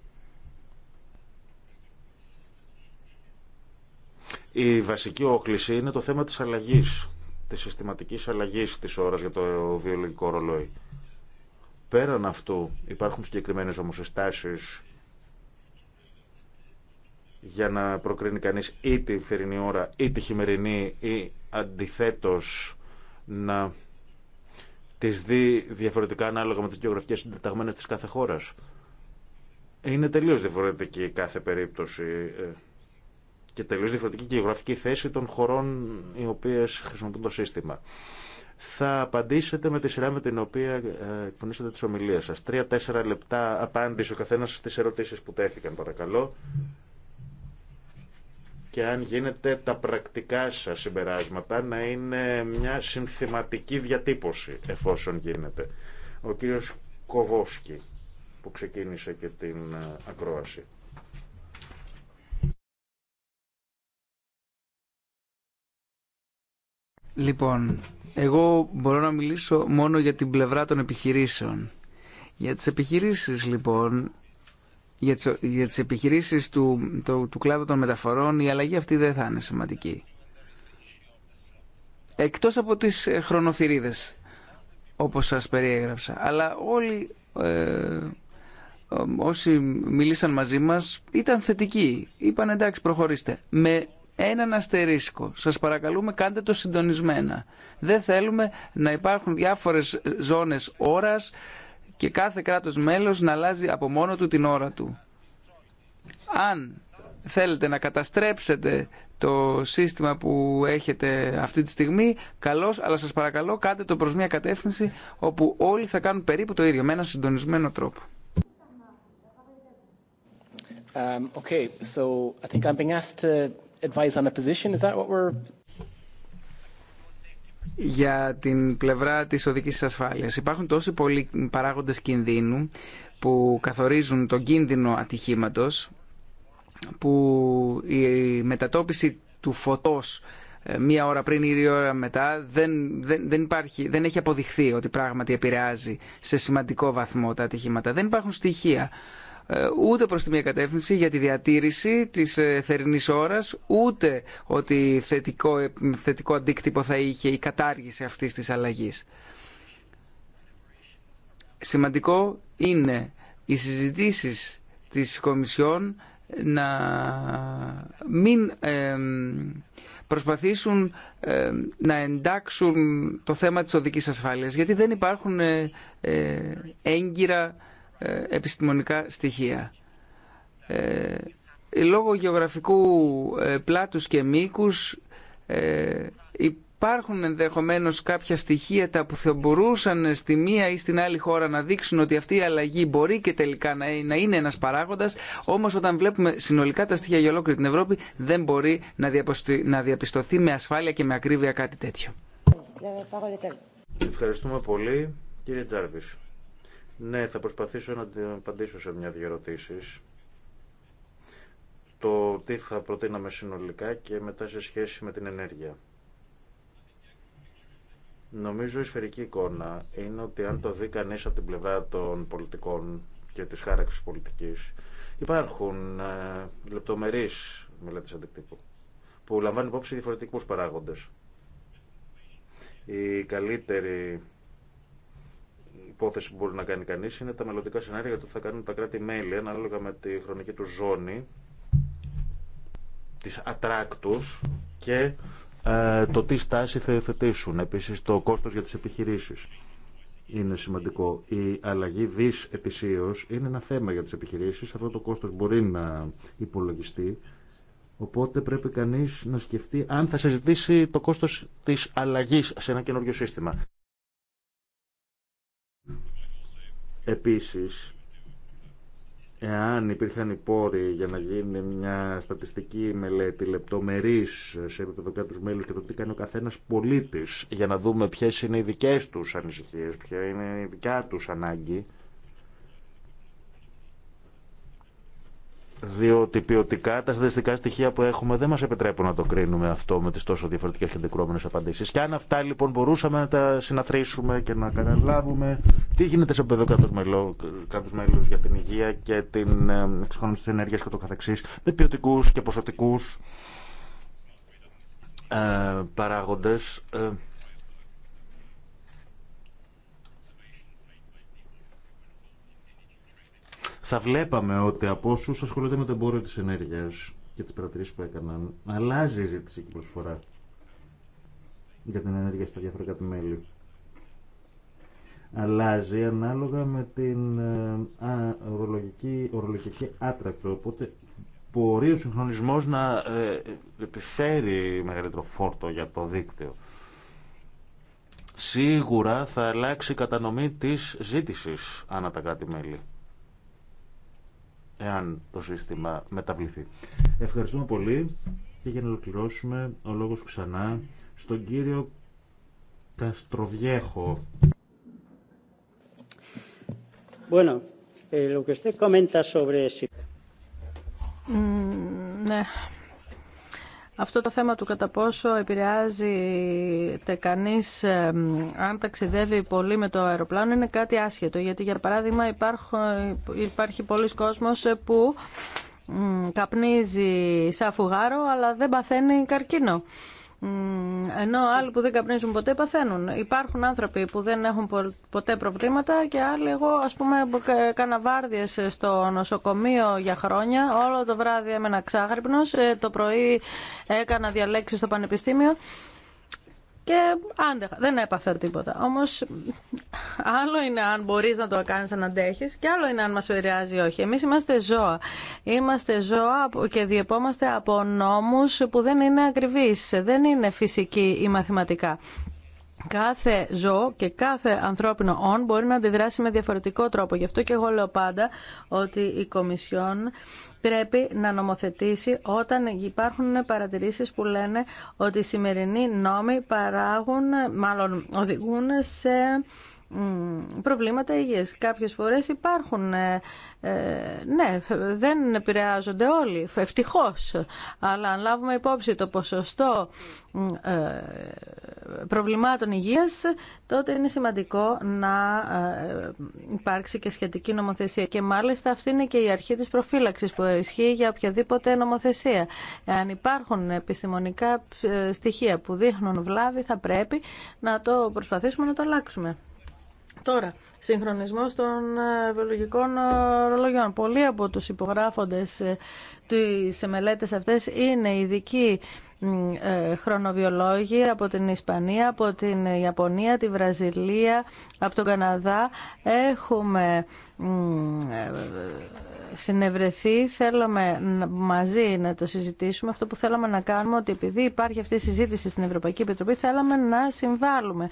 Η βασική όκληση είναι το θέμα της αλλαγής, της συστηματικής αλλαγής της ώρας για το βιολογικό ρολόι. Πέραν αυτού υπάρχουν συγκεκριμένες όμως για να προκρίνει κανείς ή τη θερινή ώρα ή τη χειμερινή ή αντιθέτως να τις δει διαφορετικά ανάλογα με τις γεωγραφικές συντεταγμένες της κάθε χώρας. Είναι τελείως διαφορετική κάθε περίπτωση ε, και τελείως διαφορετική και γεωγραφική θέση των χωρών οι οποίες χρησιμοποιούν το σύστημα. Θα απαντήσετε με τη σειρά με την οποία ε, εκφωνήσατε τις ομιλίες σας. Τρία-τέσσερα λεπτά απάντηση ο καθένας στις ερωτήσεις που τέθηκαν παρακαλώ. Και αν γίνεται τα πρακτικά σας συμπεράσματα να είναι μια συνθηματική διατύπωση εφόσον γίνεται. Ο κύριος Κοβόσκι που ξεκίνησε και την ε, ακρόαση. Λοιπόν, εγώ μπορώ να μιλήσω μόνο για την πλευρά των επιχειρήσεων. Για τις επιχειρήσεις λοιπόν, για τις, για επιχειρήσεις του, του, του κλάδου των μεταφορών η αλλαγή αυτή δεν θα είναι σημαντική. Εκτός από τις ε, χρονοθυρίδες, όπως σας περιέγραψα. Αλλά όλοι ε, ε, όσοι μιλήσαν μαζί μας ήταν θετικοί. Είπαν εντάξει προχωρήστε. Με έναν αστερίσκο. Σας παρακαλούμε κάντε το συντονισμένα. Δεν θέλουμε να υπάρχουν διάφορες ζώνες ώρας και κάθε κράτος μέλος να αλλάζει από μόνο του την ώρα του. Αν θέλετε να καταστρέψετε το σύστημα που έχετε αυτή τη στιγμή, καλώς, αλλά σας παρακαλώ κάντε το προς μια κατεύθυνση όπου όλοι θα κάνουν περίπου το ίδιο, με έναν συντονισμένο τρόπο. Um, on a position. Is that what we're... Για την πλευρά της οδικής ασφάλειας υπάρχουν τόσοι πολλοί παράγοντες κινδύνου που καθορίζουν τον κίνδυνο ατυχήματος που η μετατόπιση του φωτός ε, μία ώρα πριν ή δύο ώρα μετά δεν, δεν, δεν, υπάρχει, δεν έχει αποδειχθεί ότι πράγματι επηρεάζει σε σημαντικό βαθμό τα ατυχήματα. Δεν υπάρχουν στοιχεία ε, ούτε προς τη μία κατεύθυνση για τη διατήρηση της ε, θερινής ώρας, ούτε ότι θετικό, ε, θετικό αντίκτυπο θα είχε η κατάργηση αυτής της αλλαγής. Σημαντικό είναι οι συζητήσεις της Κομισιόν να μην προσπαθήσουν να εντάξουν το θέμα της οδικής ασφάλειας, γιατί δεν υπάρχουν έγκυρα ε, επιστημονικά στοιχεία. Ε, λόγω γεωγραφικού ε, πλάτους και μήκους υπάρχουν ενδεχομένως κάποια στοιχεία τα που θα μπορούσαν στη μία ή στην άλλη χώρα να δείξουν ότι αυτή η αλλαγή μπορεί και τελικά να είναι ένας παράγοντας, όμως όταν βλέπουμε συνολικά τα στοιχεία για ολόκληρη την Ευρώπη δεν μπορεί να διαπιστωθεί με ασφάλεια και με ακρίβεια κάτι τέτοιο. Ευχαριστούμε πολύ κύριε Τζάρβις. Ναι, θα προσπαθήσω να την απαντήσω σε μια-δυο ερωτήσει. Το τι θα προτείναμε συνολικά και μετά σε σχέση με την ενέργεια. Νομίζω η σφαιρική εικόνα είναι ότι αν το δει κανεί από την πλευρά των πολιτικών και της χάραξης πολιτικής υπάρχουν ε, λεπτομερείς μελέτες αντικτύπου που λαμβάνουν υπόψη διαφορετικούς παράγοντες. Η καλύτερη υπόθεση που μπορεί να κάνει κανεί είναι τα μελλοντικά σενάρια που θα κάνουν τα κράτη-μέλη ανάλογα με τη χρονική του ζώνη, τη ατράκτου και ε, το τι στάση θα υιοθετήσουν. Επίση, το κόστο για τι επιχειρήσει είναι σημαντικό. Η αλλαγή δι ετησίω είναι ένα θέμα για τι επιχειρήσει. Αυτό το κόστο μπορεί να υπολογιστεί. Οπότε πρέπει κανείς να σκεφτεί αν θα συζητήσει το κόστος της αλλαγή σε ένα καινούριο σύστημα. Επίσης, εάν υπήρχαν οι πόροι για να γίνει μια στατιστική μελέτη λεπτομερής σε επίπεδο μέλη μέλους και το τι κάνει ο καθένας πολίτης για να δούμε ποιες είναι οι δικές τους ανησυχίες, ποια είναι η δικιά τους ανάγκη, διότι ποιοτικά τα στατιστικά στοιχεία που έχουμε δεν μα επιτρέπουν να το κρίνουμε αυτό με τι τόσο διαφορετικέ και αντικρώμενε απαντήσει. Και αν αυτά λοιπόν μπορούσαμε να τα συναθρήσουμε και να καταλάβουμε τι γίνεται σε επίπεδο κράτου μέλου για την υγεία και την ε, εξοικονόμηση τη ενέργεια και το καθεξή, με ποιοτικού και ποσοτικού ε, παράγοντε. Ε, θα βλέπαμε ότι από όσου ασχολούνται με το εμπόριο τη ενέργεια και τι παρατηρήσει που έκαναν, αλλάζει η ζήτηση και η προσφορά για την ενέργεια στα διάφορα κράτη-μέλη. Αλλάζει ανάλογα με την ε, α, ορολογική, ορολογική άτρακτο. Οπότε μπορεί ο συγχρονισμό να ε, επιφέρει μεγαλύτερο φόρτο για το δίκτυο. Σίγουρα θα αλλάξει η κατανομή της ζήτησης ανά τα κράτη-μέλη εάν το σύστημα μεταβληθεί. Ευχαριστούμε πολύ και για να ολοκληρώσουμε ο λόγος ξανά στον κύριο Καστροβιέχο. Bueno, eh, lo que usted comenta sobre... Mm, ναι, αυτό το θέμα του κατά πόσο επηρεάζεται κανείς αν ταξιδεύει πολύ με το αεροπλάνο είναι κάτι άσχετο. Γιατί για παράδειγμα υπάρχει πολλοί κόσμος που καπνίζει σαν φουγάρο αλλά δεν παθαίνει καρκίνο ενώ άλλοι που δεν καπνίζουν ποτέ παθαίνουν. Υπάρχουν άνθρωποι που δεν έχουν ποτέ προβλήματα και άλλοι εγώ ας πούμε έκανα βάρδιες στο νοσοκομείο για χρόνια. Όλο το βράδυ έμενα ξάχρυπνο. Ε, το πρωί έκανα διαλέξει στο πανεπιστήμιο και άντεχα. Δεν έπαθα τίποτα. Όμω, άλλο είναι αν μπορεί να το κάνει, να αντέχει, και άλλο είναι αν μα επηρεάζει ή όχι. Εμεί είμαστε ζώα. Είμαστε ζώα και διεπόμαστε από νόμου που δεν είναι ακριβεί, δεν είναι φυσικοί ή μαθηματικά. Κάθε ζώο και κάθε ανθρώπινο όν μπορεί να αντιδράσει με διαφορετικό τρόπο. Γι' αυτό και εγώ λέω πάντα ότι η Κομισιόν πρέπει να νομοθετήσει όταν υπάρχουν παρατηρήσεις που λένε ότι οι σημερινοί νόμοι παράγουν, μάλλον οδηγούν σε προβλήματα υγείας. Κάποιες φορές υπάρχουν, ε, ε, ναι, δεν επηρεάζονται όλοι, ευτυχώς, αλλά αν λάβουμε υπόψη το ποσοστό ε, προβλημάτων υγείας, τότε είναι σημαντικό να ε, υπάρξει και σχετική νομοθεσία. Και μάλιστα αυτή είναι και η αρχή της προφύλαξης που ισχύει για οποιαδήποτε νομοθεσία. Αν υπάρχουν επιστημονικά στοιχεία που δείχνουν βλάβη, θα πρέπει να το προσπαθήσουμε να το αλλάξουμε. Τώρα, συγχρονισμός των ε, βιολογικών ε, ρολογιών. Πολλοί από τους υπογράφοντες ε, τις μελέτες αυτές είναι ειδικοί χρονοβιολόγοι από την Ισπανία, από την Ιαπωνία, τη Βραζιλία, από τον Καναδά. Έχουμε συνευρεθεί, Θέλουμε μαζί να το συζητήσουμε. Αυτό που θέλαμε να κάνουμε, ότι επειδή υπάρχει αυτή η συζήτηση στην Ευρωπαϊκή Επιτροπή, θέλαμε να συμβάλλουμε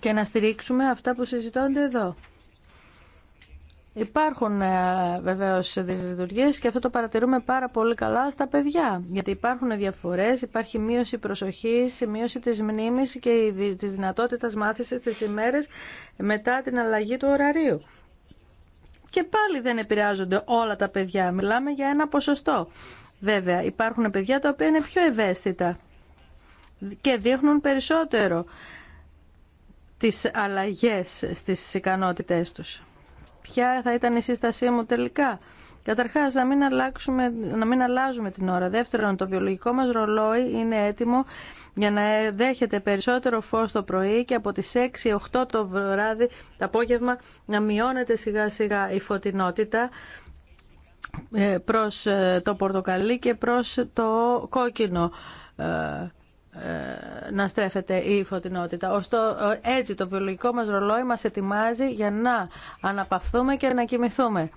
και να στηρίξουμε αυτά που συζητώνται εδώ. Υπάρχουν ε, βεβαίω δυσλειτουργίε και αυτό το παρατηρούμε πάρα πολύ καλά στα παιδιά. Γιατί υπάρχουν διαφορέ, υπάρχει μείωση προσοχή, μείωση τη μνήμη και τη δυνατότητα μάθηση τι ημέρε μετά την αλλαγή του ωραρίου. Και πάλι δεν επηρεάζονται όλα τα παιδιά. Μιλάμε για ένα ποσοστό. Βέβαια, υπάρχουν παιδιά τα οποία είναι πιο ευαίσθητα και δείχνουν περισσότερο τις αλλαγές στις ικανότητές τους. Ποια θα ήταν η σύστασή μου τελικά. Καταρχάς, να, μην αλλάξουμε, να μην αλλάζουμε την ώρα. Δεύτερον, το βιολογικό μας ρολόι είναι έτοιμο για να δέχεται περισσότερο φως το πρωί και από τις 6-8 το βράδυ, το απόγευμα, να μειώνεται σιγά-σιγά η φωτεινότητα ε, προς ε, το πορτοκαλί και προς το κόκκινο ε, ε, να στρέφεται η φωτεινότητα. Ωστόσο, ε, έτσι το βιολογικό μας ρολόι μας ετοιμάζει για να αναπαυθούμε και να κοιμηθούμε.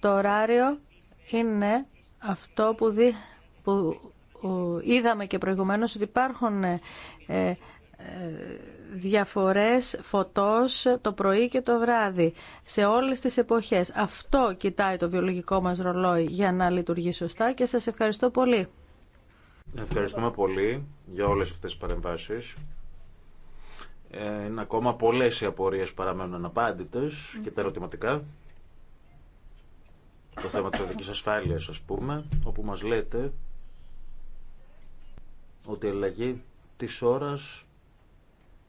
Το ωράριο είναι αυτό που, που ε, είδαμε και προηγουμένως ότι υπάρχουν διαφορές φωτός το πρωί και το βράδυ σε όλες τις εποχές. Αυτό κοιτάει το βιολογικό μας ρολόι για να λειτουργεί σωστά και σας ευχαριστώ πολύ. Ευχαριστούμε πολύ για όλες αυτές τις παρεμβάσεις. Ε, είναι ακόμα πολλές οι απορίες παραμένουν αναπάντητες και τα ερωτηματικά. Το θέμα της οδικής ασφάλειας ας πούμε, όπου μας λέτε ότι η αλλαγή της ώρας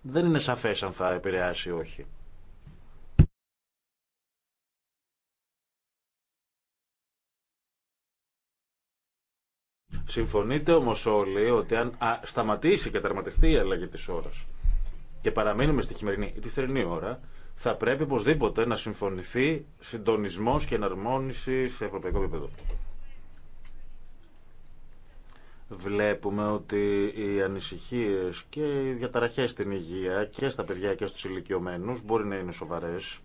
δεν είναι σαφές αν θα επηρεάσει ή όχι. Συμφωνείτε όμως όλοι ότι αν σταματήσει και τερματιστεί η αλλαγή της ώρας και παραμείνουμε στη χειμερινή ή τη θερινή ώρα, θα πρέπει οπωσδήποτε να συμφωνηθεί συντονισμός και εναρμόνιση σε ευρωπαϊκό επίπεδο βλέπουμε ότι οι ανησυχίες και οι διαταραχές στην υγεία και στα παιδιά και στους ηλικιωμένους μπορεί να είναι σοβαρές.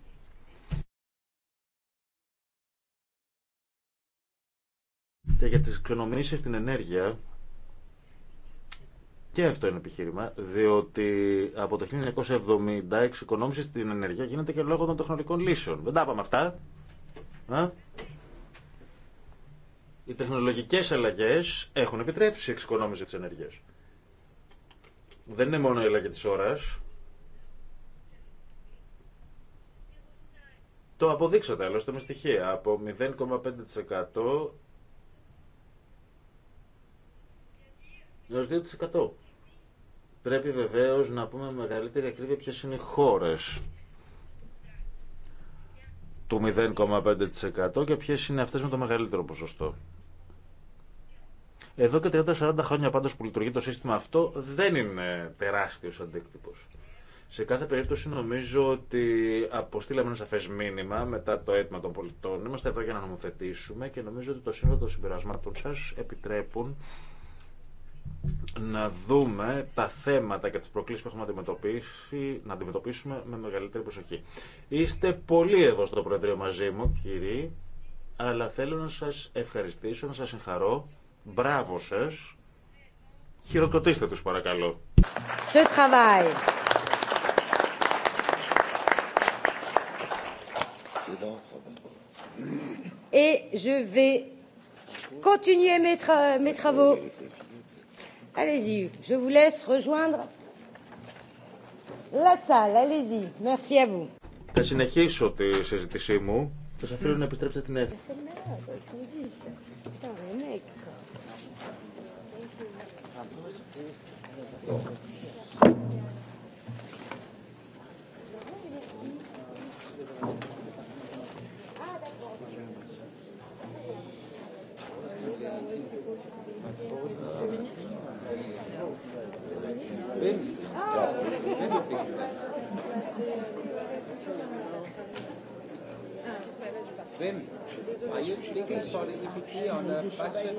Και για τις οικονομήσεις στην ενέργεια και αυτό είναι επιχείρημα, διότι από το 1970 εξοικονόμηση στην ενέργεια γίνεται και λόγω των τεχνολογικών λύσεων. Δεν τα είπαμε αυτά. Α? Οι τεχνολογικές αλλαγέ έχουν επιτρέψει η εξοικονόμηση τη ενέργειας. Δεν είναι μόνο η αλλαγή τη ώρα. Το αποδείξατε άλλωστε με στοιχεία. Από 0,5% έως 2%. Πρέπει βεβαίως να πούμε με μεγαλύτερη ακρίβεια ποιες είναι οι χώρες του 0,5% και ποιες είναι αυτές με το μεγαλύτερο ποσοστό. Εδώ και 30-40 χρόνια πάντω που λειτουργεί το σύστημα αυτό δεν είναι τεράστιο αντίκτυπο. Σε κάθε περίπτωση νομίζω ότι αποστήλαμε ένα σαφέ μήνυμα μετά το αίτημα των πολιτών. Είμαστε εδώ για να νομοθετήσουμε και νομίζω ότι το σύνολο των συμπερασμάτων σα επιτρέπουν να δούμε τα θέματα και τις προκλήσεις που έχουμε αντιμετωπίσει, να αντιμετωπίσουμε με μεγαλύτερη προσοχή. Είστε πολύ εδώ στο Προεδρείο μαζί μου, κύριοι, αλλά θέλω να σας ευχαριστήσω, να σας συγχαρώ Μπράβο σα. Χειροκροτήστε του, παρακαλώ. Σε τραβάει. Et je vais continuer mes, tra mes travaux. Allez-y, je vous laisse rejoindre la salle. Allez-y, merci à vous. Θα συνεχίσω τη συζήτησή μου. Θα σας αφήνω να επιστρέψετε στην αίθουσα are you speaking for the EPP on the budget?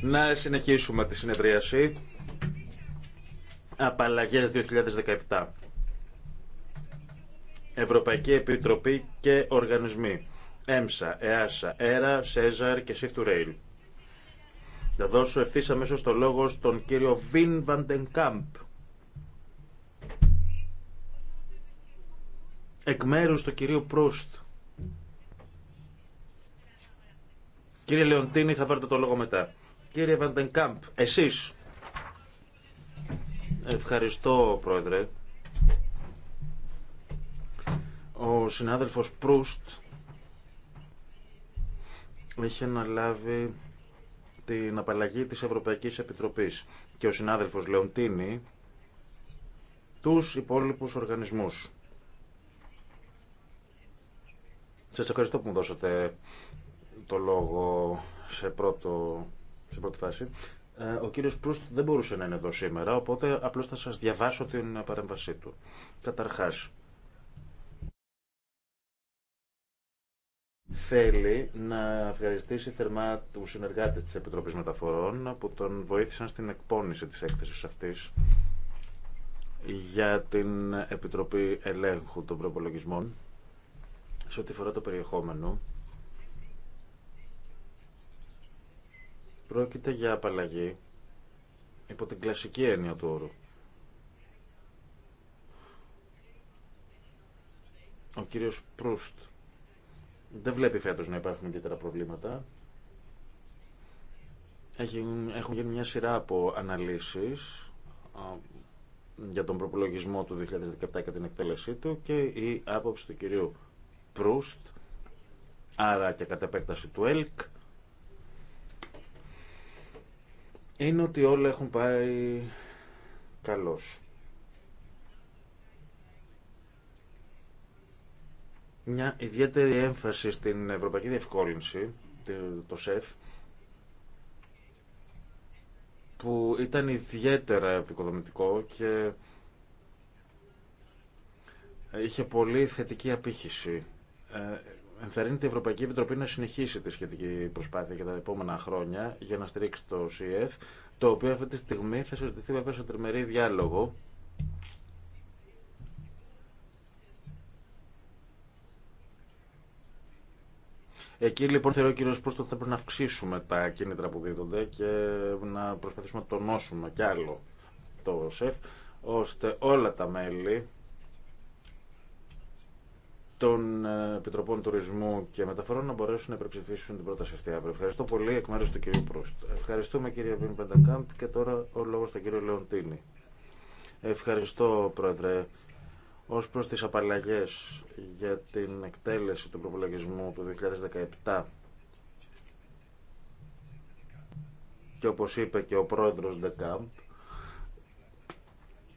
Να συνεχίσουμε τη συνεδρίαση. Απαλλαγές 2017. Ευρωπαϊκή Επιτροπή και Οργανισμοί. ΕΜΣΑ, ΕΑΣΑ, ΕΡΑ, ΣΕΖΑΡ και ΣΥΦΤΟΥΡΕΙΛ θα δώσω ευθύ αμέσω το λόγο στον κύριο Βιν Βαντενκάμπ. Εκ μέρου του κυρίου Προύστ. Κύριε Λεοντίνη, θα πάρετε το λόγο μετά. Κύριε Βαντενκάμπ, εσεί. Ευχαριστώ, Πρόεδρε. Ο συνάδελφος Προύστ είχε αναλάβει την απαλλαγή της Ευρωπαϊκής Επιτροπής και ο συνάδελφος Λεοντίνη τους υπόλοιπους οργανισμούς. Σας ευχαριστώ που μου δώσατε το λόγο σε, πρώτο, σε πρώτη φάση. Ε, ο κύριος Προύστ δεν μπορούσε να είναι εδώ σήμερα, οπότε απλώς θα σας διαβάσω την παρέμβασή του. Καταρχάς, θέλει να ευχαριστήσει θερμά του συνεργάτες της Επιτροπής Μεταφορών που τον βοήθησαν στην εκπόνηση της έκθεσης αυτής για την Επιτροπή Ελέγχου των Προπολογισμών σε ό,τι φορά το περιεχόμενο. Πρόκειται για απαλλαγή υπό την κλασική έννοια του όρου. Ο κύριος Προύστ δεν βλέπει φέτος να υπάρχουν ιδιαίτερα προβλήματα. Έχουν γίνει μια σειρά από αναλύσεις για τον προπολογισμό του 2017 και την εκτέλεσή του και η άποψη του κυρίου Προύστ, άρα και κατ' επέκταση του ΕΛΚ, είναι ότι όλα έχουν πάει καλώς. μια ιδιαίτερη έμφαση στην Ευρωπαϊκή Διευκόλυνση, το ΣΕΦ, που ήταν ιδιαίτερα επικοδομητικό και είχε πολύ θετική απήχηση. Ε, ενθαρρύνει την Ευρωπαϊκή Επιτροπή να συνεχίσει τη σχετική προσπάθεια για τα επόμενα χρόνια για να στηρίξει το ΣΥΕΦ, το οποίο αυτή τη στιγμή θα συζητηθεί βέβαια σε τριμερή διάλογο Εκεί λοιπόν θεωρώ κύριο Πούστο ότι θα πρέπει να αυξήσουμε τα κίνητρα που δίδονται και να προσπαθήσουμε να τονώσουμε κι άλλο το ΣΕΦ, ώστε όλα τα μέλη των ε, Επιτροπών Τουρισμού και Μεταφορών να μπορέσουν να υπερψηφίσουν την πρόταση αυτή αύριο. Ευχαριστώ πολύ εκ μέρου του κυρίου Προύστ. Ευχαριστούμε κύριε Βιν Πεντακάμπ και τώρα ο λόγο στον κύριο Λεοντίνη. Ευχαριστώ πρόεδρε. Ως προς τις απαλλαγές για την εκτέλεση του προπολογισμού του 2017 και όπως είπε και ο πρόεδρος Ντεκάμπ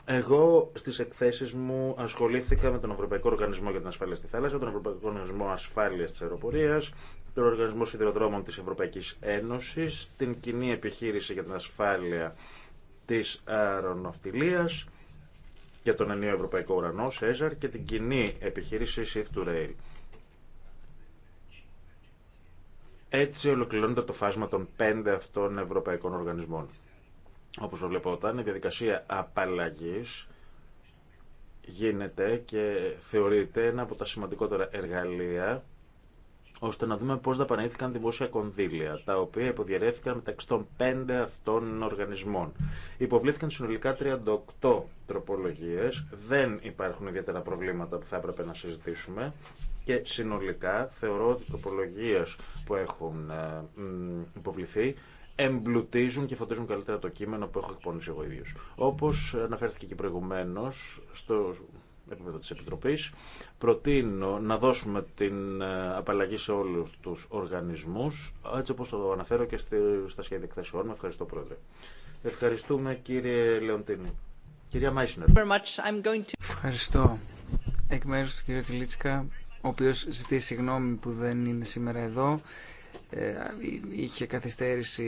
εγώ στι εκθέσει μου ασχολήθηκα με τον Ευρωπαϊκό Οργανισμό για την Ασφάλεια στη Θάλασσα, τον Ευρωπαϊκό Οργανισμό Ασφάλεια τη Αεροπορία, τον Οργανισμό Σιδηροδρόμων τη Ευρωπαϊκή Ένωση, την Κοινή Επιχείρηση για την Ασφάλεια τη Αεροναυτιλία για τον ενίο Ευρωπαϊκό Ουρανό, ΣΕΖΑΡ και την κοινή επιχείρηση Shift to Rail. Έτσι ολοκληρώνεται το φάσμα των πέντε αυτών ευρωπαϊκών οργανισμών. Όπως όταν η διαδικασία απαλλαγής γίνεται και θεωρείται ένα από τα σημαντικότερα εργαλεία ώστε να δούμε πώς δαπανήθηκαν δημόσια κονδύλια, τα οποία υποδιαιρέθηκαν μεταξύ των πέντε αυτών οργανισμών. Υποβλήθηκαν συνολικά 38 τροπολογίες, δεν υπάρχουν ιδιαίτερα προβλήματα που θα έπρεπε να συζητήσουμε και συνολικά θεωρώ ότι οι τροπολογίες που έχουν ε, υποβληθεί εμπλουτίζουν και φωτίζουν καλύτερα το κείμενο που έχω εκπονήσει εγώ ίδιος. Όπως αναφέρθηκε και προηγουμένως, στο επίπεδο της Επιτροπής. Προτείνω να δώσουμε την ε, απαλλαγή σε όλους τους οργανισμούς, έτσι όπως το αναφέρω και στα σχέδια εκθέσεων. Ευχαριστώ, Πρόεδρε. Ευχαριστούμε, κύριε Λεοντίνη. Κυρία Μάισνερ. Ευχαριστώ. Εκ μέρους του κύριου Τιλίτσκα, ο οποίος ζητεί συγγνώμη που δεν είναι σήμερα εδώ, ε, είχε καθυστέρηση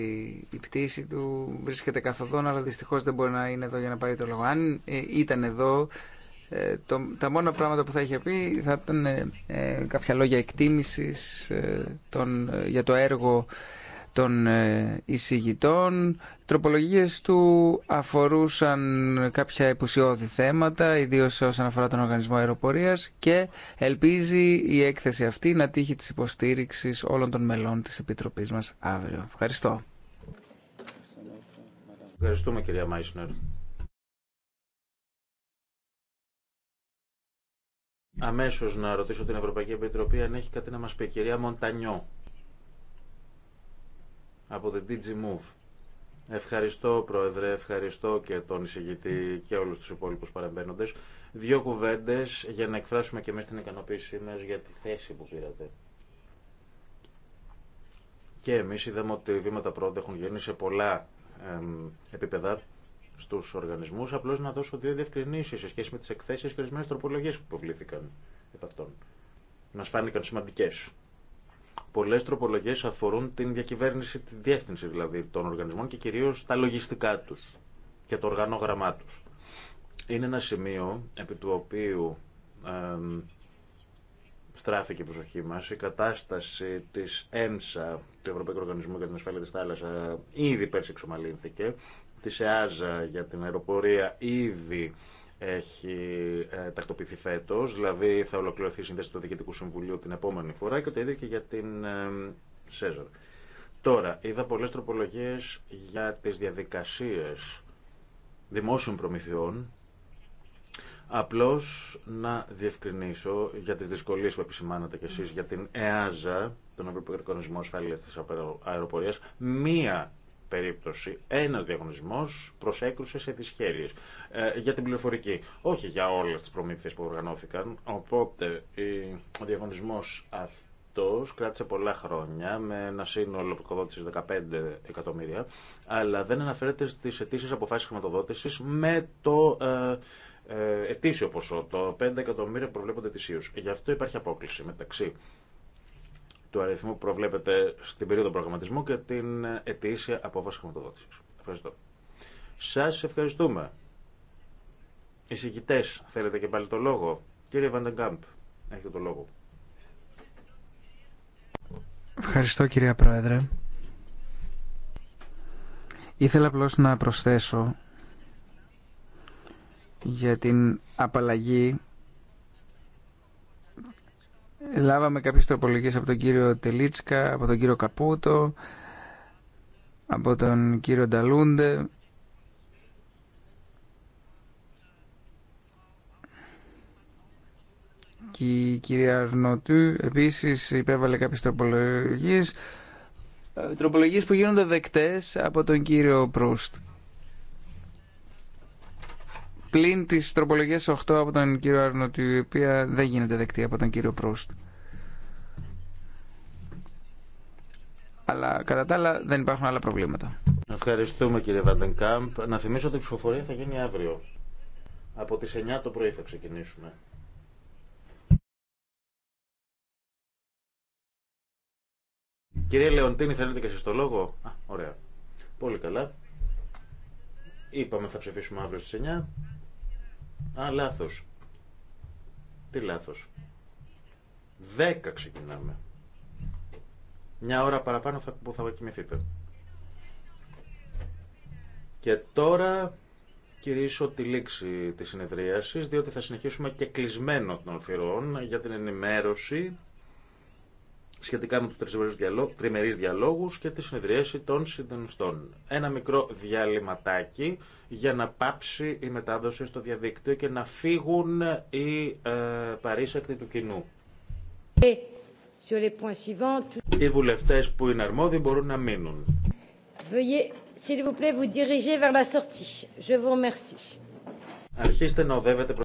η πτήση του, βρίσκεται καθοδόν, αλλά δυστυχώς δεν μπορεί να είναι εδώ για να πάρει το λόγο. Αν ε, ήταν εδώ, ε, το, τα μόνα πράγματα που θα είχε πει θα ήταν ε, ε, κάποια λόγια εκτίμησης για το έργο των εισηγητών. Οι τροπολογίες του αφορούσαν κάποια επουσιώδη θέματα, ιδίως όσον αφορά τον οργανισμό αεροπορίας και ελπίζει η έκθεση αυτή να τύχει της υποστήριξης όλων των μελών της Επιτροπής μας αύριο. Ευχαριστώ. Ευχαριστούμε κυρία Μάισνερ. αμέσως να ρωτήσω την Ευρωπαϊκή Επιτροπή αν έχει κάτι να μας πει. Κυρία Μοντανιό, από την DG Move. Ευχαριστώ, Πρόεδρε, ευχαριστώ και τον εισηγητή και όλους τους υπόλοιπους παρεμβαίνοντες. Δύο κουβέντες για να εκφράσουμε και εμείς την ικανοποίησή μας για τη θέση που πήρατε. Και εμείς είδαμε ότι βήματα πρώτα έχουν γίνει σε πολλά επίπεδα Στου οργανισμού, απλώ να δώσω δύο διευκρινήσει σε σχέση με τι εκθέσει και ορισμένε τροπολογίε που υποβλήθηκαν επ' αυτών. Μας φάνηκαν σημαντικέ. Πολλέ τροπολογίε αφορούν την διακυβέρνηση, τη διεύθυνση δηλαδή των οργανισμών και κυρίω τα λογιστικά του και το οργανόγραμμά του. Είναι ένα σημείο επί του οποίου στράφηκε η προσοχή μα. Η κατάσταση τη ΕΜΣΑ, του Ευρωπαϊκού Οργανισμού για την Ασφάλεια τη Θάλασσα, ήδη πέρσι εξομαλύνθηκε της ΕΑΖΑ για την αεροπορία ήδη έχει ε, τακτοποιηθεί φέτο, δηλαδή θα ολοκληρωθεί η σύνδεση του Διοικητικού Συμβουλίου την επόμενη φορά και το ίδιο και για την ε, ΣΕΖΑΡ. Τώρα, είδα πολλές τροπολογίες για τις διαδικασίες δημόσιων προμηθειών. Απλώς να διευκρινίσω για τις δυσκολίες που επισημάνατε κι εσείς για την ΕΑΖΑ, τον Ευρωπαϊκό Οργανισμό Ασφάλειας της Αεροπορίας, μία περίπτωση ένα διαγωνισμό προσέκρουσε σε δυσχέρειε. Ε, για την πληροφορική. Όχι για όλε τι προμήθειε που οργανώθηκαν. Οπότε ο διαγωνισμό αυτό κράτησε πολλά χρόνια με ένα σύνολο προκοδότηση 15 εκατομμύρια. Αλλά δεν αναφέρεται στι αιτήσει αποφάσει χρηματοδότηση με το. Ε, ε, ετήσιο ποσό, το 5 εκατομμύρια προβλέπονται ετησίω. Γι' αυτό υπάρχει απόκληση μεταξύ του αριθμού που προβλέπεται στην περίοδο προγραμματισμού και την ετήσια απόφαση χρηματοδότηση. Ευχαριστώ. Σα ευχαριστούμε. Εισηγητέ, θέλετε και πάλι το λόγο. Κύριε Βαντεγκάμπ, έχετε το λόγο. Ευχαριστώ κυρία Πρόεδρε. Ήθελα απλώ να προσθέσω για την απαλλαγή Λάβαμε κάποιες τροπολογίες από τον κύριο Τελίτσκα, από τον κύριο Καπούτο, από τον κύριο Νταλούντε. Και η κυρία Αρνοτού επίσης υπέβαλε κάποιες τροπολογίες, ε, τροπολογίες που γίνονται δεκτές από τον κύριο Προύστ πλην τη τροπολογία 8 από τον κύριο Αρνοτή η οποία δεν γίνεται δεκτή από τον κύριο Προύστ. Αλλά κατά τα άλλα δεν υπάρχουν άλλα προβλήματα. Ευχαριστούμε κύριε Βαντενκάμπ. Να θυμίσω ότι η ψηφοφορία θα γίνει αύριο. Από τις 9 το πρωί θα ξεκινήσουμε. Κύριε Λεοντίνη, θέλετε και εσείς το λόγο. Α, ωραία. Πολύ καλά. Είπαμε θα ψηφίσουμε αύριο στις 9. Α, λάθος. Τι λάθος. 10 ξεκινάμε. Μια ώρα παραπάνω θα, που θα κοιμηθείτε. Και τώρα κηρύσω τη λήξη της συνεδρίασης, διότι θα συνεχίσουμε και κλεισμένο των θυρών για την ενημέρωση σχετικά με τους τριμερείς διαλόγους και τη συνεδρίαση των συντονιστών. Ένα μικρό διαλυματάκι για να πάψει η μετάδοση στο διαδίκτυο και να φύγουν οι ε, παρήσακτοι του κοινού. Ε, οι βουλευτέ που είναι αρμόδιοι μπορούν να μείνουν. Αρχίστε να οδεύετε προς